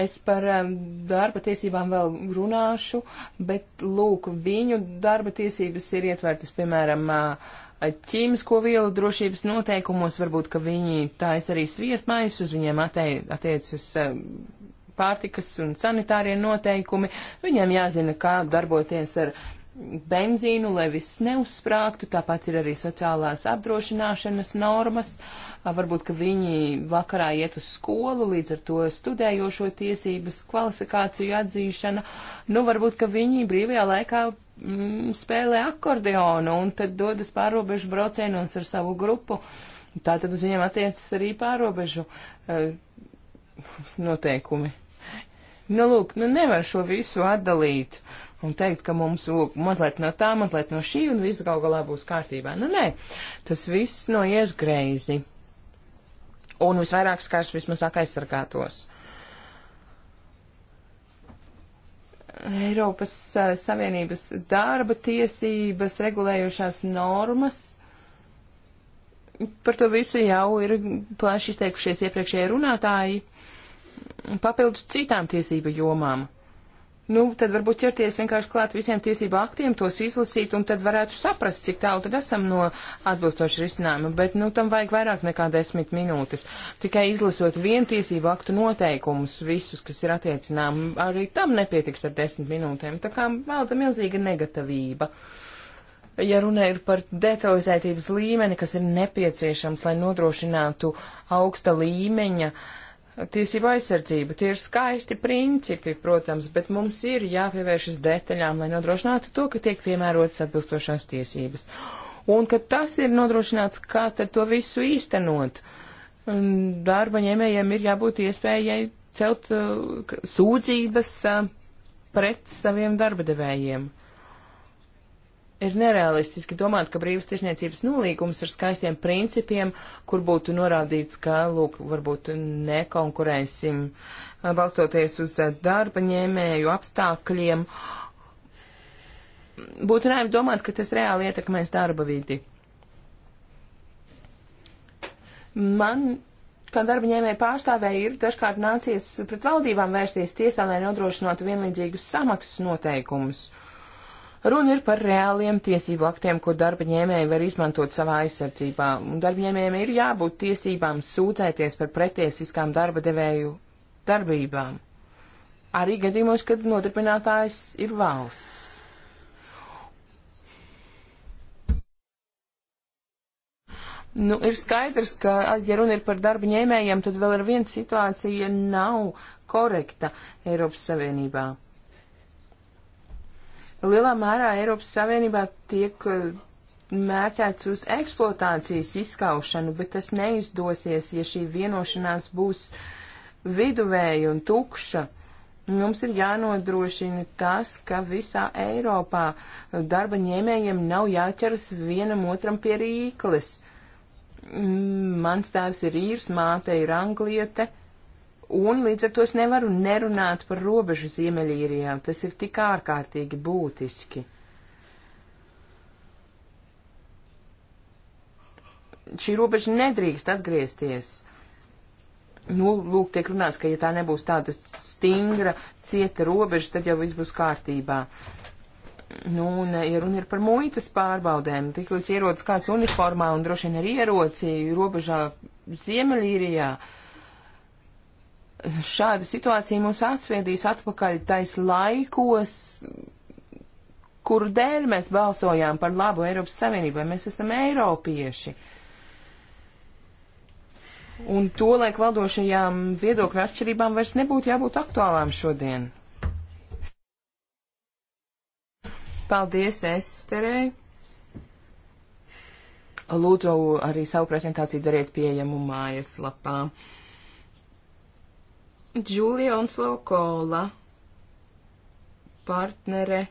Es par darba tiesībām vēl runāšu, bet lūk, viņu darba tiesības ir ietvērtas, piemēram, ķīmisko vielu drošības noteikumos, varbūt, ka viņi tais arī sviesmais, uz viņiem attiecas pārtikas un sanitārie noteikumi. Viņiem jāzina, kā darboties ar benzīnu, lai viss neuzsprāgtu, tāpat ir arī sociālās apdrošināšanas normas, varbūt, ka viņi vakarā iet uz skolu, līdz ar to studējošo tiesības, kvalifikāciju atzīšana, nu, varbūt, ka viņi brīvajā laikā mm, spēlē akordeonu un tad dodas pārobežu braucienos ar savu grupu, tā tad uz viņiem attiecas arī pārobežu uh, noteikumi. Nu, lūk, nu nevar šo visu atdalīt un teikt, ka mums lūk, mazliet no tā, mazliet no šī, un viss gal galā būs kārtībā. Nu, nē, tas viss noies greizi. Un visvairāk skars vismazāk aizsargātos. Eiropas uh, Savienības darba tiesības regulējušās normas. Par to visu jau ir plaši izteikušies iepriekšējie runātāji. Uh, papildus citām tiesību jomām. Nu, tad varbūt ķerties vienkārši klāt visiem tiesību aktiem, tos izlasīt, un tad varētu saprast, cik tālu tad esam no atbilstoši risinājuma, bet, nu, tam vajag vairāk nekā desmit minūtes. Tikai izlasot vienu tiesību aktu noteikumus, visus, kas ir attiecinām, arī tam nepietiks ar desmit minūtēm. Tā kā valda milzīga negatavība ja runa ir par detalizētības līmeni, kas ir nepieciešams, lai nodrošinātu augsta līmeņa tiesību aizsardzību. Tie ir skaisti principi, protams, bet mums ir jāpievēršas detaļām, lai nodrošinātu to, ka tiek piemērotas atbilstošās tiesības. Un, ka tas ir nodrošināts, kā tad to visu īstenot. Darba ņēmējiem ir jābūt iespējai celt uh, sūdzības uh, pret saviem darba devējiem. Ir nerealistiski domāt, ka brīvas tiešniecības nolīgums ar skaistiem principiem, kur būtu norādīts, ka, lūk, varbūt nekonkurēsim balstoties uz darba ņēmēju apstākļiem, būtu naivi domāt, ka tas reāli ietekmēs darba vidi. Man kā darba ņēmēja pārstāvēja ir dažkārt nācies pret valdībām vērsties tiesā, lai nodrošinātu vienlīdzīgus samaksas noteikumus. Uh, Runa ir par reāliem tiesību aktiem, ko darba ņēmēji var izmantot savā aizsardzībā, un darba ņēmējiem ir jābūt tiesībām sūdzēties par pretiesiskām darba devēju darbībām. Arī gadījumos, kad nodarbinātājs ir valsts. Nu, ir skaidrs, ka, ja runa ir par darba ņēmējiem, tad vēl ar vienu situācija nav korekta Eiropas Savienībā lielā mērā Eiropas Savienībā tiek uh, mērķēts uz eksploatācijas izskaušanu, bet tas neizdosies, ja šī vienošanās būs viduvēja un tukša. Mums ir jānodrošina tas, ka visā Eiropā darba ņēmējiem nav jāķeras vienam otram pie rīkles. Mm, mans tēvs ir īrs, māte ir angliete. Un līdz ar to es nevaru nerunāt par robežu Ziemeļīrijā. Tas ir tik ārkārtīgi būtiski. Šī robeža nedrīkst atgriezties. Nu, lūk, tiek runāts, ka ja tā nebūs tāda stingra, cieta robeža, tad jau viss būs kārtībā. Nu, un, ja runa ir par muitas pārbaudēm, tik līdz ierodas kāds uniformā un droši vien ar ieroci robežā Ziemeļīrijā, uh, šāda situācija mūs atsviedīs atpakaļ tais laikos, kuru dēļ mēs balsojām par labu Eiropas Savienībai. Mēs esam eiropieši. Un to laik valdošajām viedokļu atšķirībām vairs nebūtu jābūt aktuālām šodien. Paldies, Esterei! Lūdzu, arī savu prezentāciju dariet pieejamu mājaslapā. Džulija Onslo Kola, partnere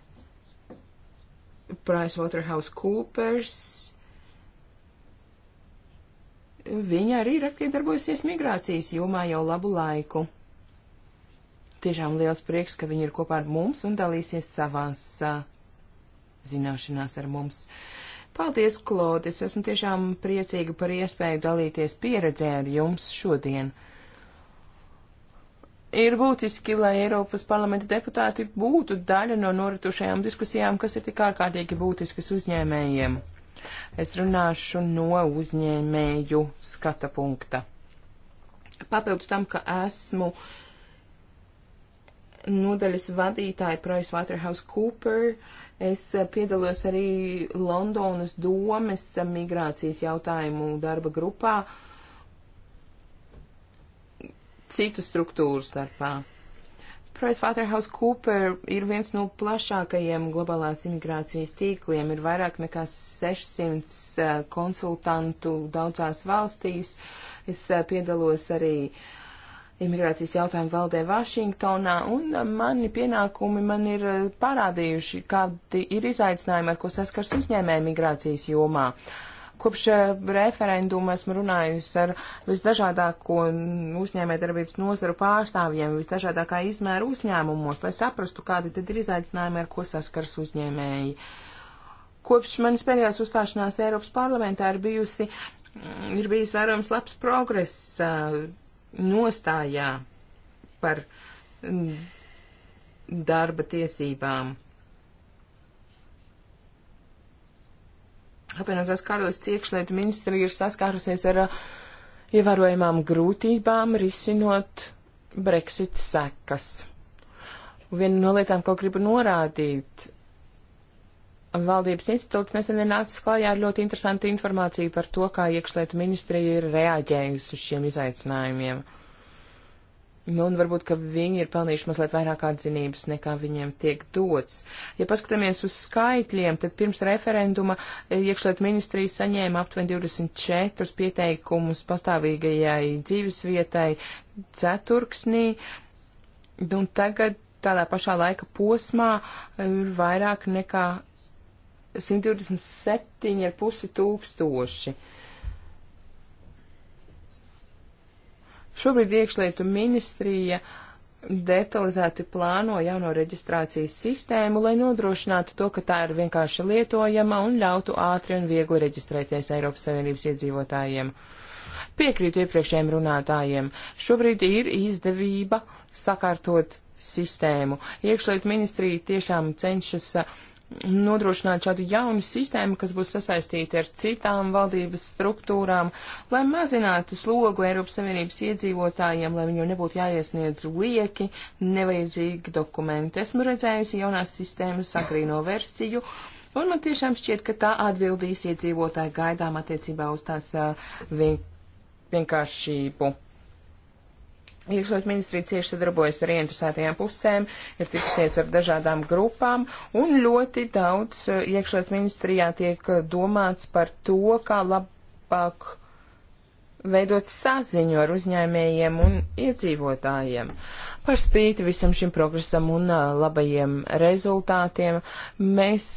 PricewaterhouseCoopers. Viņa arī ir aktīvi darbojusies migrācijas jomā jau labu laiku. Tiešām liels prieks, ka viņi ir kopā ar mums un dalīsies savās uh, zināšanās ar mums. Paldies, Klod! Es esmu tiešām priecīga par iespēju dalīties pieredzē ar jums šodien. Uh, ir būtiski, lai Eiropas parlamenta deputāti būtu daļa no noritušajām diskusijām, kas ir tik ārkārtīgi būtiskas uzņēmējiem. Es runāšu no uzņēmēju skata punkta. Papildus tam, ka esmu nodaļas vadītāja PricewaterhouseCooper, es piedalos arī Londonas domes migrācijas jautājumu darba grupā. Uh, citu struktūru starpā. PricewaterhouseCooper ir viens no plašākajiem globālās imigrācijas tīkliem. Ir vairāk nekā 600 eh, konsultantu daudzās valstīs. Es eh, piedalos arī imigrācijas jautājumu valdē Vašingtonā, un eh, mani pienākumi man ir parādījuši, kādi ir izaicinājumi, ar ko saskars uzņēmē imigrācijas jomā. Uh, Kopš eh, referenduma esmu runājusi ar visdažādāko uzņēmējdarbības nozaru pārstāvjiem, visdažādākā izmēra uzņēmumos, lai saprastu, kādi tad ir izaicinājumi, ar ko saskars uzņēmēji. Kopš manis pēdējās uzstāšanās Eiropas parlamentā ir bijusi, mm, ir bijis vērojams labs progress eh, nostājā par mm, darba tiesībām. apvienotās karalists iekšlietu ministri ir saskārusies ar uh, ievērojamām grūtībām risinot Brexit sekas. Viena no lietām, ko gribu norādīt, valdības institūts nesenien nāca klajā ar ļoti interesantu informāciju par to, kā iekšlietu ministrija ir reaģējusi uz šiem izaicinājumiem. Uh, Nu, un varbūt, ka viņi ir pelnījuši mazliet vairāk atzinības, nekā viņiem tiek dots. Ja paskatāmies uz skaitļiem, tad pirms referenduma eh, iekšliet ministrija saņēma aptuveni 24 pieteikumus pastāvīgajai dzīvesvietai ceturksnī, nu, un tagad tādā pašā laika posmā eh, ir vairāk nekā 127,5 tūkstoši. Uh, Šobrīd iekšlietu ministrija detalizēti plāno jauno reģistrācijas sistēmu, lai nodrošinātu to, ka tā ir vienkārši lietojama un ļautu ātri un viegli reģistrēties Eiropas Savienības iedzīvotājiem. Piekrītu iepriekšējiem runātājiem. Šobrīd ir izdevība sakārtot sistēmu. Iekšlietu ministrija tiešām cenšas uh, nodrošināt šādu jaunu sistēmu, kas būs sasaistīta ar citām valdības struktūrām, lai mazinātu slogu Eiropas Savienības iedzīvotājiem, lai viņiem nebūtu jāiesniedz lieki, nevajadzīgi dokumenti. Esmu redzējusi jaunās sistēmas agrīno versiju. Un man tiešām šķiet, ka tā atbildīs iedzīvotāju gaidām attiecībā uz tās uh, vienkāršību. Uh, Iekšlietu ministrija cieši sadarbojas ar ieinteresētajām pusēm, ir tikusies ar dažādām grupām, un ļoti daudz eh, iekšlietu ministrijā tiek eh, domāts par to, kā labāk veidot saziņu ar uzņēmējiem un iedzīvotājiem. Par spīti visam šim progresam un eh, labajiem rezultātiem mēs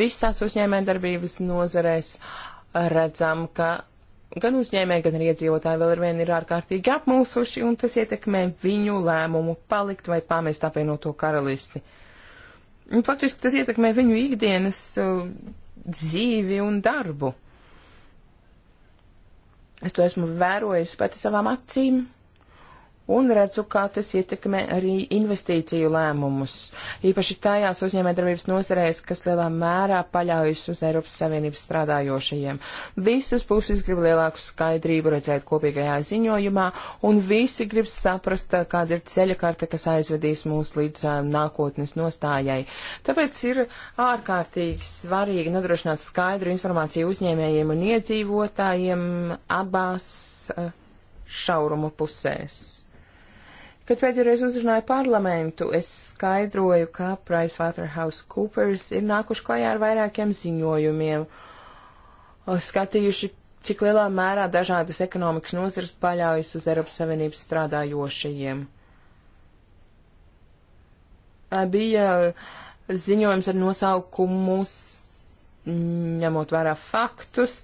visās uzņēmējdarbības nozarēs redzam, ka gan uzņēmēji, gan arī iedzīvotāji vēl ar vienu ir ārkārtīgi apmulsuši, un tas ietekmē viņu lēmumu palikt vai pamest apvienoto karalisti. Un, faktiski tas ietekmē viņu ikdienas uh, dzīvi un darbu. Es to esmu vērojis pati savām acīm un redzu, kā tas ietekmē arī investīciju lēmumus, īpaši tajās uzņēmējdarbības nozarēs, kas lielā mērā paļaujas uz Eiropas Savienības strādājošajiem. Visas puses grib lielāku skaidrību redzēt kopīgajā ziņojumā, un visi grib saprast, kāda ir ceļakārta, kas aizvedīs mūs līdz uh, nākotnes nostājai. Tāpēc ir ārkārtīgi svarīgi nodrošināt skaidru informāciju uzņēmējiem un iedzīvotājiem abās uh, šaurumu pusēs. Kad pēdējoreiz uzrunāju parlamentu, es skaidroju, ka PricewaterhouseCoopers ir nākuši klajā ar vairākiem ziņojumiem, skatījuši, cik lielā mērā dažādas ekonomikas nozares paļaujas uz Eiropas Savienības strādājošajiem. Bija ziņojums ar nosaukumu mūsu ņemot vērā faktus,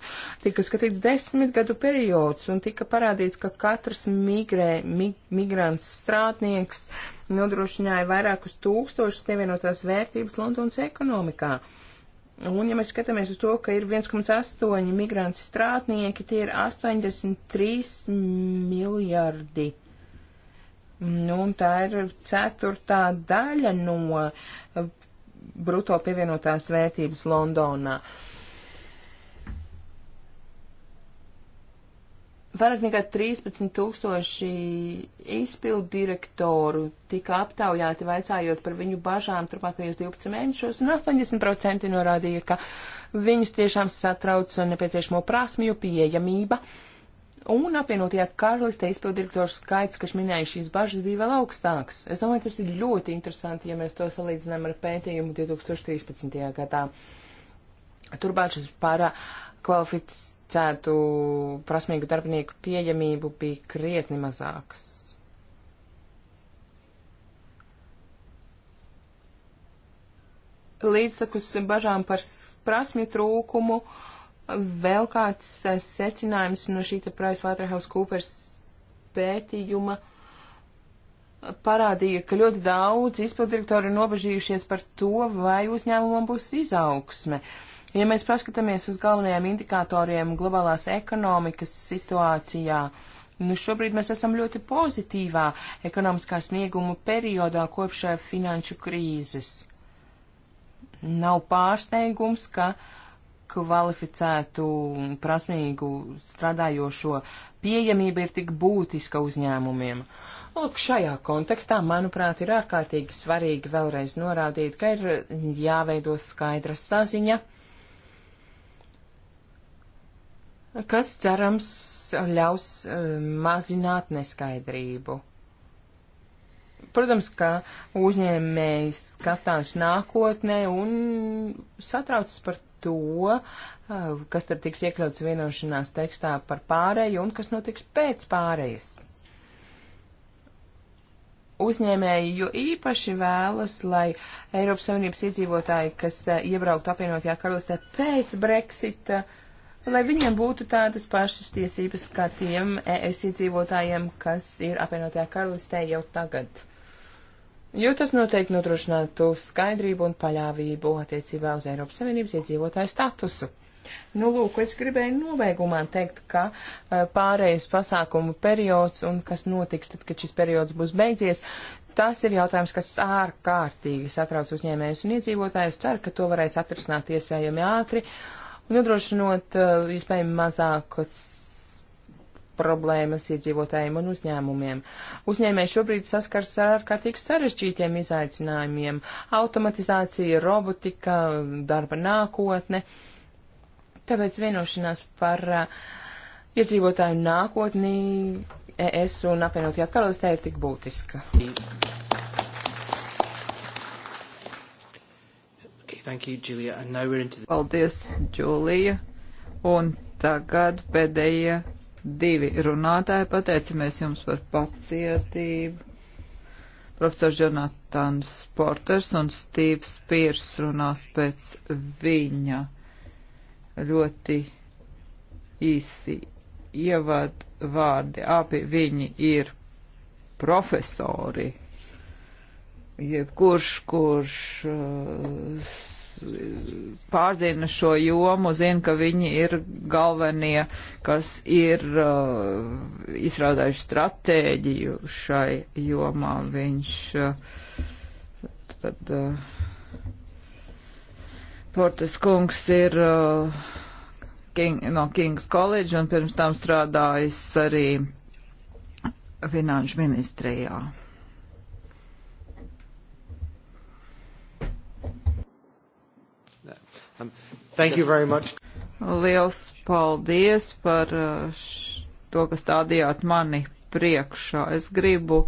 tika skatīts desmit gadu periods un tika parādīts, ka katrs migrē, mig, migrants strādnieks nodrošināja vairākus tūkstošus pievienotās vērtības Londonas ekonomikā. Un, ja mēs skatāmies uz to, ka ir 1,8 migranti strādnieki, tie ir 83 miljardi. Nu, tā ir ceturtā daļa no bruto pievienotās vērtības Londonā. Vairāk nekā 13 tūkstoši izpildu direktoru tika aptaujāti vaicājot par viņu bažām turpmākajos 12 mēnešos, un 80% norādīja, ka viņus tiešām satrauc nepieciešamo prasmju pieejamība. Uh, Un apvienotajā karalistē izpildirektoru skaits, kas minēja šīs bažas, bija vēl augstāks. Es domāju, tas ir ļoti interesanti, ja mēs to salīdzinām ar pētījumu 2013. gadā. Tur bažas par kvalificētu prasmīgu darbinieku pieejamību bija krietni mazākas. Līdzsakus bažām par prasmju trūkumu. Uh, vēl kāds eh, secinājums no šīta PricewaterhouseCoopers pētījuma eh, parādīja, ka ļoti daudz izpildirektori ir nobežījušies par to, vai uzņēmumam būs izaugsme. Ja mēs paskatāmies uz galvenajiem indikatoriem globālās ekonomikas situācijā, nu šobrīd mēs esam ļoti pozitīvā ekonomiskā snieguma periodā kopš eh, finanšu krīzes. Nav pārsteigums, ka uh, kvalificētu, prasmīgu strādājošo pieejamība ir tik būtiska uzņēmumiem. Lūk, šajā kontekstā, manuprāt, ir ārkārtīgi svarīgi vēlreiz norādīt, ka ir jāveido skaidra saziņa, kas cerams ļaus e, mazināt neskaidrību. Protams, ka uzņēmējs skatās nākotnē un satraucas par to, to, eh, kas tad tiks iekļauts vienošanās tekstā par pārēju un kas notiks pēc pārējas. Uzņēmēji jo īpaši vēlas, lai Eiropas Savienības iedzīvotāji, kas eh, iebraukt apvienotajā karalistē pēc Brexita, lai viņiem būtu tādas pašas tiesības kā tiem ES iedzīvotājiem, kas ir apvienotajā karalistē jau tagad jo tas noteikti nodrošinātu skaidrību un paļāvību attiecībā uz Eiropas Savienības iedzīvotāju statusu. Nu, lūk, es gribēju nobeigumā teikt, ka eh, pārējais pasākumu periods un kas notiks tad, kad šis periods būs beidzies, tas ir jautājums, kas ārkārtīgi satrauc uzņēmējus un iedzīvotājus. Ceru, ka to varēs atrisināt iespējami ātri, nodrošinot eh, iespējami mazākus problēmas iedzīvotājiem un uzņēmumiem. Uzņēmēji šobrīd saskars ar ārkārtīgi sarežģītiem izaicinājumiem - automatizācija, robotika, darba nākotne. Tāpēc vienošanās par uh, iedzīvotāju nākotnī ES un apvienotajā karalistē ir tik būtiska. Okay, thank you, Julia. And now we're into the... Paldies, Julija. Un tagad pēdējie divi runātāji. Pateicamies jums par pacietību. Profesors Jonatans Porters un Stīvs Pirs runās pēc viņa ļoti īsi ievad vārdi. Abi viņi ir profesori. Jebkurš, kurš uh, pārzina šo jomu, zina, ka viņi ir galvenie, kas ir uh, izrādājuši stratēģiju šai jomā. Viņš uh, tad. Uh, Portas kungs ir uh, King, no King's College un pirms tam strādājis arī finanšu ministrijā. Um, thank you very much. Liels paldies par uh, š, to, ka stādījāt mani priekšā. Es gribu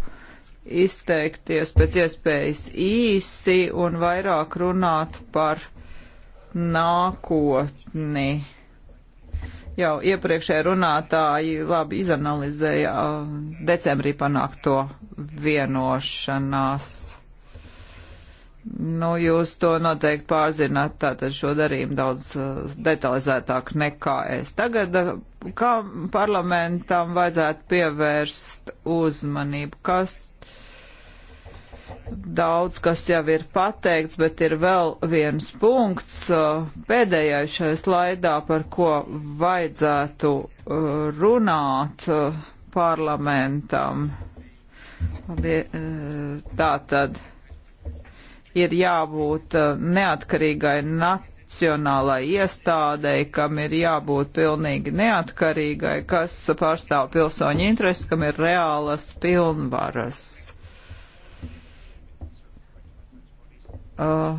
izteikties pēc iespējas īsi un vairāk runāt par nākotni. Jau iepriekšēji runātāji labi izanalizēja uh, decembrī panākto vienošanās Nu, jūs to noteikti pārzināt, tātad šo darījumu daudz uh, detalizētāk nekā es. Tagad, uh, kā parlamentam vajadzētu pievērst uzmanību, kas daudz, kas jau ir pateikts, bet ir vēl viens punkts uh, pēdējais šajā slaidā, par ko vajadzētu uh, runāt uh, parlamentam. Uh, tātad ir jābūt uh, neatkarīgai nacionālai iestādei, kam ir jābūt pilnīgi neatkarīgai, kas pārstāv pilsoņu intereses, kam ir reālas pilnvaras. Uh,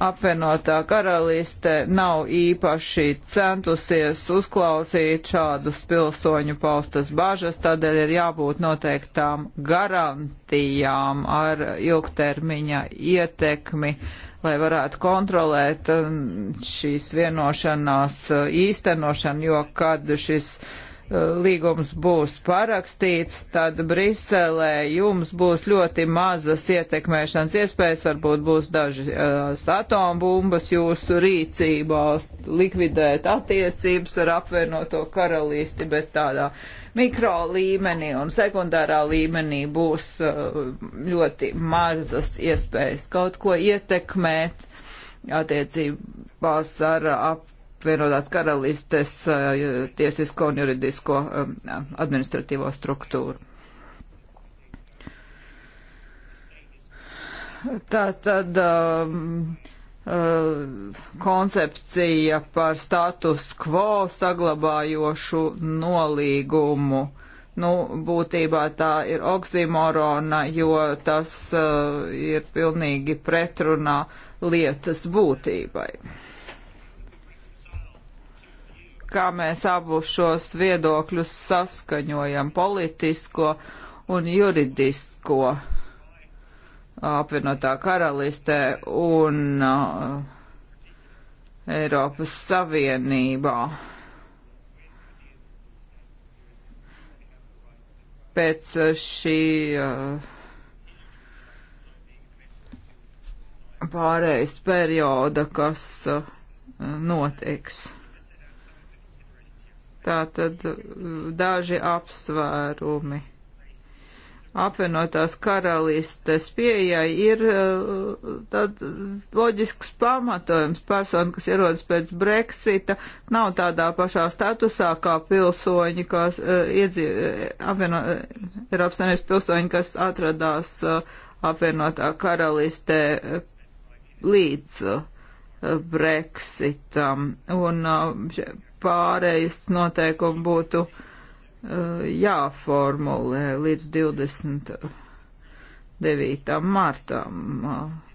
apvienotā karaliste nav īpaši centusies uzklausīt šādus pilsoņu paustas bažas, tādēļ ir jābūt noteiktām garantijām ar ilgtermiņa ietekmi, lai varētu kontrolēt um, šīs vienošanās uh, īstenošanu, jo kad šis uh, līgums būs parakstīts, tad Briselē jums būs ļoti mazas ietekmēšanas iespējas, varbūt būs daži uh, atombumbas jūsu rīcībā likvidēt attiecības ar apvienoto karalisti, bet tādā mikro līmenī un sekundārā līmenī būs uh, ļoti mazas iespējas kaut ko ietekmēt attiecībās ar apvienoto apvienotās karalistes eh, tiesisko un juridisko eh, administratīvo struktūru. Tā tad um, ehm, eh, koncepcija par status quo saglabājošu nolīgumu. Nu, būtībā tā ir oksimorona, jo tas uh, ir pilnīgi pretrunā lietas būtībai kā mēs abus šos viedokļus saskaņojam - politisko un juridisko apvienotā karalistē un uh, Eiropas Savienībā. Pēc uh, šī uh, pārējais perioda, kas uh, notiks. Tātad daži apsvērumi. Apvienotās karalistes pieejai ir eh, tad loģisks pamatojums. Persona, kas ierodas pēc Brexita, nav tādā pašā statusā kā pilsoņi, kas uh, eh, iedzīvo, eh, apvieno, Eiropas Savienības pilsoņi, kas atradās uh, apvienotā karalistē uh, līdz uh, Brexitam. Un, uh, pārējas noteikumi būtu uh, jāformulē līdz 29. martam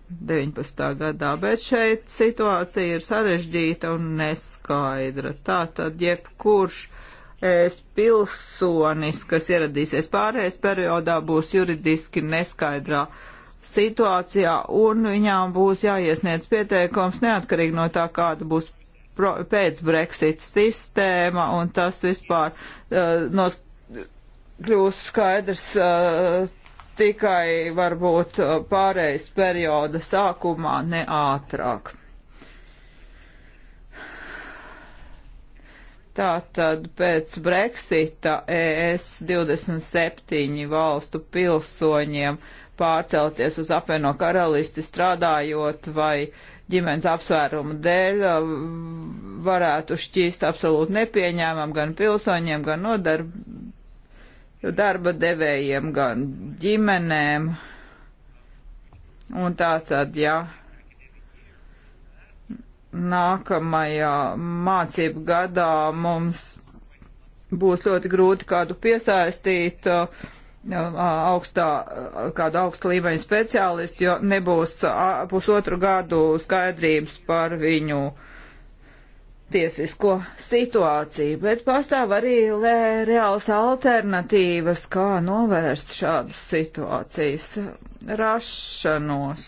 19. Uh, gadā, bet šeit situācija ir sarežģīta un neskaidra. Tātad jebkurš es pilsonis, kas ieradīsies pārējais periodā, būs juridiski neskaidrā situācijā un viņām būs jāiesniedz pieteikums neatkarīgi no tā, kāda būs pēc Brexit sistēma, un tas vispār uh, nos, kļūs skaidrs uh, tikai varbūt uh, pārējais perioda sākumā, ne ātrāk. Tātad pēc Brexita e ES 27 valstu pilsoņiem pārcelties uz apvieno karalisti strādājot vai uh, ģimenes apsvērumu dēļ uh, varētu šķīst absolūti nepieņēmam gan pilsoņiem, gan no darba devējiem, gan ģimenēm. Un tātad, ja nākamajā mācību gadā mums būs ļoti grūti kādu piesaistīt uh, augstā, kādu augstu līmeņu speciālistu, jo nebūs pusotru gadu skaidrības par viņu tiesisko situāciju, bet pastāv arī reāls alternatīvas, kā novērst šādas situācijas rašanos.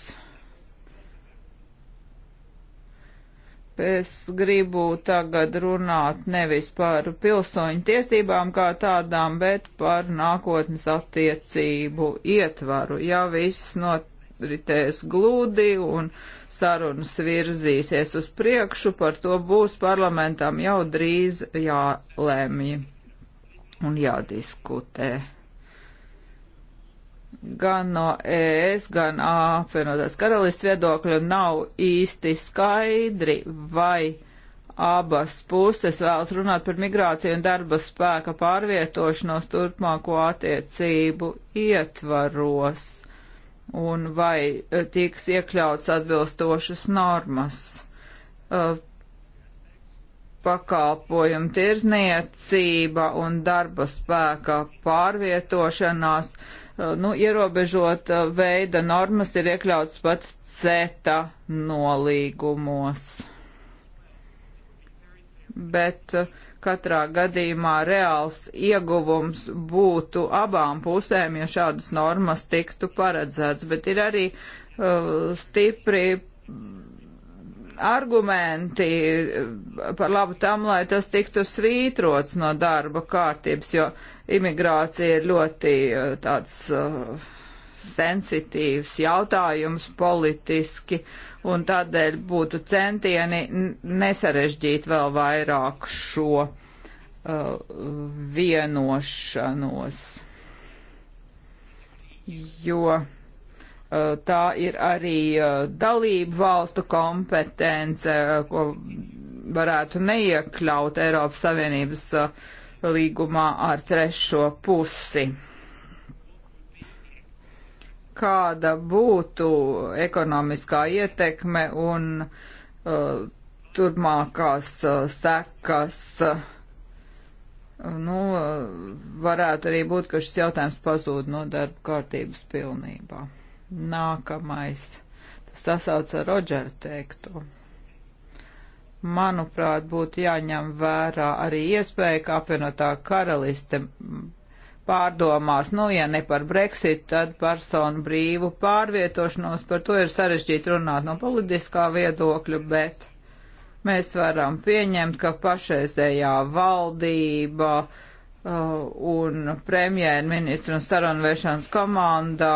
Es gribu tagad runāt nevis par pilsoņu tiesībām kā tādām, bet par nākotnes attiecību ietvaru. Ja viss notritēs glūdi un sarunas virzīsies uz priekšu, par to būs parlamentam jau drīz jālēmj un jādiskutē gan no ES, gan apvienotās karalists viedokļa nav īsti skaidri, vai abas puses vēlas runāt par migrāciju un darba spēka pārvietošanos turpmāko attiecību ietvaros, un vai eh, tiks iekļauts atbilstošas normas. Uh, pakalpojumu tirzniecība un darba spēka pārvietošanās uh, Uh, nu, ierobežota uh, veida normas ir iekļauts pat CETA nolīgumos. Bet uh, katrā gadījumā reāls ieguvums būtu abām pusēm, ja šādas normas tiktu paredzēts, bet ir arī uh, stipri argumenti eh, par labu tam, lai tas tiktu svītrots no darba kārtības, jo imigrācija ir ļoti eh, tāds eh, sensitīvs jautājums politiski, un tādēļ būtu centieni nesarežģīt vēl vairāk šo uh, vienošanos. Jo Eh, tā ir arī eh, dalību valstu kompetence, eh, ko varētu neiekļaut Eiropas Savienības līgumā ar trešo pusi. Kāda būtu ekonomiskā ietekme un uh, turpmākās uh, sekas? Uh, nu, varētu arī būt, ka šis jautājums pazūd no darba kārtības pilnībā nākamais. Tas sasauc ar Rodžeru teikto. Manuprāt, būtu jāņem vērā arī iespēja, ka apvienotā karaliste pārdomās, nu, ja ne par Brexit, tad personu brīvu pārvietošanos, par to ir sarežģīti runāt no politiskā viedokļa, bet mēs varam pieņemt, ka pašreizējā valdība uh, Uh, un premjerministra un sarunvešanas komanda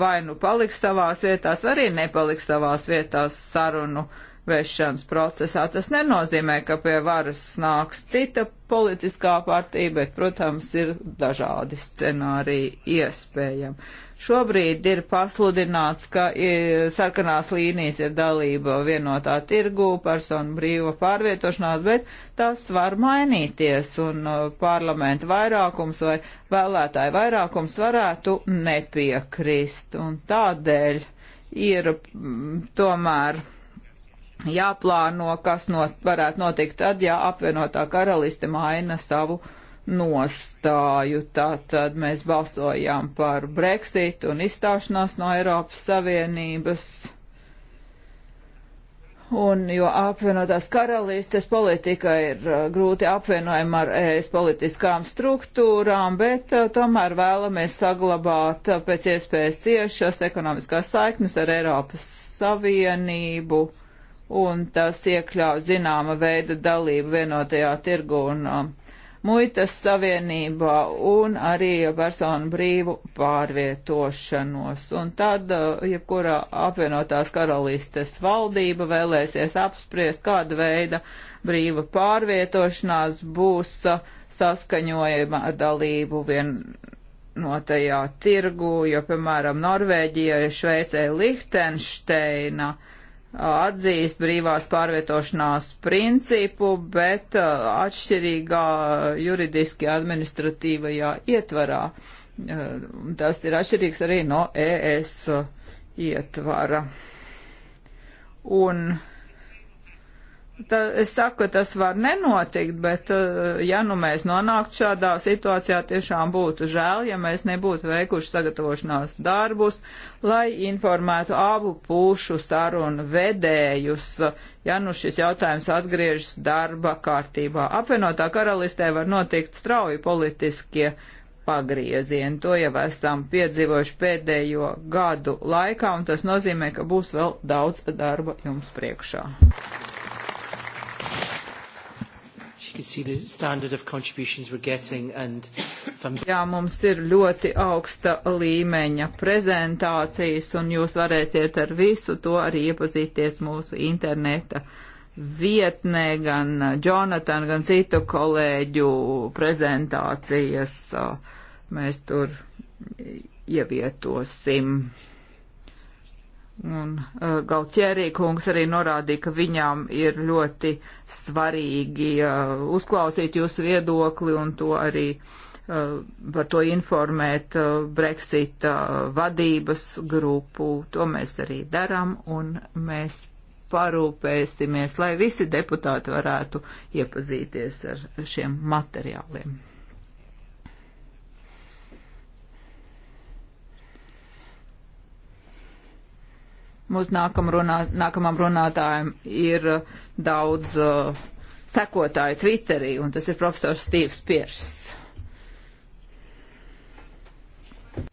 vai nu paliks savās vietās, vai arī nepaliks savās vietās sarunu vešanas procesā. Tas nenozīmē, ka pie varas nāks cita politiskā partija, bet, protams, ir dažādi scenāriji iespējami. Šobrīd ir pasludināts, ka ir, e, sarkanās līnijas ir dalība vienotā tirgū, personu brīva pārvietošanās, bet tas var mainīties un e, parlamenta vairākums vai vēlētāju vairākums varētu nepiekrist. Un tādēļ ir tomēr jāplāno, kas not, varētu notikt tad, ja apvienotā karaliste maina savu nostāju. Tātad mēs balsojām par Brexit un izstāšanos no Eiropas Savienības. Un, jo apvienotās karalistes politika ir uh, grūti apvienojama ar ES politiskām struktūrām, bet uh, tomēr vēlamies saglabāt uh, pēc iespējas ciešas ekonomiskās saiknes ar Eiropas Savienību. Uh, un tas iekļauj zināma veida dalību vienotajā tirgu un um, muitas savienībā un arī personu brīvu pārvietošanos. Un tad, uh, jebkurā apvienotās karalistes valdība vēlēsies apspriest, kāda veida brīva pārvietošanās būs uh, saskaņojama ar dalību vien no tajā tirgu, jo, piemēram, Norvēģija, Šveicē, Lihtenšteina uh, atzīst brīvās pārvietošanās principu, bet uh, atšķirīgā juridiski administratīvajā ietvarā. Uh, tas ir atšķirīgs arī no ES uh, ietvara. Un ta, es saku, ka tas var nenotikt, bet eh, ja nu mēs nonāktu šādā situācijā, tiešām būtu žēl, ja mēs nebūtu veikuši sagatavošanās darbus, lai informētu abu pušu sarunu vedējus, ja nu šis jautājums atgriežas darba kārtībā. Apvienotā karalistē var notikt strauji politiskie pagriezieni. To jau esam piedzīvojuši pēdējo gadu laikā, un tas nozīmē, ka būs vēl daudz darba jums priekšā could see the standard of contributions we're getting and from... Jā, mums ir ļoti augsta līmeņa prezentācijas un jūs varēsiet ar visu to arī iepazīties mūsu interneta vietnē, gan Jonathan, gan citu kolēģu prezentācijas. Mēs tur ievietosim. Un uh, Galķērī kungs arī norādīja, ka viņām ir ļoti svarīgi uh, uzklausīt jūsu viedokli un to arī uh, par to informēt uh, Brexit uh, vadības grupu. To mēs arī daram un mēs parūpēsimies, lai visi deputāti varētu iepazīties ar šiem materiāliem. Mūsu nākam runā, nākamam runātājam ir uh, daudz uh, sekotāju Twitterī, un tas ir profesors Stīvs Piers.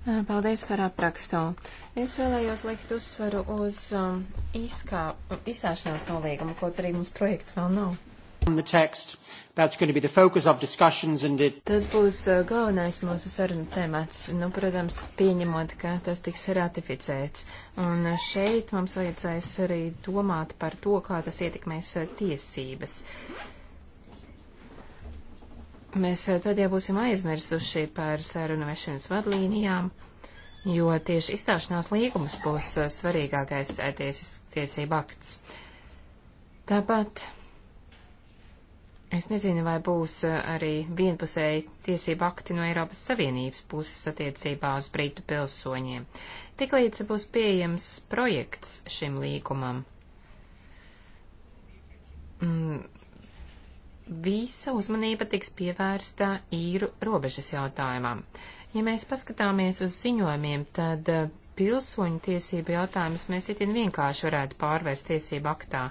Uh, paldies par aprakstu. Es vēlējos likt uzsvaru uz um, izkā, izstāšanās nolīgumu, kaut arī mums projekta vēl nav. That's going to be the focus of discussions and it... Tas būs uh, galvenais mūsu sarunu temats, nu, protams, pieņemot, ka tas tiks ratificēts. Un uh, šeit mums vajadzēs arī domāt par to, kā tas ietekmēs uh, tiesības. Mēs tad jau būsim aizmirsuši par sarunu vešanas vadlīnijām, jo tieši izstāšanās līgums būs svarīgākais tiesība akts. Tāpat Es nezinu, vai būs eh, arī vienpusēji tiesību akti no Eiropas Savienības puses attiecībā uz brītu pilsoņiem. Tiklīdz būs pieejams projekts šim līgumam. Mm, visa uzmanība tiks pievērsta īru robežas jautājumam. Ja mēs paskatāmies uz ziņojumiem, tad eh, pilsoņu tiesību jautājumus mēs itin vienkārši varētu pārvērst tiesību aktā,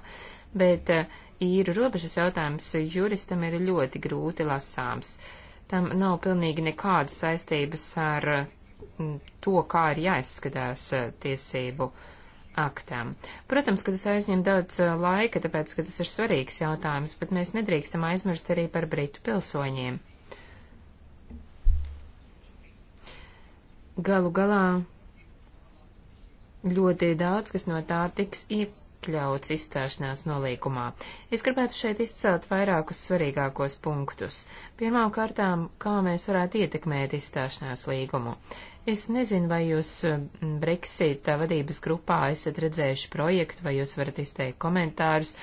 bet uh, īru robežas jautājums juristam ir ļoti grūti lasāms. Tam nav pilnīgi nekādas saistības ar mm, to, kā ir jāizskatās eh, tiesību aktam. Protams, ka tas aizņem daudz eh, laika, tāpēc, ka tas ir svarīgs jautājums, bet mēs nedrīkstam aizmirst arī par britu pilsoņiem. Galu galā ļoti daudz, kas no tā tiks iekļauts iekļauts izstāšanās nolīkumā. Es gribētu šeit izcelt vairākus svarīgākos punktus. Pirmām kārtām, kā mēs varētu ietekmēt izstāšanās līgumu. Es nezinu, vai jūs mm, Brexit vadības grupā esat redzējuši projektu, vai jūs varat izteikt komentārus,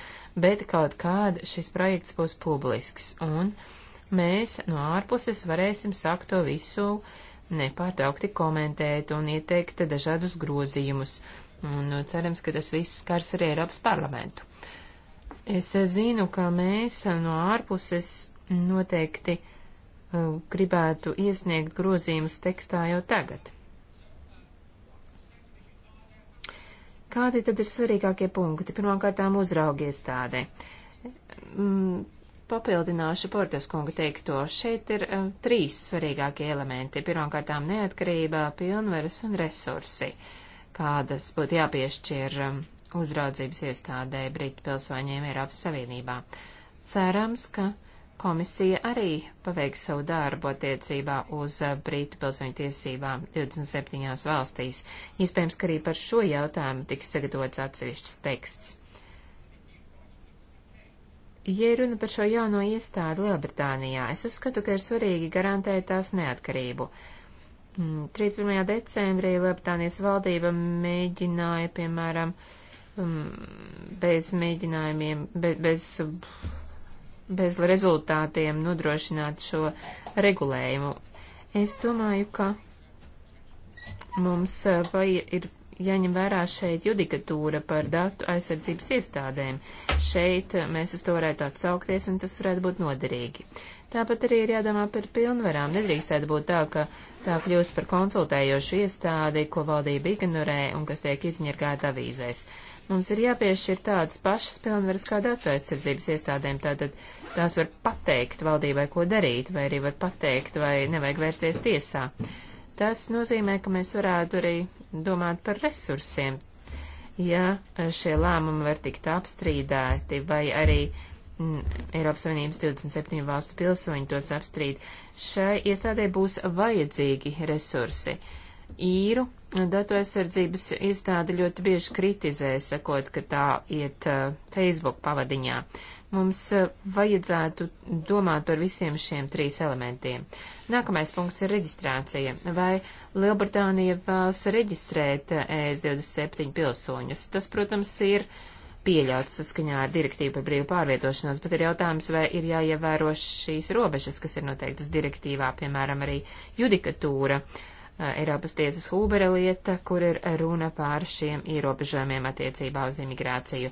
bet kaut kād šis projekts būs publisks, un mēs no ārpuses varēsim sākt to visu nepārtraukti komentēt un ieteikt dažādus grozījumus un uh, cerams, ka tas viss skars arī Eiropas parlamentu. Es uh, zinu, ka mēs uh, no ārpuses noteikti gribētu iesniegt grozījumus tekstā jau tagad. Kādi tad ir svarīgākie punkti? Pirmkārtām uzraugiestādē. Mm, papildināšu Portas kunga teikto. Šeit ir uh, trīs svarīgākie elementi. Pirmkārtām neatkarība, pilnveres un resursi. Uh, kādas būtu jāpiešķir um, uzraudzības iestādē Britu pilsoņiem Eiropas Savienībā. Cerams, ka komisija arī paveiks savu darbu attiecībā uz uh, Britu pilsoņu tiesībām 27 valstīs. Iespējams, ka arī par šo jautājumu tiks sagatavots atsevišķs teksts. Ja runa par šo jauno iestādi Lielbritānijā, es uzskatu, ka ir svarīgi garantēt tās neatkarību. 31. Mm, decembrī Lielbritānijas valdība mēģināja, piemēram, mm, bez mēģinājumiem, be, bez, bez rezultātiem nodrošināt šo regulējumu. Es domāju, ka mums eh, vai ir jāņem vērā šeit judikatūra par datu aizsardzības iestādēm. Šeit eh, mēs uz to varētu atsaukties un tas varētu būt noderīgi. Tāpat arī ir jādomā par pilnvarām. Nedrīkstētu būt tā, ka tā kļūst par konsultējošu iestādi, ko valdība ignorē un kas tiek izņirgāta avīzēs. Mums ir jāpiešķir tādas pašas pilnvaras kā datu aizsardzības iestādēm, tātad tās var pateikt valdībai, ko darīt, vai arī var pateikt, vai nevajag vērsties tiesā. Tas nozīmē, ka mēs varētu arī domāt par resursiem, ja šie lēmumi var tikt apstrīdēti vai arī Eiropas Savienības 27 valstu pilsoņi tos apstrīd, šai iestādē būs vajadzīgi resursi. Īru datu aizsardzības iestāde ļoti bieži kritizē, sakot, ka tā iet uh, Facebook pavadiņā. Mums uh, vajadzētu domāt par visiem šiem trīs elementiem. Nākamais punkts ir reģistrācija. Vai Lielbritānija vēlas reģistrēt uh, e ES27 pilsoņus? Tas, protams, ir uh, pieļauts saskaņā ar direktīvu par brīvu pārvietošanos, bet ir jautājums, vai ir jāievēro šīs robežas, kas ir noteiktas direktīvā, piemēram, arī judikatūra. Eh, Eiropas tiesas Hūbera lieta, kur ir runa pār šiem ierobežojumiem attiecībā uz imigrāciju.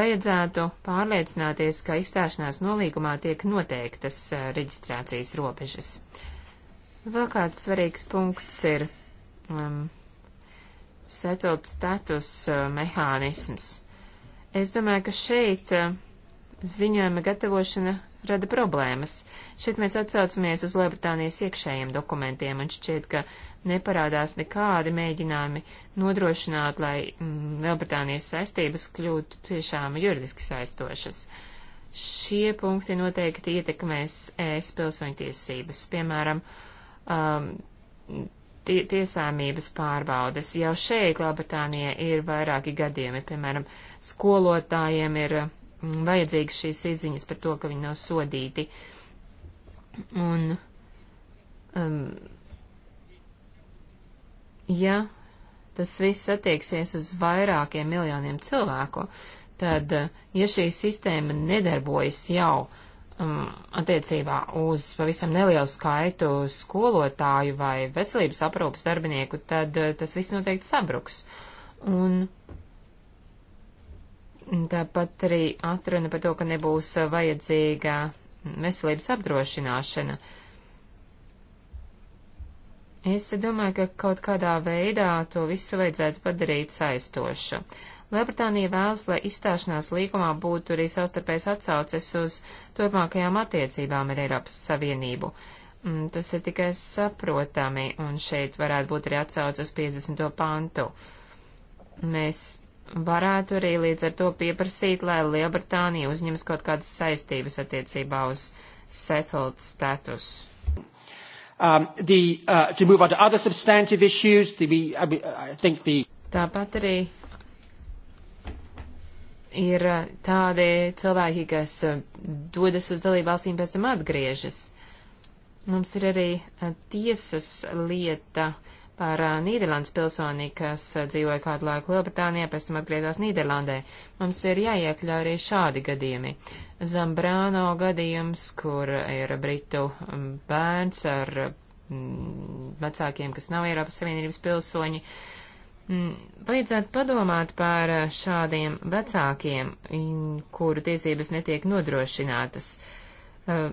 Vajadzētu pārliecināties, ka izstāšanās nolīgumā tiek noteiktas eh, reģistrācijas robežas. Vēl kāds svarīgs punkts ir um, settled status eh, mehānisms. Uh, Es domāju, ka šeit eh, ziņojuma gatavošana rada problēmas. Šeit mēs atsaucamies uz Lielbritānijas iekšējiem dokumentiem, un šķiet, ka neparādās nekādi mēģinājumi nodrošināt, lai mm, Lielbritānijas saistības kļūtu tiešām juridiski saistošas. Šie punkti noteikti ietekmēs ES pilsoņtiesības, piemēram, um, tie, tiesāmības pārbaudes. Jau šeit Lielbritānija ir vairāki gadījumi, piemēram, skolotājiem ir mm, vajadzīgas šīs izziņas par to, ka viņi nav sodīti. Un, um, ja tas viss attieksies uz vairākiem miljoniem cilvēku, tad, ja šī sistēma nedarbojas jau, uh, um, attiecībā uz pavisam nelielu skaitu skolotāju vai veselības aprūpas darbinieku, tad uh, tas viss noteikti sabruks. Un tāpat arī atruna par to, ka nebūs vajadzīga veselības apdrošināšana. Es domāju, ka kaut kādā veidā to visu vajadzētu padarīt saistošu. Uh, Lielbritānija vēlas, lai izstāšanās līgumā būtu arī savstarpējas atsauces uz turpmākajām attiecībām ar Eiropas Savienību. Mm, tas ir tikai saprotami, un šeit varētu būt arī atsauce uz 50. pantu. Mēs varētu arī līdz ar to pieprasīt, lai Lielbritānija uzņems kaut kādas saistības attiecībā uz settled status. Um, the, uh, issues, the, I, I the... Tāpat arī ir eh, tādi cilvēki, kas eh, dodas uz dalībvalstīm, pēc tam atgriežas. Mums ir arī eh, tiesas lieta par Nīderlandes pilsonī, kas dzīvoja kādu laiku Lielbritānijā, pēc tam atgriezās Nīderlandē. Mums ir jāiekļauj arī šādi gadījumi. Zambrāno gadījums, kur ir britu mm, bērns ar mm, vecākiem, kas nav Eiropas Savienības pilsoņi, uh, Mm, vajadzētu padomāt par eh, šādiem vecākiem, kuru tiesības netiek nodrošinātas. Eh,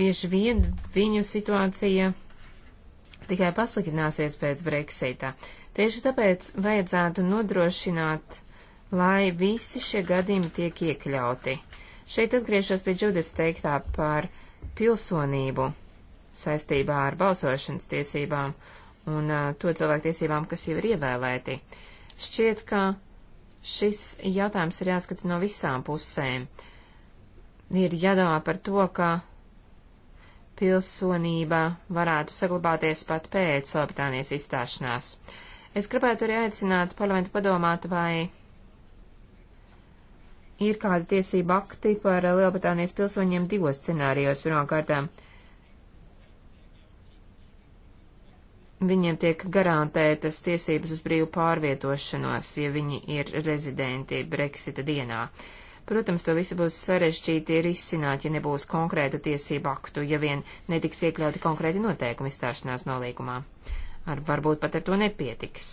bieži vien viņu situācija tikai pasliktināsies pēc Brexita. Tieši tāpēc vajadzētu nodrošināt, lai visi šie gadījumi tiek iekļauti. Šeit atgriežos pie Džudas teiktā par pilsonību saistībā ar balsošanas tiesībām un to cilvēktiesībām, kas jau ir ievēlēti. Šķiet, ka šis jautājums ir jāskata no visām pusēm. Ir jādomā par to, ka pilsonība varētu saglabāties pat pēc Lielbritānijas izstāšanās. Es gribētu arī aicināt parlamentu padomāt, vai ir kādi tiesība akti par Lielbritānijas pilsoņiem divos scenārijos pirmkārtām. Uh, viņiem tiek garantētas tiesības uz brīvu pārvietošanos, ja viņi ir rezidenti Brexita dienā. Protams, to visu būs sarežģīti risināt, ja nebūs konkrētu tiesību aktu, ja vien netiks iekļauti konkrēti noteikumi izstāšanās nolīgumā. Ar varbūt pat ar to nepietiks.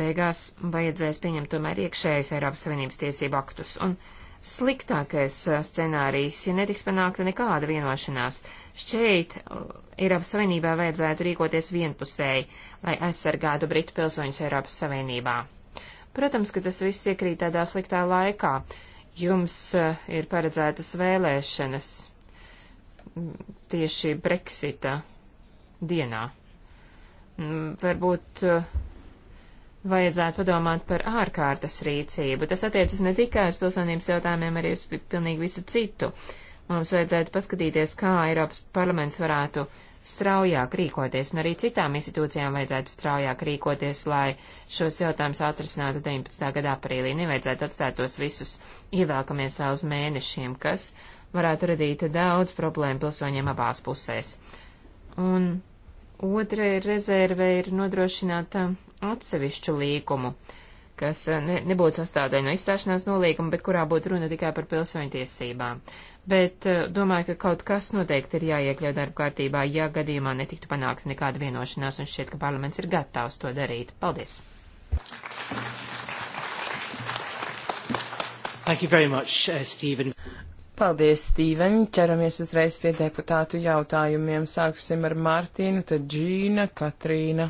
Beigās vajadzēs pieņemt tomēr iekšējus Eiropas Savienības tiesību aktus, un sliktākais uh, scenārijs, ja netiks panākta nekāda vienošanās. Šķiet, uh, Eiropas Savienībā vajadzētu rīkoties vienpusēji, lai aizsargātu Britu pilsoņus Eiropas Savienībā. Protams, ka tas viss iekrīt tādā sliktā laikā. Jums uh, ir paredzētas vēlēšanas mm, tieši Brexita dienā. Mm, varbūt vajadzētu padomāt par ārkārtas rīcību. Tas attiecas ne tikai uz pilsonības jautājumiem, arī uz pilnīgi visu citu. Mums vajadzētu paskatīties, kā Eiropas parlaments varētu straujāk rīkoties, un arī citām institūcijām vajadzētu straujāk rīkoties, lai šos jautājumus atrisinātu 19. gada aprīlī. Nevajadzētu atstāt tos visus ievēlkamies vēl uz mēnešiem, kas varētu radīt daudz problēmu pilsoņiem abās pusēs. Un Otra rezerve ir nodrošināta atsevišķu līgumu, kas uh, ne, nebūtu sastāvdaļa no izstāšanās nolīguma, bet kurā būtu runa tikai par pilsoņtiesībām. Bet uh, domāju, ka kaut kas noteikti ir jāiekļauj darba kārtībā, ja gadījumā netiktu panākta nekāda vienošanās, un šķiet, ka parlaments ir gatavs to darīt. Paldies! Thank you very much, uh, Stephen. Paldies, Stīven! Ķeramies uzreiz pie deputātu jautājumiem. Sāksim ar Mārtīnu, tad Džīna, Katrīna.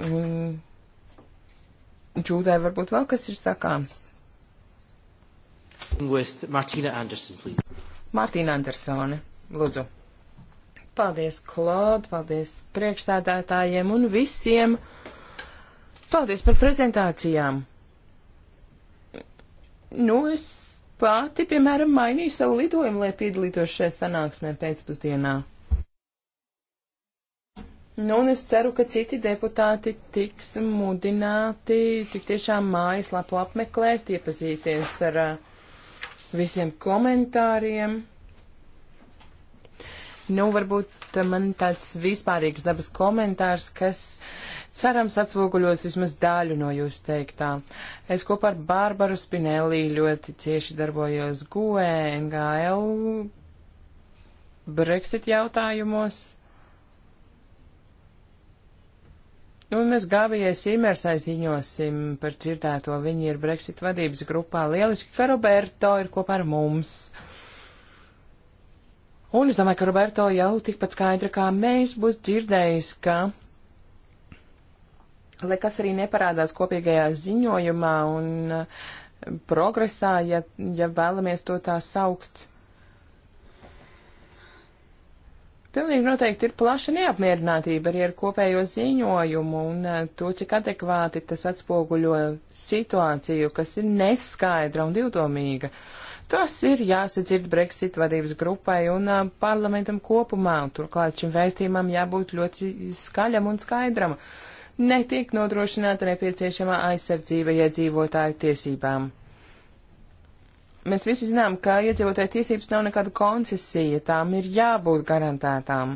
Mm. Džūdai varbūt vēl kas ir sakāms. With Martina Anderson, please. Martina Andersone, lūdzu. Paldies, Klod, paldies priekšsēdētājiem un visiem. Paldies par prezentācijām. Nu, es pati, piemēram, mainīju savu lidojumu, lai piedalītos šajā sanāksmē pēcpusdienā. Nu, un es ceru, ka citi deputāti tiks mudināti tik tiešām mājaslapu apmeklēt, iepazīties ar uh, visiem komentāriem. Nu, varbūt man tāds vispārīgs dabas komentārs, kas cerams atspoguļos vismaz daļu no jūs teiktā. Es kopā ar Bārbaru Spinelli ļoti cieši darbojos GUE, NGL, Brexit jautājumos. Un nu, mēs Gabijai Simersai ziņosim par dzirdēto. Viņi ir Brexit vadības grupā. Lieliski, ka Roberto ir kopā ar mums. Un es domāju, ka Roberto jau tikpat skaidri kā mēs būs dzirdējis, ka, lai kas arī neparādās kopīgajā ziņojumā un eh, progresā, ja, ja vēlamies to tā saukt, Pilnīgi noteikti ir plaša neapmierinātība arī ar kopējo ziņojumu un eh, to, cik adekvāti tas atspoguļo situāciju, kas ir neskaidra un divdomīga. Tas ir jāsadzird Brexit vadības grupai un eh, parlamentam kopumā, un turklāt šim vēstījumam jābūt ļoti skaļam un skaidram. Netiek nodrošināta nepieciešamā aizsardzība iedzīvotāju tiesībām. Mēs visi zinām, ka iedzīvotāju tiesības nav nekāda koncesija, tām ir jābūt garantētām.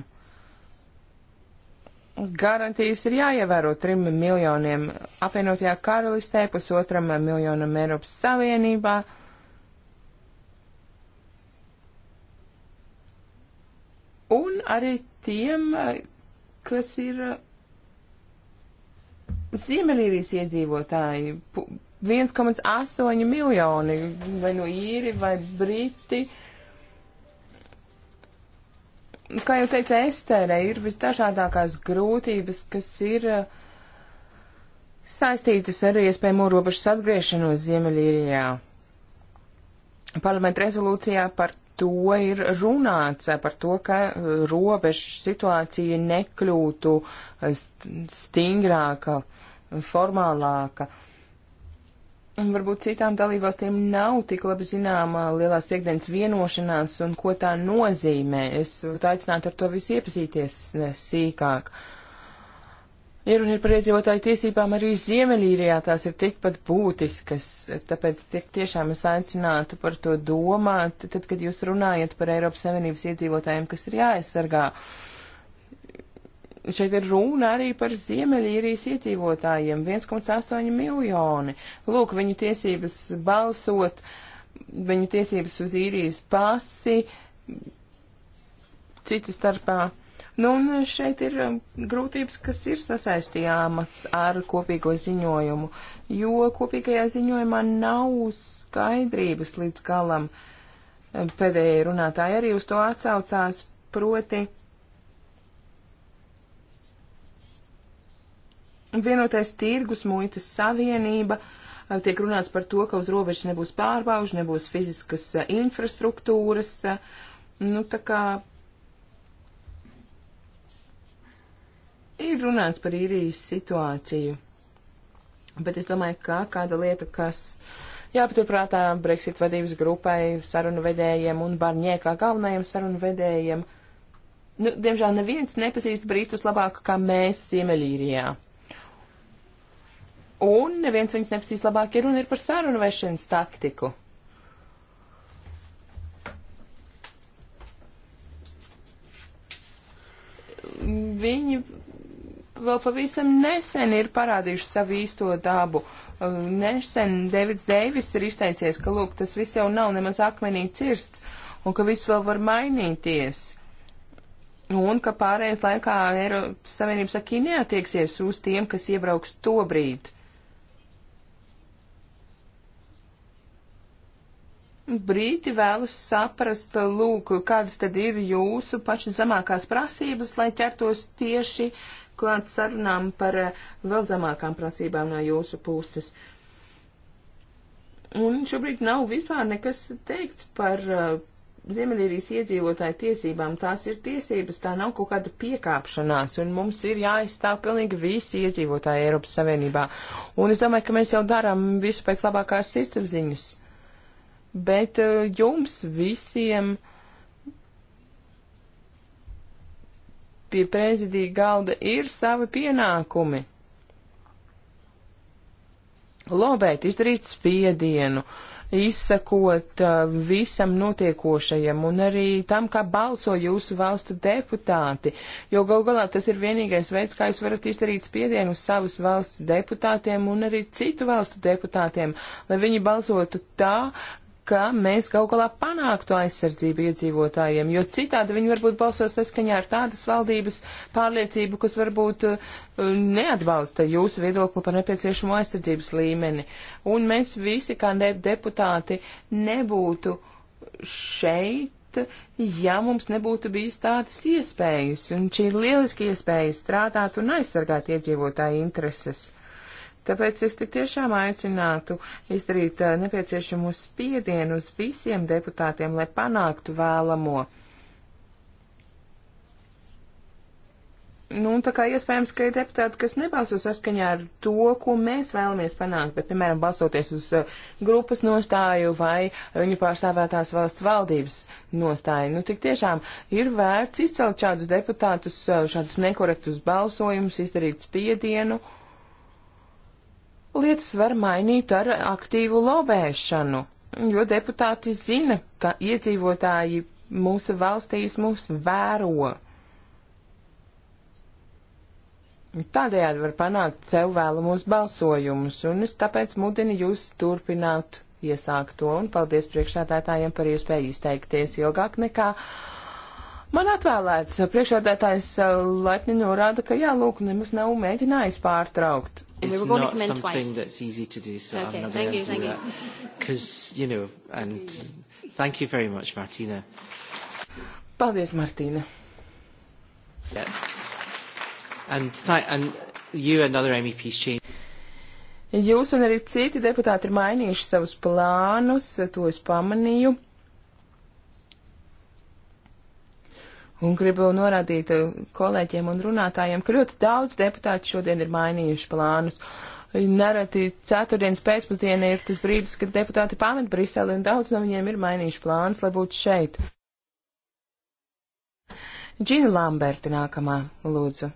Garantijas ir jāievēro trim miljoniem apvienotajā karalistē, pusotram miljonam Eiropas Savienībā. Un arī tiem, kas ir Ziemeļīrijas iedzīvotāji, 1,8 miljoni, vai nu īri, vai briti. Kā jau teica Estere, ir visdažādākās grūtības, kas ir uh, saistītas ar iespējamo robežas atgriešanos Ziemeļīrijā. Parlamenta rezolūcijā par to ir runāts, par to, ka uh, robežu situācija nekļūtu uh, stingrāka, formālāka. Uh, varbūt citām dalībvalstīm nav tik labi zināma lielās piekdienas vienošanās un ko tā nozīmē. Es aicinātu ar to visu iepazīties sīkāk. Ir un ir par iedzīvotāju tiesībām arī Ziemeļīrijā tās ir tikpat būtiskas, tāpēc tiek tiešām es aicinātu par to domāt, tad, kad jūs runājat par Eiropas Savienības iedzīvotājiem, kas ir jāaizsargā. Uh, šeit ir runa arī par Ziemeļīrijas iedzīvotājiem - 1,8 miljoni. Lūk, viņu tiesības balsot, viņu tiesības uz īrijas pasi, citas starpā. Nu, un šeit ir um, grūtības, kas ir sasaistījāmas ar kopīgo ziņojumu, jo kopīgajā ziņojumā nav skaidrības līdz galam. Pēdējie runātāji arī uz to atsaucās, proti Vienotais tirgus, muitas savienība, eh, tiek runāts par to, ka uz robežas nebūs pārbaužu, nebūs fiziskas eh, infrastruktūras. Eh, nu, tā kā ir runāts par īrijas situāciju. Bet es domāju, ka kāda lieta, kas jāpaturprātā Brexit vadības grupai, sarunu vedējiem un Barņē kā galvenajiem sarunu vedējiem, nu, diemžēl neviens nepazīst Brītus labāk kā mēs Ziemeļīrijā. Un neviens viņus nepasīs labāk, ja runa ir par sarunu vešanas taktiku. Viņi vēl pavisam nesen ir parādījuši savu īsto dabu. Uh, nesen Davids Deivis ir izteicies, ka lūk, tas viss jau nav nemaz akmenī cirsts un ka viss vēl var mainīties. Un ka pārējais laikā Eiropas Savienības akī neatieksies uz tiem, kas iebrauks to brīdi Brīti vēlas saprast, lūk, kādas tad ir jūsu pašas zemākās prasības, lai ķertos tieši klāt sarunām par eh, vēl zemākām prasībām no jūsu puses. Un šobrīd nav vispār nekas teikts par eh, Ziemeļīrijas iedzīvotāju tiesībām. Tās ir tiesības, tā nav kaut kāda piekāpšanās, un mums ir jāizstāv pilnīgi visi iedzīvotāji Eiropas Savienībā. Un es domāju, ka mēs jau darām visu pēc labākās sirdsapziņas bet eh, jums visiem pie prezidija galda ir savi pienākumi. Lobēt, izdarīt spiedienu, izsakot uh, visam notiekošajam un arī tam, kā balso jūsu valstu deputāti, jo gal galā tas ir vienīgais veids, kā jūs varat izdarīt spiedienu uz savas valsts deputātiem un arī citu valstu deputātiem, lai viņi balsotu tā, ka mēs galu galā panāktu aizsardzību iedzīvotājiem, jo citādi viņi varbūt balsos saskaņā ar tādas valdības pārliecību, kas varbūt uh, neatbalsta jūsu viedokli par nepieciešamo aizsardzības līmeni. Un mēs visi, kā deputāti, nebūtu šeit, ja mums nebūtu bijis tādas iespējas. Un šī ir lieliski iespēja strādāt un aizsargāt iedzīvotāju intereses. Tāpēc es tik tiešām aicinātu izdarīt nepieciešamu spiedienu uz visiem deputātiem, lai panāktu vēlamo. Nu, tā kā iespējams, ka ir deputāti, kas nebalso saskaņā ar to, ko mēs vēlamies panākt, bet, piemēram, balstoties uz grupas nostāju vai viņu pārstāvētās valsts valdības nostāju. Nu, tik tiešām ir vērts izcelt šādus deputātus, šādus nekorektus balsojumus, izdarīt spiedienu. Uh, lietas var mainīt ar aktīvu lobēšanu, jo deputāti zina, ka iedzīvotāji mūsu valstīs mūs vēro. Tādējādi var panākt sev vēlamos balsojumus, un es tāpēc mudinu jūs turpināt iesākt to, un paldies priekšādātājiem par iespēju izteikties ilgāk nekā man atvēlēts. Priekšādātājs laipni norāda, ka jā, lūk, nemaz nav mēģinājis pārtraukt it's we not something twice. that's easy to do, so okay, I'm not going to do thank that. Because, you. you know, and thank you very much, Martina. Paldies, Martina. Yeah. And, th- and you and other MEPs changed. Jūs un arī citi deputāti ir mainījuši savus plānus, to es pamanīju. Un gribu norādīt eh, kolēģiem un runātājiem, ka ļoti daudz deputāti šodien ir mainījuši plānus. Nereti ceturtdienas pēcpusdiena ir tas brīdis, kad deputāti pamet Briseli un daudz no viņiem ir mainījuši plānus, lai būtu šeit. Džina Lamberti nākamā, lūdzu.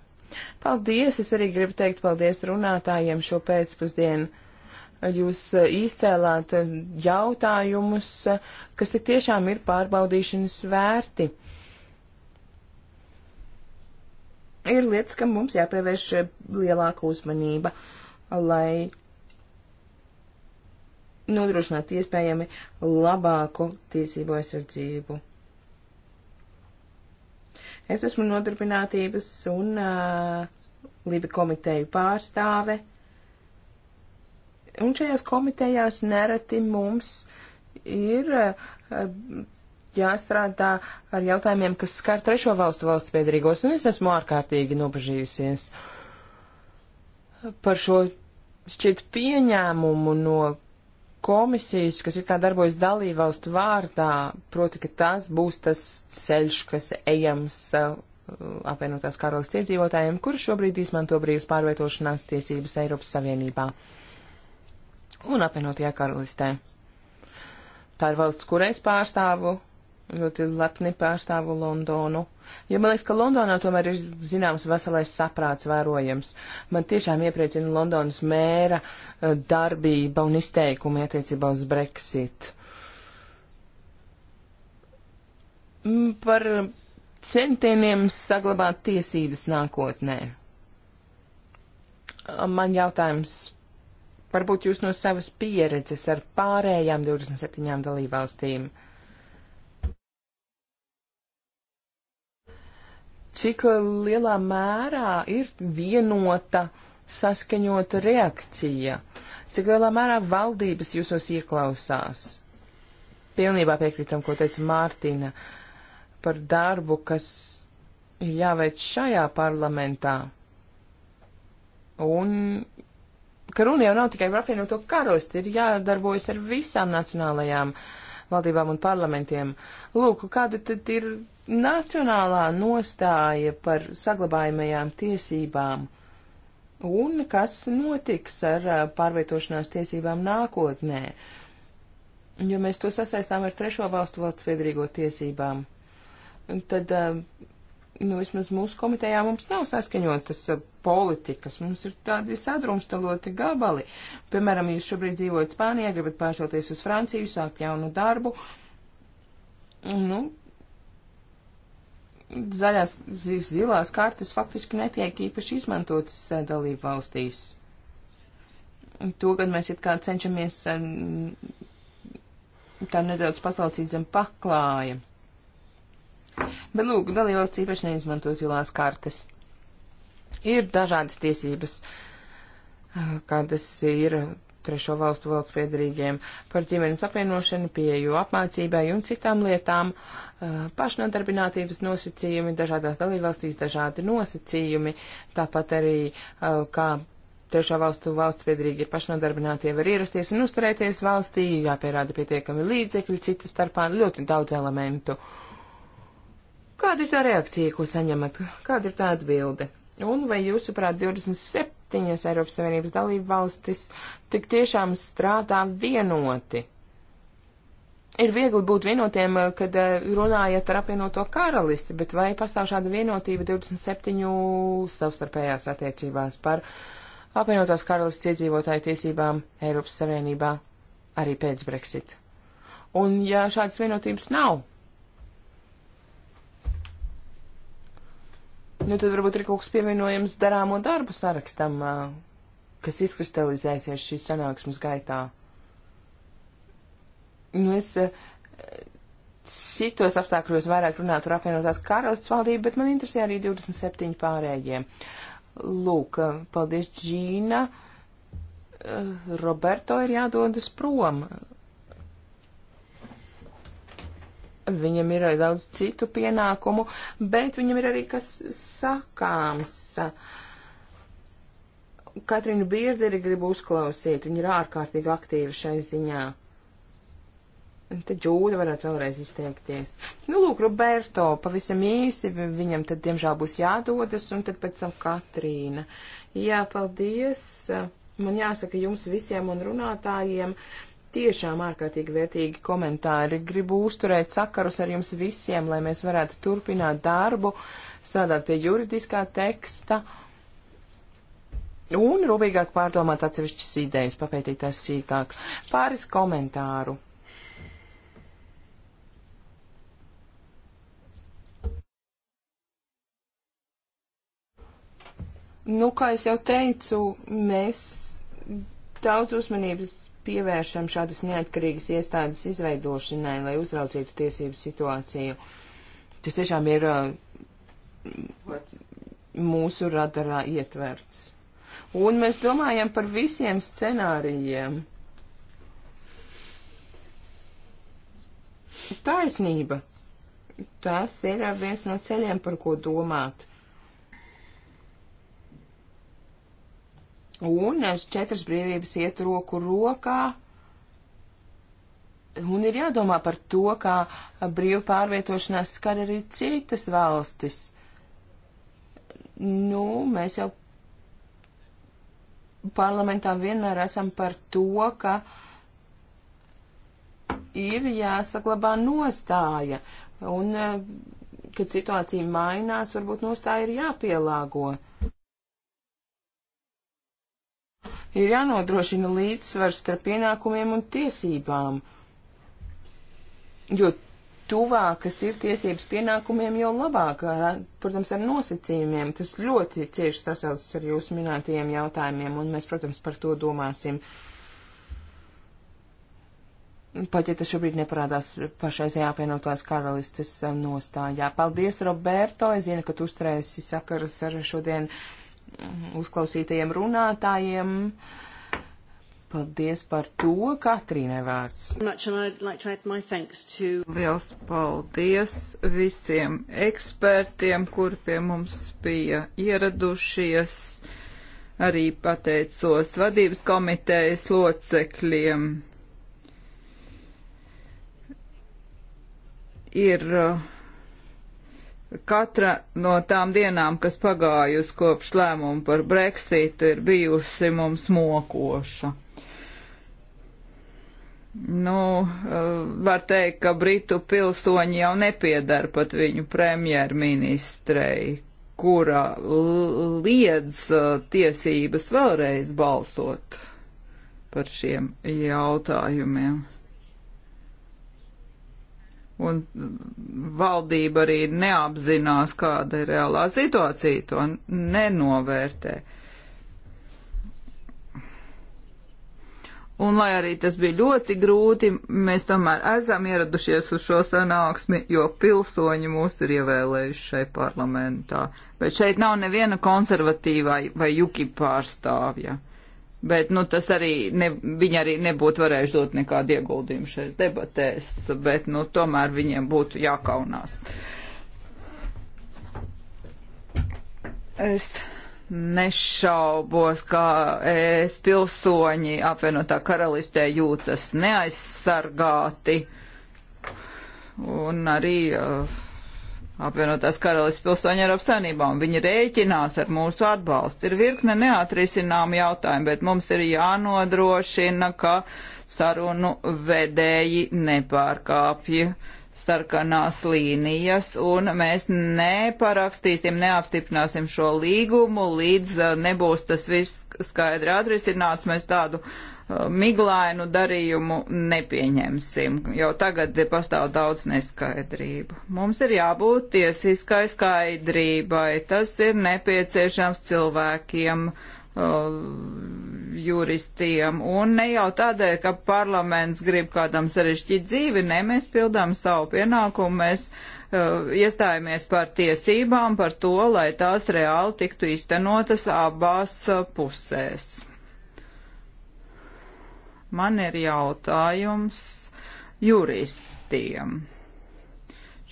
Paldies, es arī gribu teikt paldies runātājiem šo pēcpusdienu jūs eh, izcēlāt eh, jautājumus, kas tik tiešām ir pārbaudīšanas vērti. ir lietas, kam mums jāpievērš lielāka uzmanība, lai nodrošinātu iespējami labāku tiesību aizsardzību. Es esmu nodarbinātības un uh, Libi komiteju pārstāve, un šajās komitejās nereti mums ir uh, jāstrādā ar jautājumiem, kas skar trešo valstu valsts piedarīgos, un es esmu ārkārtīgi nobežījusies par šo šķiet pieņēmumu no komisijas, kas ir kā darbojas dalībvalstu vārdā, proti, ka tas būs tas ceļš, kas ejams uh, apvienotās karalists iedzīvotājiem, kur šobrīd izmanto brīvas pārvietošanās tiesības Eiropas Savienībā un apvienotajā karalistē. Tā ir valsts, kur es pārstāvu, ļoti lepni pārstāvu Londonu. Jo man liekas, ka Londonā tomēr ir zināms veselais saprāts vērojams. Man tiešām iepriecina Londonas mēra eh, darbība un izteikumi attiecībā uz Brexit. Mm, par centieniem saglabāt tiesības nākotnē. Man jautājums. Varbūt jūs no savas pieredzes ar pārējām 27 dalībvalstīm. Uh, cik uh, lielā mērā ir vienota saskaņota reakcija, cik lielā mērā valdības jūsos ieklausās. Pilnībā piekrītam, ko teica Mārtiņa par darbu, kas ir jāveic šajā parlamentā. Un ka runa jau nav tikai par apvienoto karalisti, ir jādarbojas ar visām nacionālajām uh, valdībām un parlamentiem. Lūk, kāda tad ir nacionālā nostāja par saglabājumajām tiesībām un kas notiks ar pārvietošanās tiesībām nākotnē, jo mēs to sasaistām ar trešo valstu valsts viedrīgo tiesībām. Un tad nu, vismaz mūsu komitejā mums nav saskaņotas eh, politikas, mums ir tādi sadrumstaloti gabali. Piemēram, jūs šobrīd dzīvojat Spānijā, gribat pārcelties uz Franciju, sākt jaunu darbu. Nu, zaļās, zilās kartes faktiski netiek īpaši izmantotas eh, dalību valstīs. To, kad mēs it kā cenšamies eh, tā nedaudz paslaucīt zem paklājiem. Bet, lūk, dalībvalsts īpaši neizmanto zilās kartes. Ir dažādas tiesības, kādas ir trešo valstu valsts piedarīgiem par ģimenes apvienošanu, pieeju apmācībai un citām lietām, pašnodarbinātības nosacījumi, dažādās dalībvalstīs dažādi nosacījumi, tāpat arī kā trešā valstu valsts piedarīgi ir pašnodarbinātie, var ierasties un uzturēties valstī, jāpierāda pietiekami līdzekļi, cita starpā ļoti daudz elementu. Uh, Kāda ir tā reakcija, ko saņemat? Kāda ir tā atbilde? Un vai jūsuprāt 27 Eiropas Savienības dalību valstis tik tiešām strādā vienoti? Ir viegli būt vienotiem, eh, kad eh, runājat ar apvienoto karalisti, bet vai pastāv šāda vienotība 27 savstarpējās attiecībās par apvienotās karalists iedzīvotāju tiesībām Eiropas Savienībā arī pēc Brexit? Un ja šādas vienotības nav, Nu, tad varbūt ir kaut kas pieminojams darāmo darbu sarakstam, kas izkristalizēsies šīs sanāksmes gaitā. Nu, es citos apstākļos vairāk runātu ar apvienotās karalists valdību, bet man interesē arī 27 pārējie. Lūk, paldies Džīna. Roberto ir jādodas prom. viņam ir daudz citu pienākumu, bet viņam ir arī kas sakāms. Katrinu Birderi gribu uzklausīt, viņa ir ārkārtīgi aktīva šai ziņā. Un tad Džūda varētu vēlreiz izteikties. Nu, lūk, Roberto, pavisam īsi, viņam tad, diemžēl, būs jādodas, un tad pēc tam Katrīna. Jā, paldies. Man jāsaka jums visiem un runātājiem. Uh, tiešām ārkārtīgi vērtīgi komentāri. Gribu uzturēt sakarus ar jums visiem, lai mēs varētu turpināt darbu, strādāt pie juridiskā teksta un rūpīgāk pārdomāt atsevišķas idejas, papētīt tās sīkāk. Pāris komentāru. Nu, kā es jau teicu, mēs daudz uzmanības pievēršam šādas neatkarīgas iestādes izveidošanai, lai uzraucītu tiesību situāciju. Tas tiešām ir uh, mūsu radarā ietverts. Un mēs domājam par visiem scenārijiem. Taisnība. Tas ir viens no ceļiem, par ko domāt. Un četras brīvības iet roku rokā. Un ir jādomā par to, kā brīvu pārvietošanās skar arī citas valstis. Nu, mēs jau parlamentā vienmēr esam par to, ka ir jāsaglabā nostāja. Un, eh, kad situācija mainās, varbūt nostāja ir jāpielāgo. Uh, ir jānodrošina līdzsvars starp pienākumiem un tiesībām, jo tuvākas ir tiesības pienākumiem, jo labāk, ar, protams, ar nosacījumiem. Tas ļoti cieši sasaucas ar jūsu minētajiem jautājumiem, un mēs, protams, par to domāsim. Pat ja tas šobrīd neparādās pašreizajā apvienotās karalistes um, nostājā. Paldies, Roberto! Es zinu, ka tu uzturēsi sakaras ar šodien uh, uzklausītajiem runātājiem. Paldies par to, Katrīne vārds. Liels paldies visiem ekspertiem, kuri pie mums bija ieradušies. Arī pateicos vadības komitejas locekļiem. Ir uh, Katra no tām dienām, kas pagājusi kopš lēmumu par Brexitu, ir bijusi mums mokoša. Nu, var teikt, ka Britu pilsoņi jau nepiedara pat viņu premjerministrei, kura liedz uh, tiesības vēlreiz balsot par šiem jautājumiem un valdība arī neapzinās, kāda ir reālā situācija, to nenovērtē. Un, lai arī tas bija ļoti grūti, mēs tomēr esam ieradušies uz šo sanāksmi, jo pilsoņi mūs ir ievēlējuši šeit parlamentā. Bet šeit nav neviena konservatīvā vai juki pārstāvja. Ja. Bet nu, tas arī ne, viņi arī nebūtu varējuši dot nekādu ieguldījumu šajās debatēs, bet nu, tomēr viņiem būtu jākaunās. Es nešaubos, ka es pilsoņi apvienotā karalistē jūtas neaizsargāti un arī uh, apvienotās karalists pilsoņi Eiropas saimnībā, un viņi rēķinās ar mūsu atbalstu. Ir virkne neatrisinām jautājumu, bet mums ir jānodrošina, ka sarunu vedēji nepārkāpja sarkanās līnijas, un mēs neparakstīsim, neapstiprināsim šo līgumu, līdz eh, nebūs tas viss skaidri atrisināts. Mēs tādu uh, miglainu darījumu nepieņemsim, jo tagad pastāv daudz neskaidrību. Mums ir jābūt tiesiskai skaidrībai, tas ir nepieciešams cilvēkiem, uh, juristiem, un ne jau tādēļ, ka parlaments grib kādam sarežģīt dzīvi, ne, mēs pildām savu pienākumu, mēs uh, iestājamies par tiesībām, par to, lai tās reāli tiktu īstenotas abās uh, pusēs. Man ir jautājums juristiem.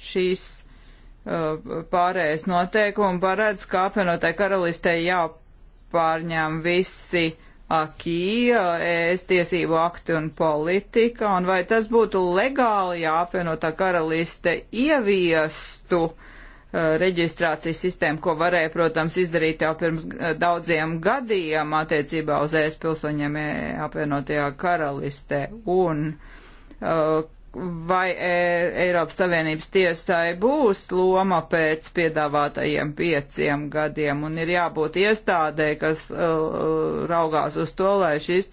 Šīs uh, pārējais noteikumi paredz, ka apvienotai karalistē jāpārņem visi akī, ēst tiesību akti un politika, un vai tas būtu legāli, ja apvienotā karaliste ieviestu uh, Eh, reģistrācijas sistēmu, ko varēja, protams, izdarīt jau pirms eh, daudziem gadiem attiecībā uz ES pilsoņiem e, apvienotajā karalistē. Un eh, vai e, Eiropas Savienības tiesai būs loma pēc piedāvātajiem pieciem gadiem un ir jābūt iestādē, kas raugās uz to, lai šis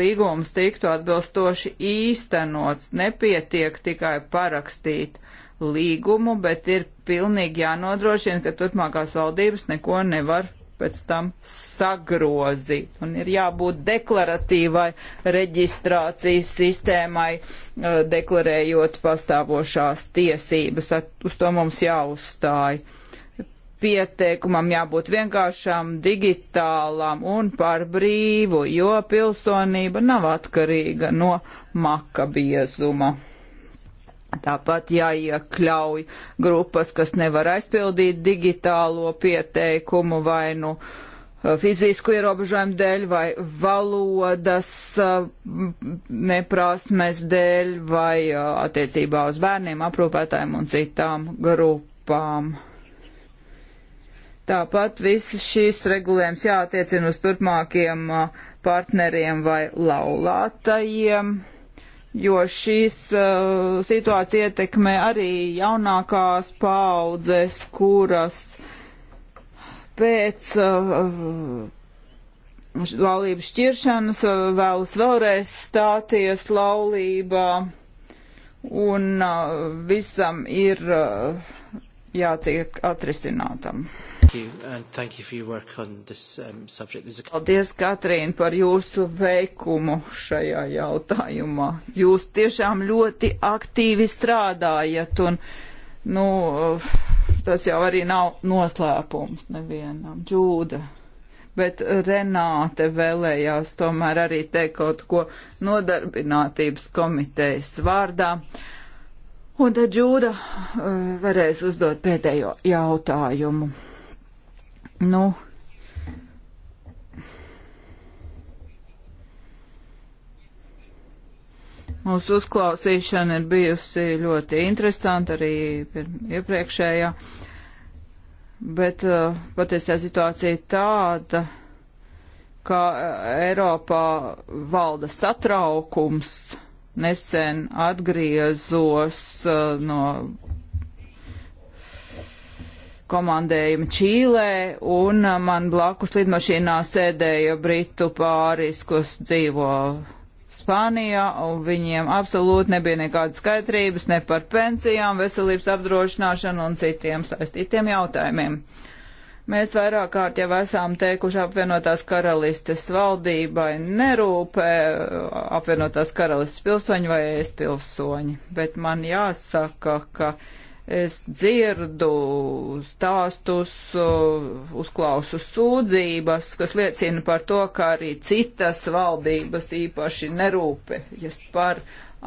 līgums tiktu atbilstoši īstenots, nepietiek tikai parakstīt uh, līgumu, bet ir pilnīgi jānodrošina, ka turpmākās valdības neko nevar pēc tam sagrozīt. Un ir jābūt deklaratīvai reģistrācijas sistēmai, uh, deklarējot pastāvošās tiesības. Ar, uz to mums jāuzstāj. Pieteikumam jābūt vienkāršām, digitālām un par brīvu, jo pilsonība nav atkarīga no makabiezuma. Tāpat jāiekļauj grupas, kas nevar aizpildīt digitālo pieteikumu vai nu eh, fizisku ierobežojumu dēļ, vai valodas eh, neprasmes dēļ, vai eh, attiecībā uz bērniem, aprūpētājiem un citām grupām. Tāpat viss šīs regulējums jāattiecina uz turpmākiem partneriem vai laulātajiem jo šīs uh, situācija ietekmē arī jaunākās paaudzes, kuras pēc uh, laulības šķiršanas uh, vēlas vēlreiz stāties laulībā, un uh, visam ir uh, jātiek atrisinātam. Thank you, and thank you for your work on this um, subject. There's a... Paldies, Katrīna, par jūsu veikumu šajā jautājumā. Jūs tiešām ļoti aktīvi strādājat, un nu, tas jau arī nav noslēpums nevienam. Džūda. Bet Renāte vēlējās tomēr arī teikt kaut ko nodarbinātības komitejas vārdā. Un tad Džūda uh, varēs uzdot pēdējo jautājumu. Nu, Mūsu uzklausīšana ir bijusi ļoti interesanta arī iepriekšējā, bet uh, patiesā situācija ir tāda, ka uh, Eiropā valda satraukums. Nesen atgriezos uh, no komandējumi Čīlē, un uh, man blakus lidmašīnā sēdēja Britu pāris, kas dzīvo Spānijā, un viņiem absolūti nebija nekādas skaidrības ne par pensijām, veselības apdrošināšanu un citiem saistītiem jautājumiem. Mēs vairāk kārt jau esam teikuši apvienotās karalistes valdībai nerūpē apvienotās karalistes pilsoņi vai es pilsoņi, bet man jāsaka, ka Es dzirdu stāstus, uh, uzklausu sūdzības, kas liecina par to, ka arī citas valdības īpaši nerūpējas par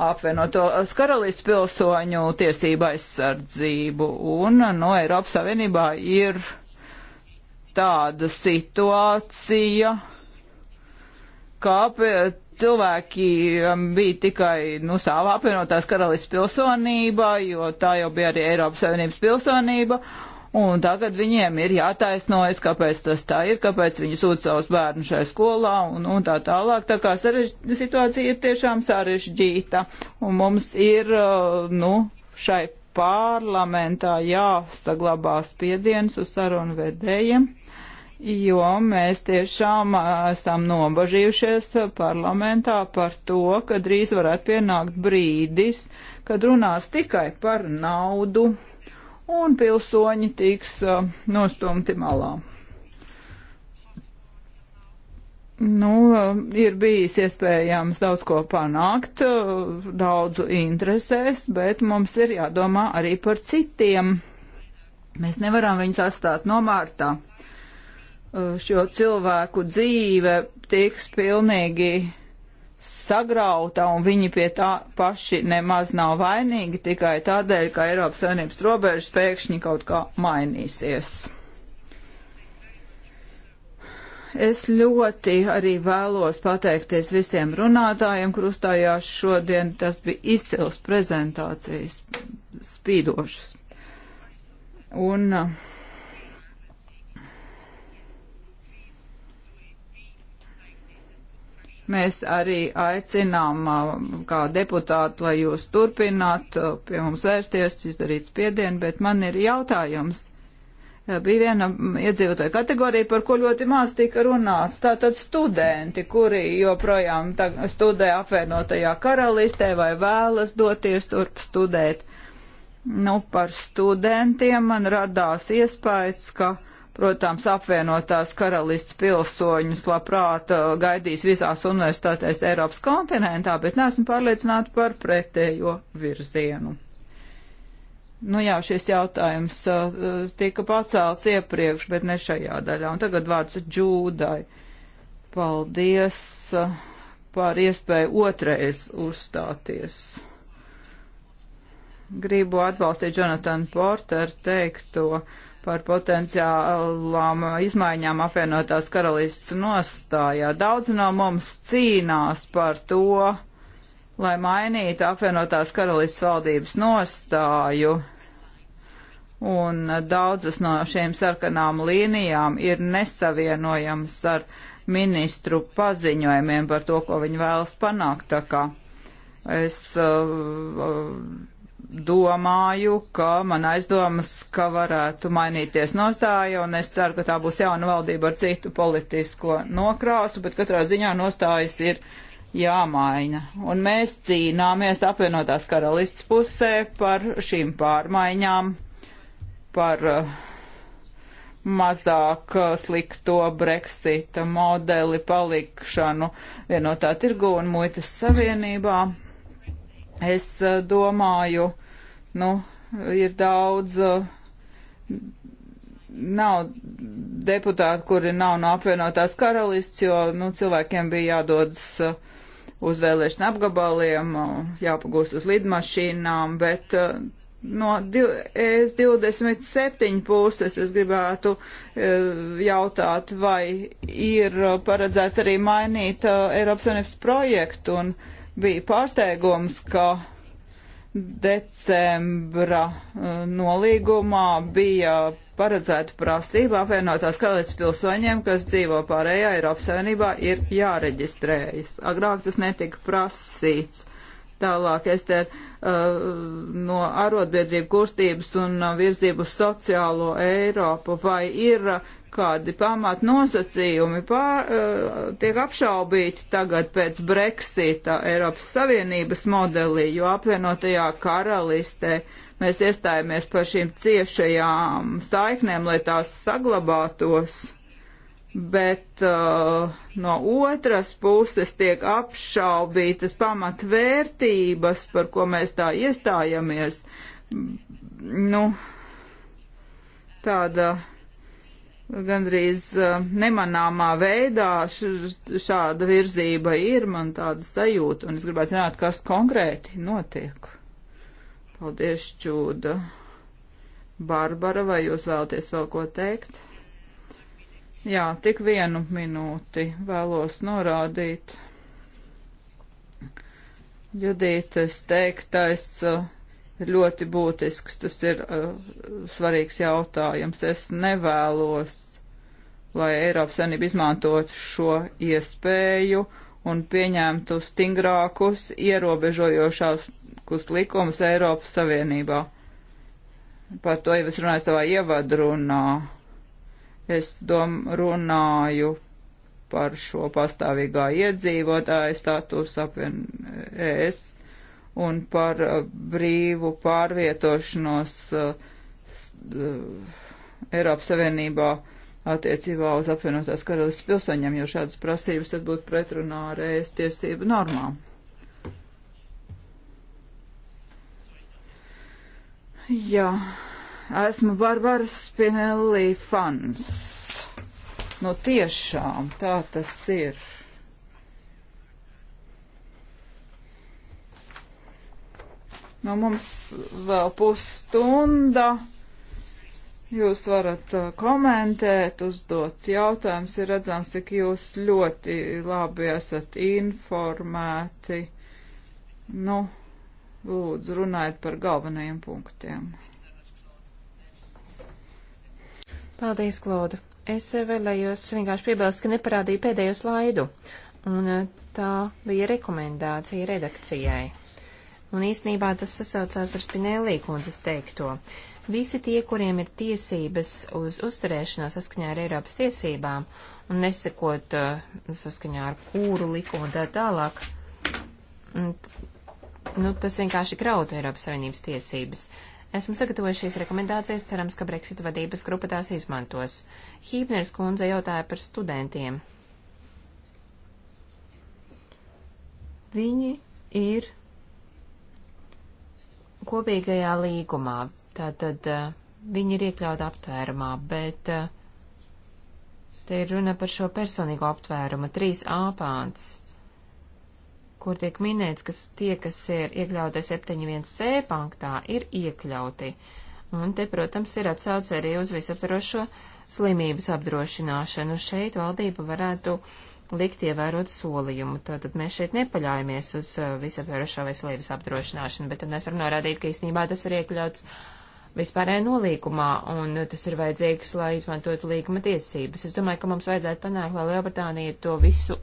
apvienoto karalists pilsoņu tiesību aizsardzību. Un uh, no Eiropas Savienībā ir tāda situācija, kāpēc cilvēki um, bija tikai nu, savā apvienotās karalists pilsonībā, jo tā jau bija arī Eiropas Savienības pilsonība. Un tagad viņiem ir jātaisnojas, kāpēc tas tā ir, kāpēc viņi sūta savus bērnus šajā skolā un, un tā tālāk. Tā kā sarež, situācija ir tiešām sarežģīta. Un mums ir, uh, nu, šai parlamentā jāsaglabā spiediens uz sarunu vedējiem jo mēs tiešām esam nobažījušies parlamentā par to, ka drīz varētu pienākt brīdis, kad runās tikai par naudu un pilsoņi tiks nostumti malā. Nu, ir bijis iespējams daudz ko panākt, daudzu interesēs, bet mums ir jādomā arī par citiem. Mēs nevaram viņus atstāt nomārtā. Uh, Eh, šo cilvēku dzīve tiks pilnīgi sagrauta un viņi pie tā paši nemaz nav vainīgi tikai tādēļ, ka Eiropas Savienības robežas pēkšņi kaut kā mainīsies. Es ļoti arī vēlos pateikties visiem runātājiem, kur uzstājās šodien. Tas bija izcils prezentācijas spīdošas. Un uh, Mēs arī aicinām uh, kā deputāti, lai jūs turpināt uh, pie mums vērsties, izdarīt spiedienu, bet man ir jautājums. Uh, bija viena iedzīvotāja kategorija, par ko ļoti maz tika runāts. Tātad studenti, kuri joprojām studē apvienotajā karalistē vai vēlas doties turp studēt. Nu, par studentiem man radās iespējas, ka Protams, apvienotās karalists pilsoņus labprāt uh, gaidīs visās universitātēs Eiropas kontinentā, bet neesmu pārliecināta par pretējo virzienu. Nu jā, šis jautājums uh, tika pacelts iepriekš, bet ne šajā daļā. Un tagad vārds Džūdai. Paldies uh, par iespēju otrais uzstāties. Gribu atbalstīt Jonatanu Porteru teikto. Uh, par potenciālām izmaiņām apvienotās karalists nostājā. Daudz no mums cīnās par to, lai mainītu apvienotās karalists valdības nostāju. Un daudzas no šiem sarkanām līnijām ir nesavienojamas ar ministru paziņojumiem par to, ko viņi vēlas panākt. Tā kā es uh, domāju, ka man aizdomas, ka varētu mainīties nostāja, un es ceru, ka tā būs jauna valdība ar citu politisko nokrāsu, bet katrā ziņā nostājas ir jāmaina. Un mēs cīnāmies apvienotās karalists pusē par šīm pārmaiņām, par uh, mazāk uh, slikto Brexita modeli palikšanu vienotā tirgu un muitas savienībā Es eh, domāju, nu, ir daudz, eh, nav deputāti, kuri nav no apvienotās karalists, jo, nu, cilvēkiem bija jādodas eh, uz vēlēšana apgabaliem, jāpagūst uz lidmašīnām, bet no es 27 puses es gribētu jautāt, vai ir paredzēts arī mainīt Eiropas Savienības projektu un bija pārsteigums, ka decembra uh, nolīgumā bija paredzēta prasība apvienotās karalistas pilsoņiem, kas dzīvo pārējā Eiropas Savienībā, ir jāreģistrējas. Agrāk tas netika prasīts. Tālāk es te uh, no arotbiedrību kustības un uh, virzību uz sociālo Eiropu, vai ir kādi pamat nosacījumi pār, eh, tiek apšaubīti tagad pēc Brexita Eiropas Savienības modelī, jo apvienotajā karalistē mēs iestājāmies par šīm ciešajām saiknēm, lai tās saglabātos, bet uh, no otras puses tiek apšaubītas pamatvērtības, par ko mēs tā iestājamies. Mm, nu, tāda gandrīz uh, nemanāmā veidā šāda virzība ir, man tāda sajūta, un es gribētu zināt, kas konkrēti notiek. Paldies, Čūda. Barbara, vai jūs vēlaties vēl ko teikt? Jā, tik vienu minūti vēlos norādīt. Judītes teiktais. Uh, ļoti būtisks. Tas ir uh, svarīgs jautājums. Es nevēlos, lai Eiropas Savienība izmantotu šo iespēju un pieņemtu stingrākus ierobežojošākus likumus Eiropas Savienībā. Par to jau es runāju savā ievadrunā. Es dom, runāju par šo pastāvīgā iedzīvotāju statusu apvien ES un par uh, brīvu pārvietošanos uh, uh, Eiropas Savienībā attiecībā uz apvienotās karalistas pilsoņiem, jo šādas prasības tad būtu pretrunā ar ēst tiesību normām. Jā, esmu Barbara Spinelli fans. Nu tiešām tā tas ir. No nu, mums vēl pusstunda. Jūs varat uh, komentēt, uzdot jautājumus, ir redzams, cik jūs ļoti labi esat informēti. Nu, lūdzu, runājiet par galvenajiem punktiem. Paldies, Klauda. Es vēlējos vienkārši piebilst, ka neparādīju pēdējo slaidu, un uh, tā bija rekomendācija redakcijai. Un īsnībā tas sasaucās ar Spinelli kundzes teikto. Visi tie, kuriem ir tiesības uz uzturēšanos saskaņā ar Eiropas tiesībām un nesakot uh, saskaņā ar kūru likumu tā tālāk, un, nu, tas vienkārši grauta Eiropas Savienības tiesības. Esmu sagatavojis šīs rekomendācijas, cerams, ka Brexit vadības grupa tās izmantos. Hībners kundze jautāja par studentiem. Viņi ir kopīgajā līgumā. Tātad eh, viņi ir iekļauti aptvērumā, bet eh, te ir runa par šo personīgo aptvērumu 3a pāns, kur tiek minēts, ka tie, kas ir iekļauti 71c pāntā, ir iekļauti. Un te, protams, ir atsauce arī uz visaptvarošo slimības apdrošināšanu. Šeit valdība varētu uh, likt ievērot solījumu. Tātad mēs šeit nepaļaujamies uz uh, visaptverošo veselības apdrošināšanu, bet tad mēs varam norādīt, ka īstenībā tas ir iekļauts vispārējā nolīkumā, un tas ir vajadzīgs, lai izmantotu līguma tiesības. Es domāju, ka mums vajadzētu panākt, lai Lielbritānija to visu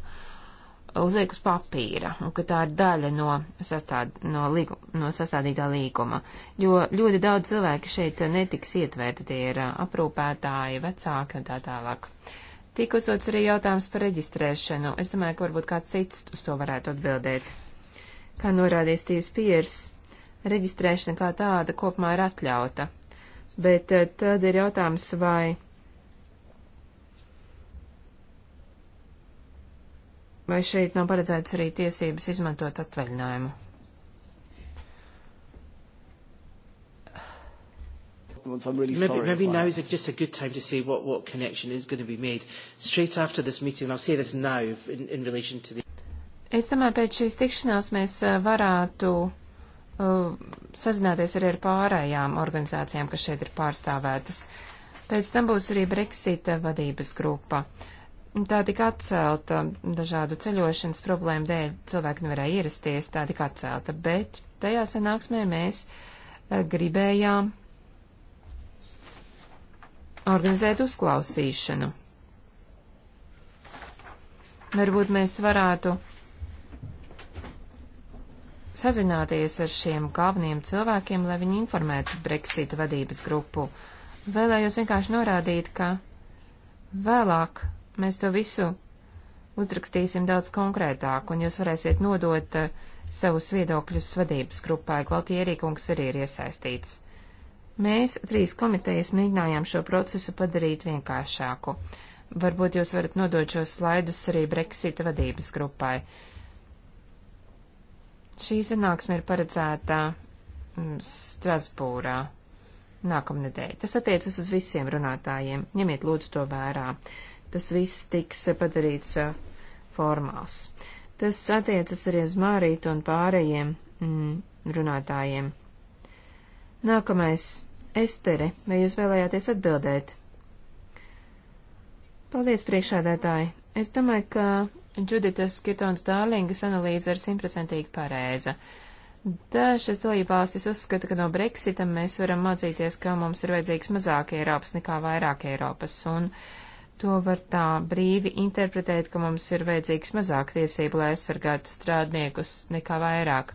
uzliek uz papīra, un ka tā ir daļa no, sastād, no, līgu, no sastādītā līguma, jo ļoti daudz cilvēki šeit netiks ietverti, tie ir uh, aprūpētāji, vecāki un tā tālāk. Uh, Tik uzdots arī jautājums par reģistrēšanu. Es domāju, ka varbūt kāds cits uz to varētu atbildēt. Kā norādījis Tīvs Piers, reģistrēšana kā tāda kopumā ir atļauta. Bet eh, tad ir jautājums, vai. Vai šeit nav paredzēts arī tiesības izmantot atvaļinājumu? once. I'm really maybe, sorry. Maybe now is just a good time to say what, what connection is going to be made. Straight after this meeting, and I'll say this now in, in relation to the. Es domāju, pēc šīs tikšanās mēs eh, varētu uh, sazināties arī ar pārējām organizācijām, kas šeit ir pārstāvētas. Pēc tam būs arī Brexita vadības grupa. Tā tika atcelta dažādu ceļošanas problēmu dēļ, cilvēki nevarēja ierasties, tā tika atcelta, bet tajā sanāksmē mēs eh, gribējām organizēt uzklausīšanu. Varbūt mēs varētu sazināties ar šiem galveniem cilvēkiem, lai viņi informētu Brexit vadības grupu. Vēlējos vienkārši norādīt, ka vēlāk mēs to visu uzrakstīsim daudz konkrētāk, un jūs varēsiet nodot uh, savus viedokļus vadības grupai. Gvaltierī kungs arī ir iesaistīts. Mēs trīs komitejas mēģinājām šo procesu padarīt vienkāršāku. Varbūt jūs varat nodot šos slaidus arī Brexita vadības grupai. Šī sanāksme ir paredzēta mm, Strasbūrā nākamnedēļ. Tas attiecas uz visiem runātājiem. Ņemiet lūdzu to vērā. Tas viss tiks padarīts eh, formāls. Tas attiecas arī uz Mārītu un pārējiem mm, runātājiem. Nākamais Estere, vai jūs vēlējāties atbildēt? Paldies, priekšādētāji. Es domāju, ka Džuditas Skitons Dārlingas analīze ir simtprocentīgi pareiza. Dažas dalībvalstis uzskata, ka no Brexita mēs varam mācīties, ka mums ir vajadzīgs mazāk Eiropas nekā vairāk Eiropas, un to var tā brīvi interpretēt, ka mums ir vajadzīgs mazāk tiesību, lai aizsargātu strādniekus nekā vairāk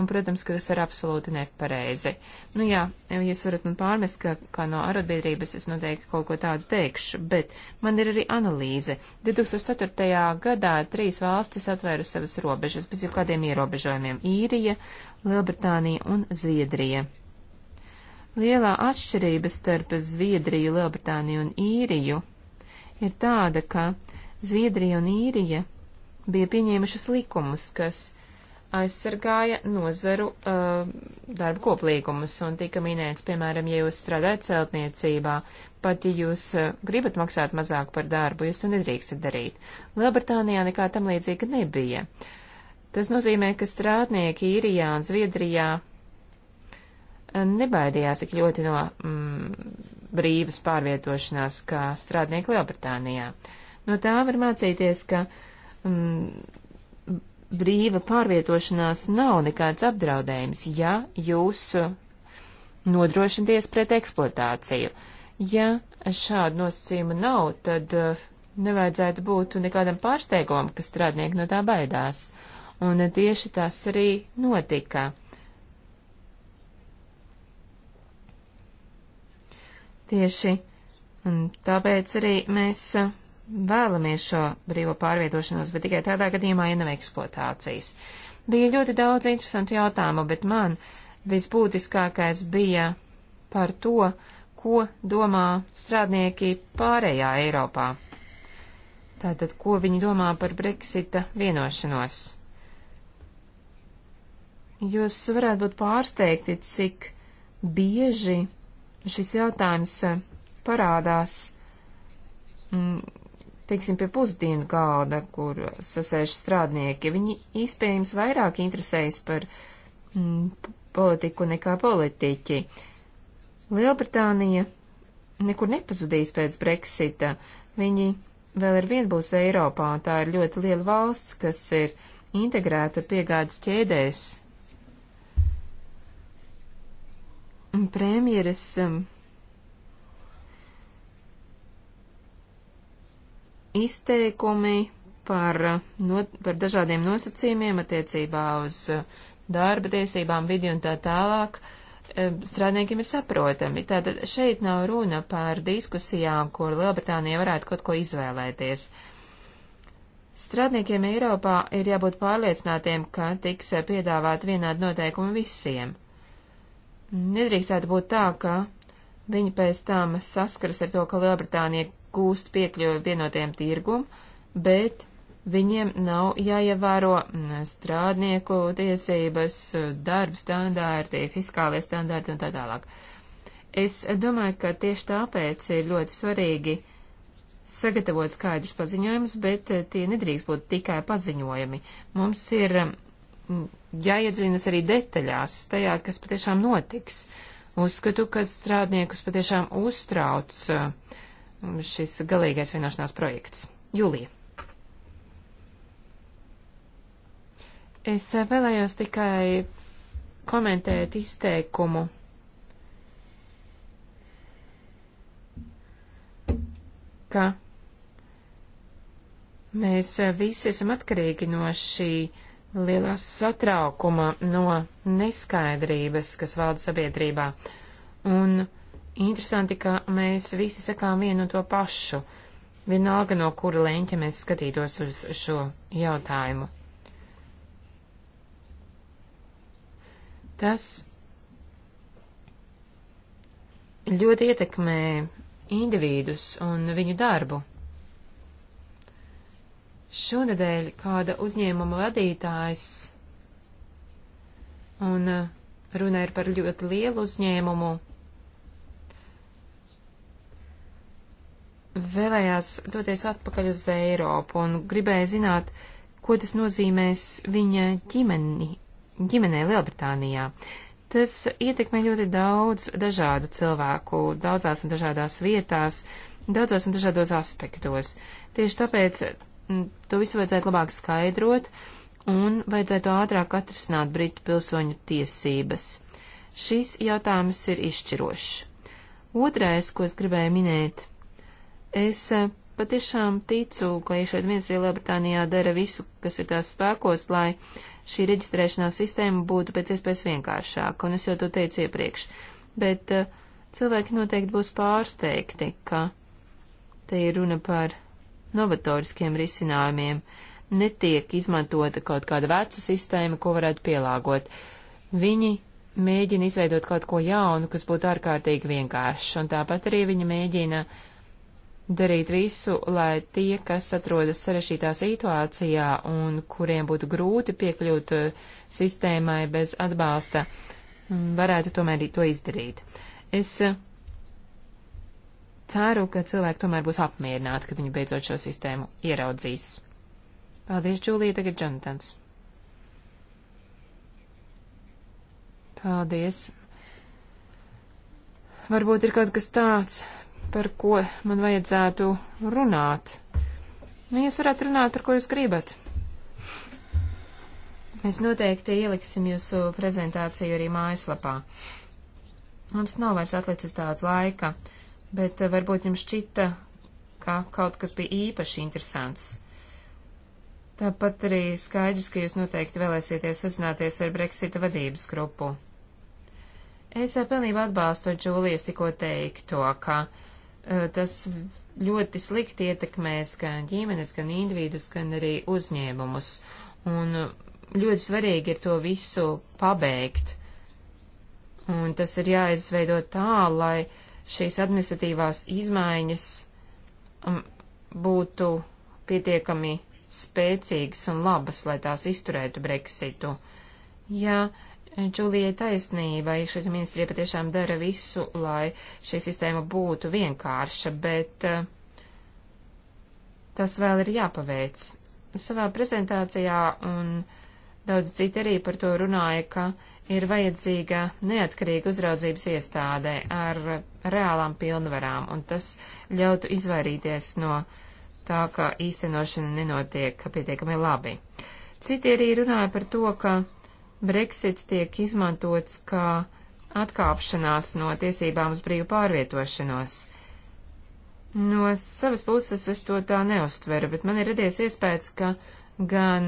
un, protams, ka tas ir absolūti nepareizi. Nu jā, jūs varat man pārmest, ka kā no arotbiedrības es noteikti kaut ko tādu teikšu, bet man ir arī analīze. 2004. gadā trīs valstis atvēra savas robežas bez jau kādiem ierobežojumiem - Īrija, Lielbritānija un Zviedrija. Lielā atšķirība starp Zviedriju, Lielbritāniju un Īriju ir tāda, ka Zviedrija un Īrija bija pieņēmušas likumus, kas aizsargāja nozaru uh, darba koplīgumus un tika minēts, piemēram, ja jūs strādājat celtniecībā, pat ja jūs uh, gribat maksāt mazāk par darbu, jūs to nedrīkstat darīt. Lielbritānijā nekā tam līdzīga nebija. Tas nozīmē, ka strādnieki īrijā un Zviedrijā uh, nebaidījās tik ļoti no mm, brīvas pārvietošanās, kā strādnieki Lielbritānijā. No tā var mācīties, ka mm, brīva pārvietošanās nav nekāds apdraudējums, ja jūs uh, nodrošināties pret eksploatāciju. Ja šāda nosacījuma nav, tad uh, nevajadzētu būt nekādam pārsteigumam, ka strādnieki no tā baidās. Un uh, tieši tas arī notika. Tieši tāpēc arī mēs vēlamies šo brīvo pārvietošanos, bet tikai tādā gadījumā, ja nav eksploatācijas. Bija ļoti daudz interesantu jautājumu, bet man visbūtiskākais bija par to, ko domā strādnieki pārējā Eiropā. Tātad, ko viņi domā par Brexita vienošanos. Jūs varētu būt pārsteigti, cik bieži šis jautājums eh, parādās mm, teiksim, pie pusdienu galda, kur sasēž strādnieki, viņi iespējams vairāk interesējas par mm, politiku nekā politiķi. Lielbritānija nekur nepazudīs pēc Brexita. Viņi vēl ar vienu būs Eiropā, un tā ir ļoti liela valsts, kas ir integrēta piegādes ķēdēs. Premjeras um, izteikumi par, no, par dažādiem nosacījumiem attiecībā uz uh, darba tiesībām, vidi un tā tālāk uh, strādniekiem ir saprotami. Tātad šeit nav runa par diskusijām, kur Lielbritānija varētu kaut ko izvēlēties. Strādniekiem Eiropā ir jābūt pārliecinātiem, ka tiks piedāvāt vienādi noteikumi visiem. Nedrīkstētu būt tā, ka viņi pēc tam saskaras ar to, ka Lielbritānija gūst piekļuvi vienotajam tirgum, bet viņiem nav jāievēro mm, strādnieku tiesības, darba standārti, fiskālie standārti un tā tālāk. Es domāju, ka tieši tāpēc ir ļoti svarīgi sagatavot skaidrus paziņojumus, bet eh, tie nedrīkst būt tikai paziņojumi. Mums ir mm, jāiedzīnas arī detaļās, tajā, kas patiešām notiks. Uzskatu, ka strādniekus patiešām uztrauc uh, šis galīgais vienošanās projekts. Jūlija. Es vēlējos tikai komentēt izteikumu. Ka mēs visi esam atkarīgi no šī lielā satraukuma, no neskaidrības, kas valda sabiedrībā. Un uh, interesanti, ka mēs visi sakām vienu un to pašu, vienalga no kura leņķa mēs skatītos uz šo jautājumu. Tas ļoti ietekmē individus un viņu darbu. Šonadēļ kāda uzņēmuma vadītājs, un runa ir par ļoti lielu uzņēmumu, vēlējās doties atpakaļ uz Eiropu un gribēja zināt, ko tas nozīmēs viņa ģimeni, ģimenē Lielbritānijā. Tas ietekmē ļoti daudz dažādu cilvēku, daudzās un dažādās vietās, daudzos un dažādos aspektos. Tieši tāpēc mm, to visu vajadzētu labāk skaidrot un vajadzētu ātrāk atrisināt Britu pilsoņu tiesības. Šis jautājums ir izšķirošs. Otrais, ko es gribēju minēt, Es e, patiešām ticu, ka iešaid viens Lielbritānijā dara visu, kas ir tās spēkos, lai šī reģistrēšanās sistēma būtu pēc iespējas vienkāršāka, un es jau to teicu iepriekš. Bet uh, cilvēki noteikti būs pārsteigti, ka te ir runa par novatoriskiem risinājumiem. Netiek izmantota kaut kāda veca sistēma, ko varētu pielāgot. Viņi mēģina izveidot kaut ko jaunu, kas būtu ārkārtīgi vienkāršs, un tāpat arī viņi mēģina uh, darīt visu, lai tie, kas atrodas sarešķītā situācijā un kuriem būtu grūti piekļūt eh, sistēmai bez atbalsta, mm, varētu tomēr to izdarīt. Es eh, ceru, ka cilvēki tomēr būs apmierināti, kad viņi beidzot šo sistēmu ieraudzīs. Paldies, Džūlija, tagad Jonatans. Paldies. Varbūt ir kaut kas tāds, par ko man vajadzētu runāt. Nu, jūs varat runāt, par ko jūs gribat. Mēs noteikti ieliksim jūsu prezentāciju arī mājaslapā. Mums nav vairs atlicis daudz laika, bet eh, varbūt jums šķita, ka kaut kas bija īpaši interesants. Tāpat arī skaidrs, ka jūs noteikti vēlēsieties sazināties ar Brexita vadības grupu. Es eh, pilnībā atbalstu Džūlijas tikko teikto, ka Eh, tas ļoti slikti ietekmēs gan ģimenes, gan individus, gan arī uzņēmumus. Un eh, ļoti svarīgi ir to visu pabeigt. Un tas ir jāizveido tā, lai šīs administratīvās izmaiņas mm, būtu pietiekami spēcīgas un labas, lai tās izturētu Brexitu. Ja uh, Džulijai taisnība, iekšļietu ministrija patiešām dara visu, lai šī sistēma būtu vienkārša, bet eh, tas vēl ir jāpaveic. Savā prezentācijā un daudz citi arī par to runāja, ka ir vajadzīga neatkarīga uzraudzības iestādē ar reālām pilnvarām, un tas ļautu izvairīties no tā, ka īstenošana nenotiek pietiekami labi. Citi arī runāja par to, ka Brexits tiek izmantots kā atkāpšanās no tiesībām uz brīvu pārvietošanos. No savas puses es to tā neustveru, bet man ir radies iespējas, ka gan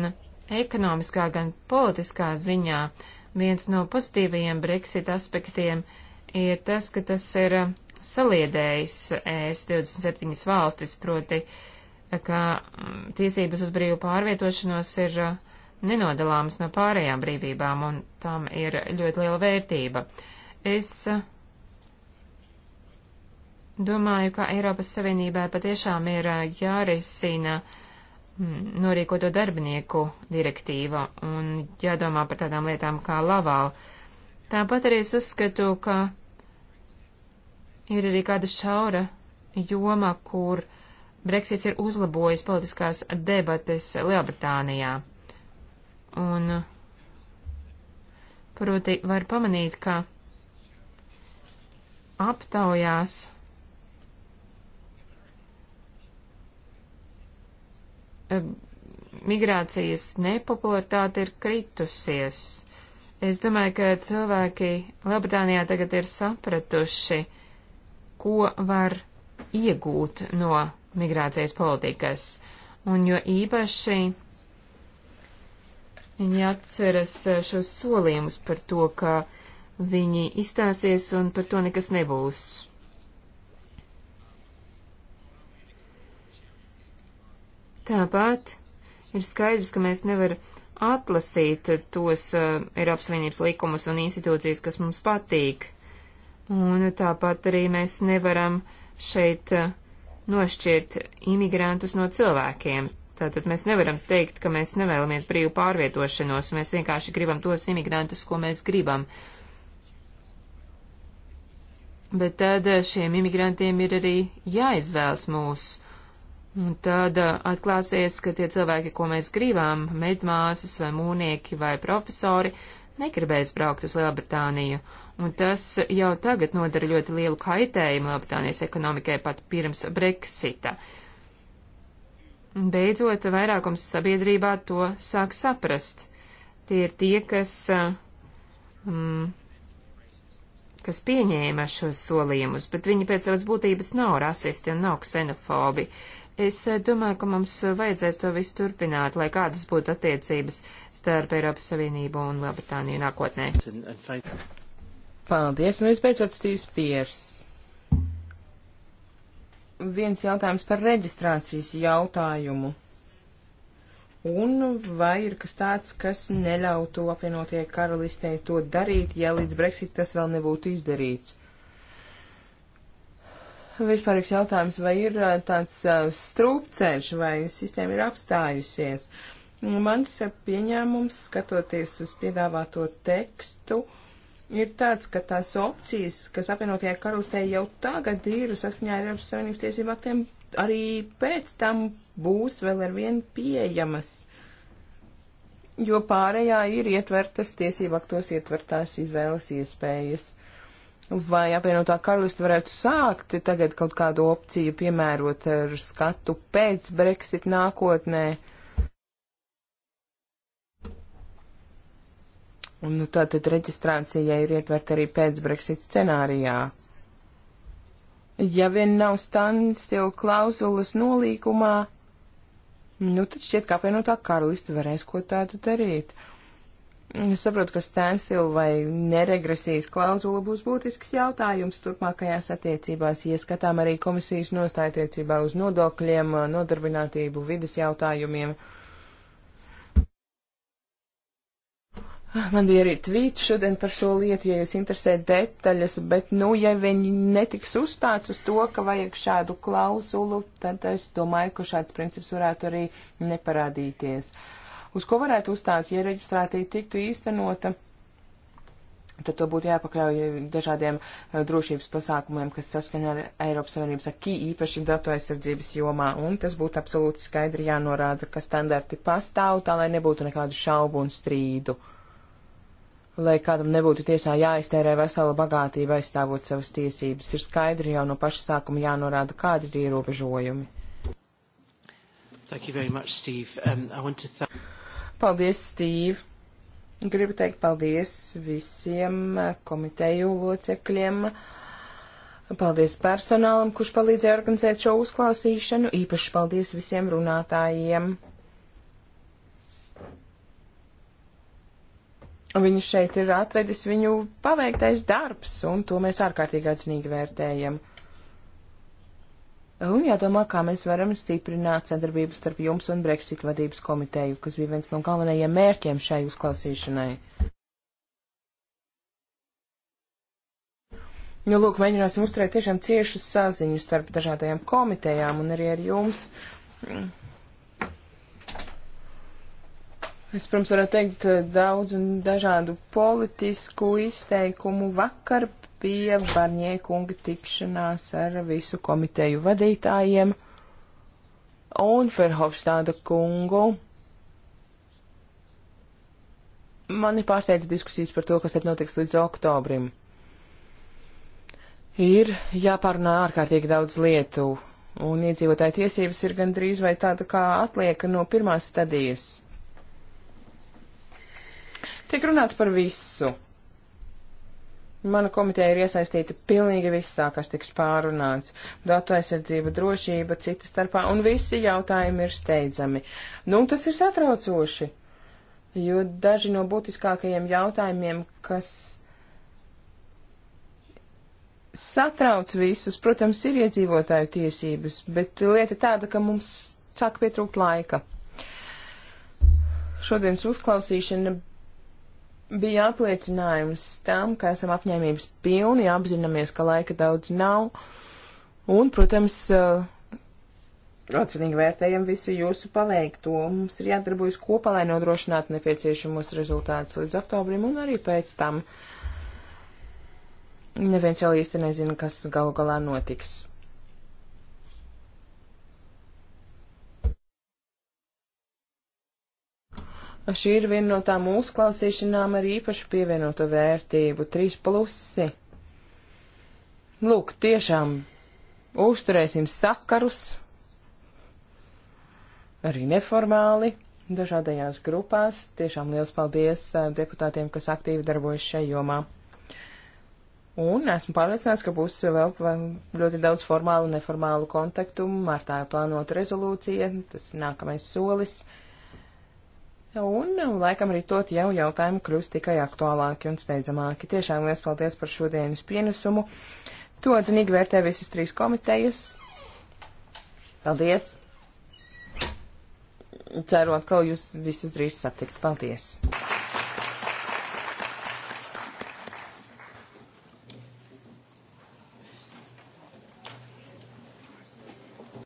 ekonomiskā, gan politiskā ziņā viens no pozitīvajiem Brexit aspektiem ir tas, ka tas ir uh, saliedējis ES 27 valstis, proti, ka mm, tiesības uz brīvu pārvietošanos ir uh, nenodalāmas no pārējām brīvībām, un tam ir ļoti liela vērtība. Es eh, domāju, ka Eiropas Savienībai patiešām ir eh, jārisina mm, norīkoto darbinieku direktīva un jādomā par tādām lietām kā lavāla. Tāpat arī es uzskatu, ka ir arī kāda šaura joma, kur Brexits ir uzlabojis politiskās debates Lielbritānijā. Un proti var pamanīt, ka aptaujās migrācijas nepopularitāte ir kritusies. Es domāju, ka cilvēki Lielbritānijā tagad ir sapratuši, ko var iegūt no migrācijas politikas. Un jo īpaši Viņi atceras eh, šos solījumus par to, ka viņi izstāsies un par to nekas nebūs. Tāpat ir skaidrs, ka mēs nevaram atlasīt tos uh, Eiropas Savienības likumus un institūcijas, kas mums patīk. Un tāpat arī mēs nevaram šeit uh, nošķirt imigrantus no cilvēkiem. Tātad mēs nevaram teikt, ka mēs nevēlamies brīvu pārvietošanos, mēs vienkārši gribam tos imigrantus, ko mēs gribam. Bet tad eh, šiem imigrantiem ir arī jāizvēlas mūs. Un tad eh, atklāsies, ka tie cilvēki, ko mēs gribam, medmāsas vai mūnieki vai profesori, negribēs braukt uz Lielbritāniju. Un tas jau tagad nodara ļoti lielu kaitējumu Lielbritānijas ekonomikai pat pirms Brexita. Uh, Beidzot, vairākums sabiedrībā to sāk saprast. Tie ir tie, kas, uh, mm, kas pieņēma šos solījumus, bet viņi pēc savas būtības nav rasisti un nav ksenofobi. Es uh, domāju, ka mums vajadzēs to visu turpināt, lai kādas būtu attiecības starp Eiropas Savienību un Lielbritāniju nākotnē. Paldies, un visbeidzot Stīvs Piers viens jautājums par reģistrācijas jautājumu. Un vai ir kas tāds, kas neļautu apvienotie karalistē to darīt, ja līdz Brexit tas vēl nebūtu izdarīts? Vispārīgs jautājums, vai ir uh, tāds uh, strūpceļš, vai sistēma ir apstājusies? Mans pieņēmums, skatoties uz piedāvāto tekstu, uh, ir tāds, ka tās opcijas, kas apvienotajā karalistē jau tagad ir saskaņā ar Eiropas Savienības tiesību aktiem, arī pēc tam būs vēl ar vienu pieejamas, jo pārējā ir ietvertas tiesību aktos ietvertās izvēles iespējas. Vai apvienotā karalista varētu sākt tagad kaut kādu opciju piemērot ar skatu pēc Brexit nākotnē? Un nu, tātad reģistrācija ir ietverta arī pēc Brexit scenārijā. Ja vien nav standstila klauzulas nolīgumā, nu tad šķiet, ka apvienotā karalista varēs ko tādu darīt. Es saprotu, ka standstila vai neregresijas klauzula būs būtisks jautājums turpmākajās attiecībās, ieskatām arī komisijas nostājotiecībā uz nodokļiem, nodarbinātību, vidas jautājumiem. Uh, Man bija arī tvīts šodien par šo lietu, ja jūs interesē detaļas, bet, nu, ja viņi netiks uzstāts uz to, ka vajag šādu klausulu, tad es domāju, ka šāds princips varētu arī neparādīties. Uz ko varētu uzstāt, ja reģistrātība tiktu īstenota, tad to būtu jāpakļauj dažādiem eh, drošības pasākumiem, kas saskaņā ar Eiropas Savienības akī īpaši datu aizsardzības jomā, un tas būtu absolūti skaidri jānorāda, ka standarti pastāv, tā lai nebūtu nekādu šaubu un strīdu lai kādam nebūtu tiesā jāiztērē vesela bagātība aizstāvot savas tiesības, ir skaidri jau no paša sākuma jānorāda, kādi ir ierobežojumi. Much, Steve. Um, th paldies, Steve! Gribu teikt paldies visiem komiteju locekļiem. Paldies personālam, kurš palīdzēja organizēt šo uzklausīšanu. Īpaši paldies visiem runātājiem. Viņu šeit ir atvedis viņu paveiktais darbs, un to mēs ārkārtīgi atzinīgi vērtējam. Un jādomā, kā mēs varam stiprināt sadarbību starp jums un Brexit vadības komiteju, kas bija viens no galvenajiem mērķiem šai uzklausīšanai. Nu, lūk, mēģināsim uzturēt tiešām ciešu saziņu starp dažādajām komitejām un arī ar jums. Es, protams, varētu teikt daudz un dažādu politisku izteikumu. Vakar bija Barņiekunga tikšanās ar visu komiteju vadītājiem un Ferhofstāda kungu. Mani pārsteidz diskusijas par to, kas tad notiks līdz oktobrim. Ir jāpārunā ārkārtīgi daudz lietu, un iedzīvotāju tiesības ir gandrīz vai tāda kā atlieka no pirmās stadijas Tiek runāts par visu. Mana komiteja ir iesaistīta pilnīgi visā, kas tiks pārunāts - datu aizsardzība, drošība, cita starpā, un visi jautājumi ir steidzami. Nu, tas ir satraucoši, jo daži no būtiskākajiem jautājumiem, kas satrauc visus, protams, ir iedzīvotāju tiesības, bet lieta tāda, ka mums sāk pietrūkt laika. Šodienas uzklausīšana bija apliecinājums tam, ka esam apņēmības pilni, apzināmies, ka laika daudz nav. Un, protams, atcerīgi vērtējam visu jūsu paveikto. Mums ir jādarbojas kopā, lai nodrošinātu nepieciešamos rezultātus līdz oktobrim un arī pēc tam. Neviens jau īsti nezina, kas galu galā notiks. Šī ir viena no tām uzklausīšanām ar īpašu pievienoto vērtību - trīs plusi. Lūk, tiešām uzturēsim sakarus, arī neformāli, dažādajās grupās. Tiešām liels paldies uh, deputātiem, kas aktīvi darbojas šajā jomā. Un esmu pārliecināts, ka būs vēl, vēl ļoti daudz formālu un neformālu kontaktu. Martā ir plānota rezolūcija, tas ir nākamais solis. Uh, Un laikam arī tot jau jautājumi kļūst tikai aktuālāki un steidzamāki. Tiešām liels paldies par šodienas pienesumu. To atzinīgi vērtē visas trīs komitejas. Paldies! Cerot, ka jūs visus drīz satikt. Paldies!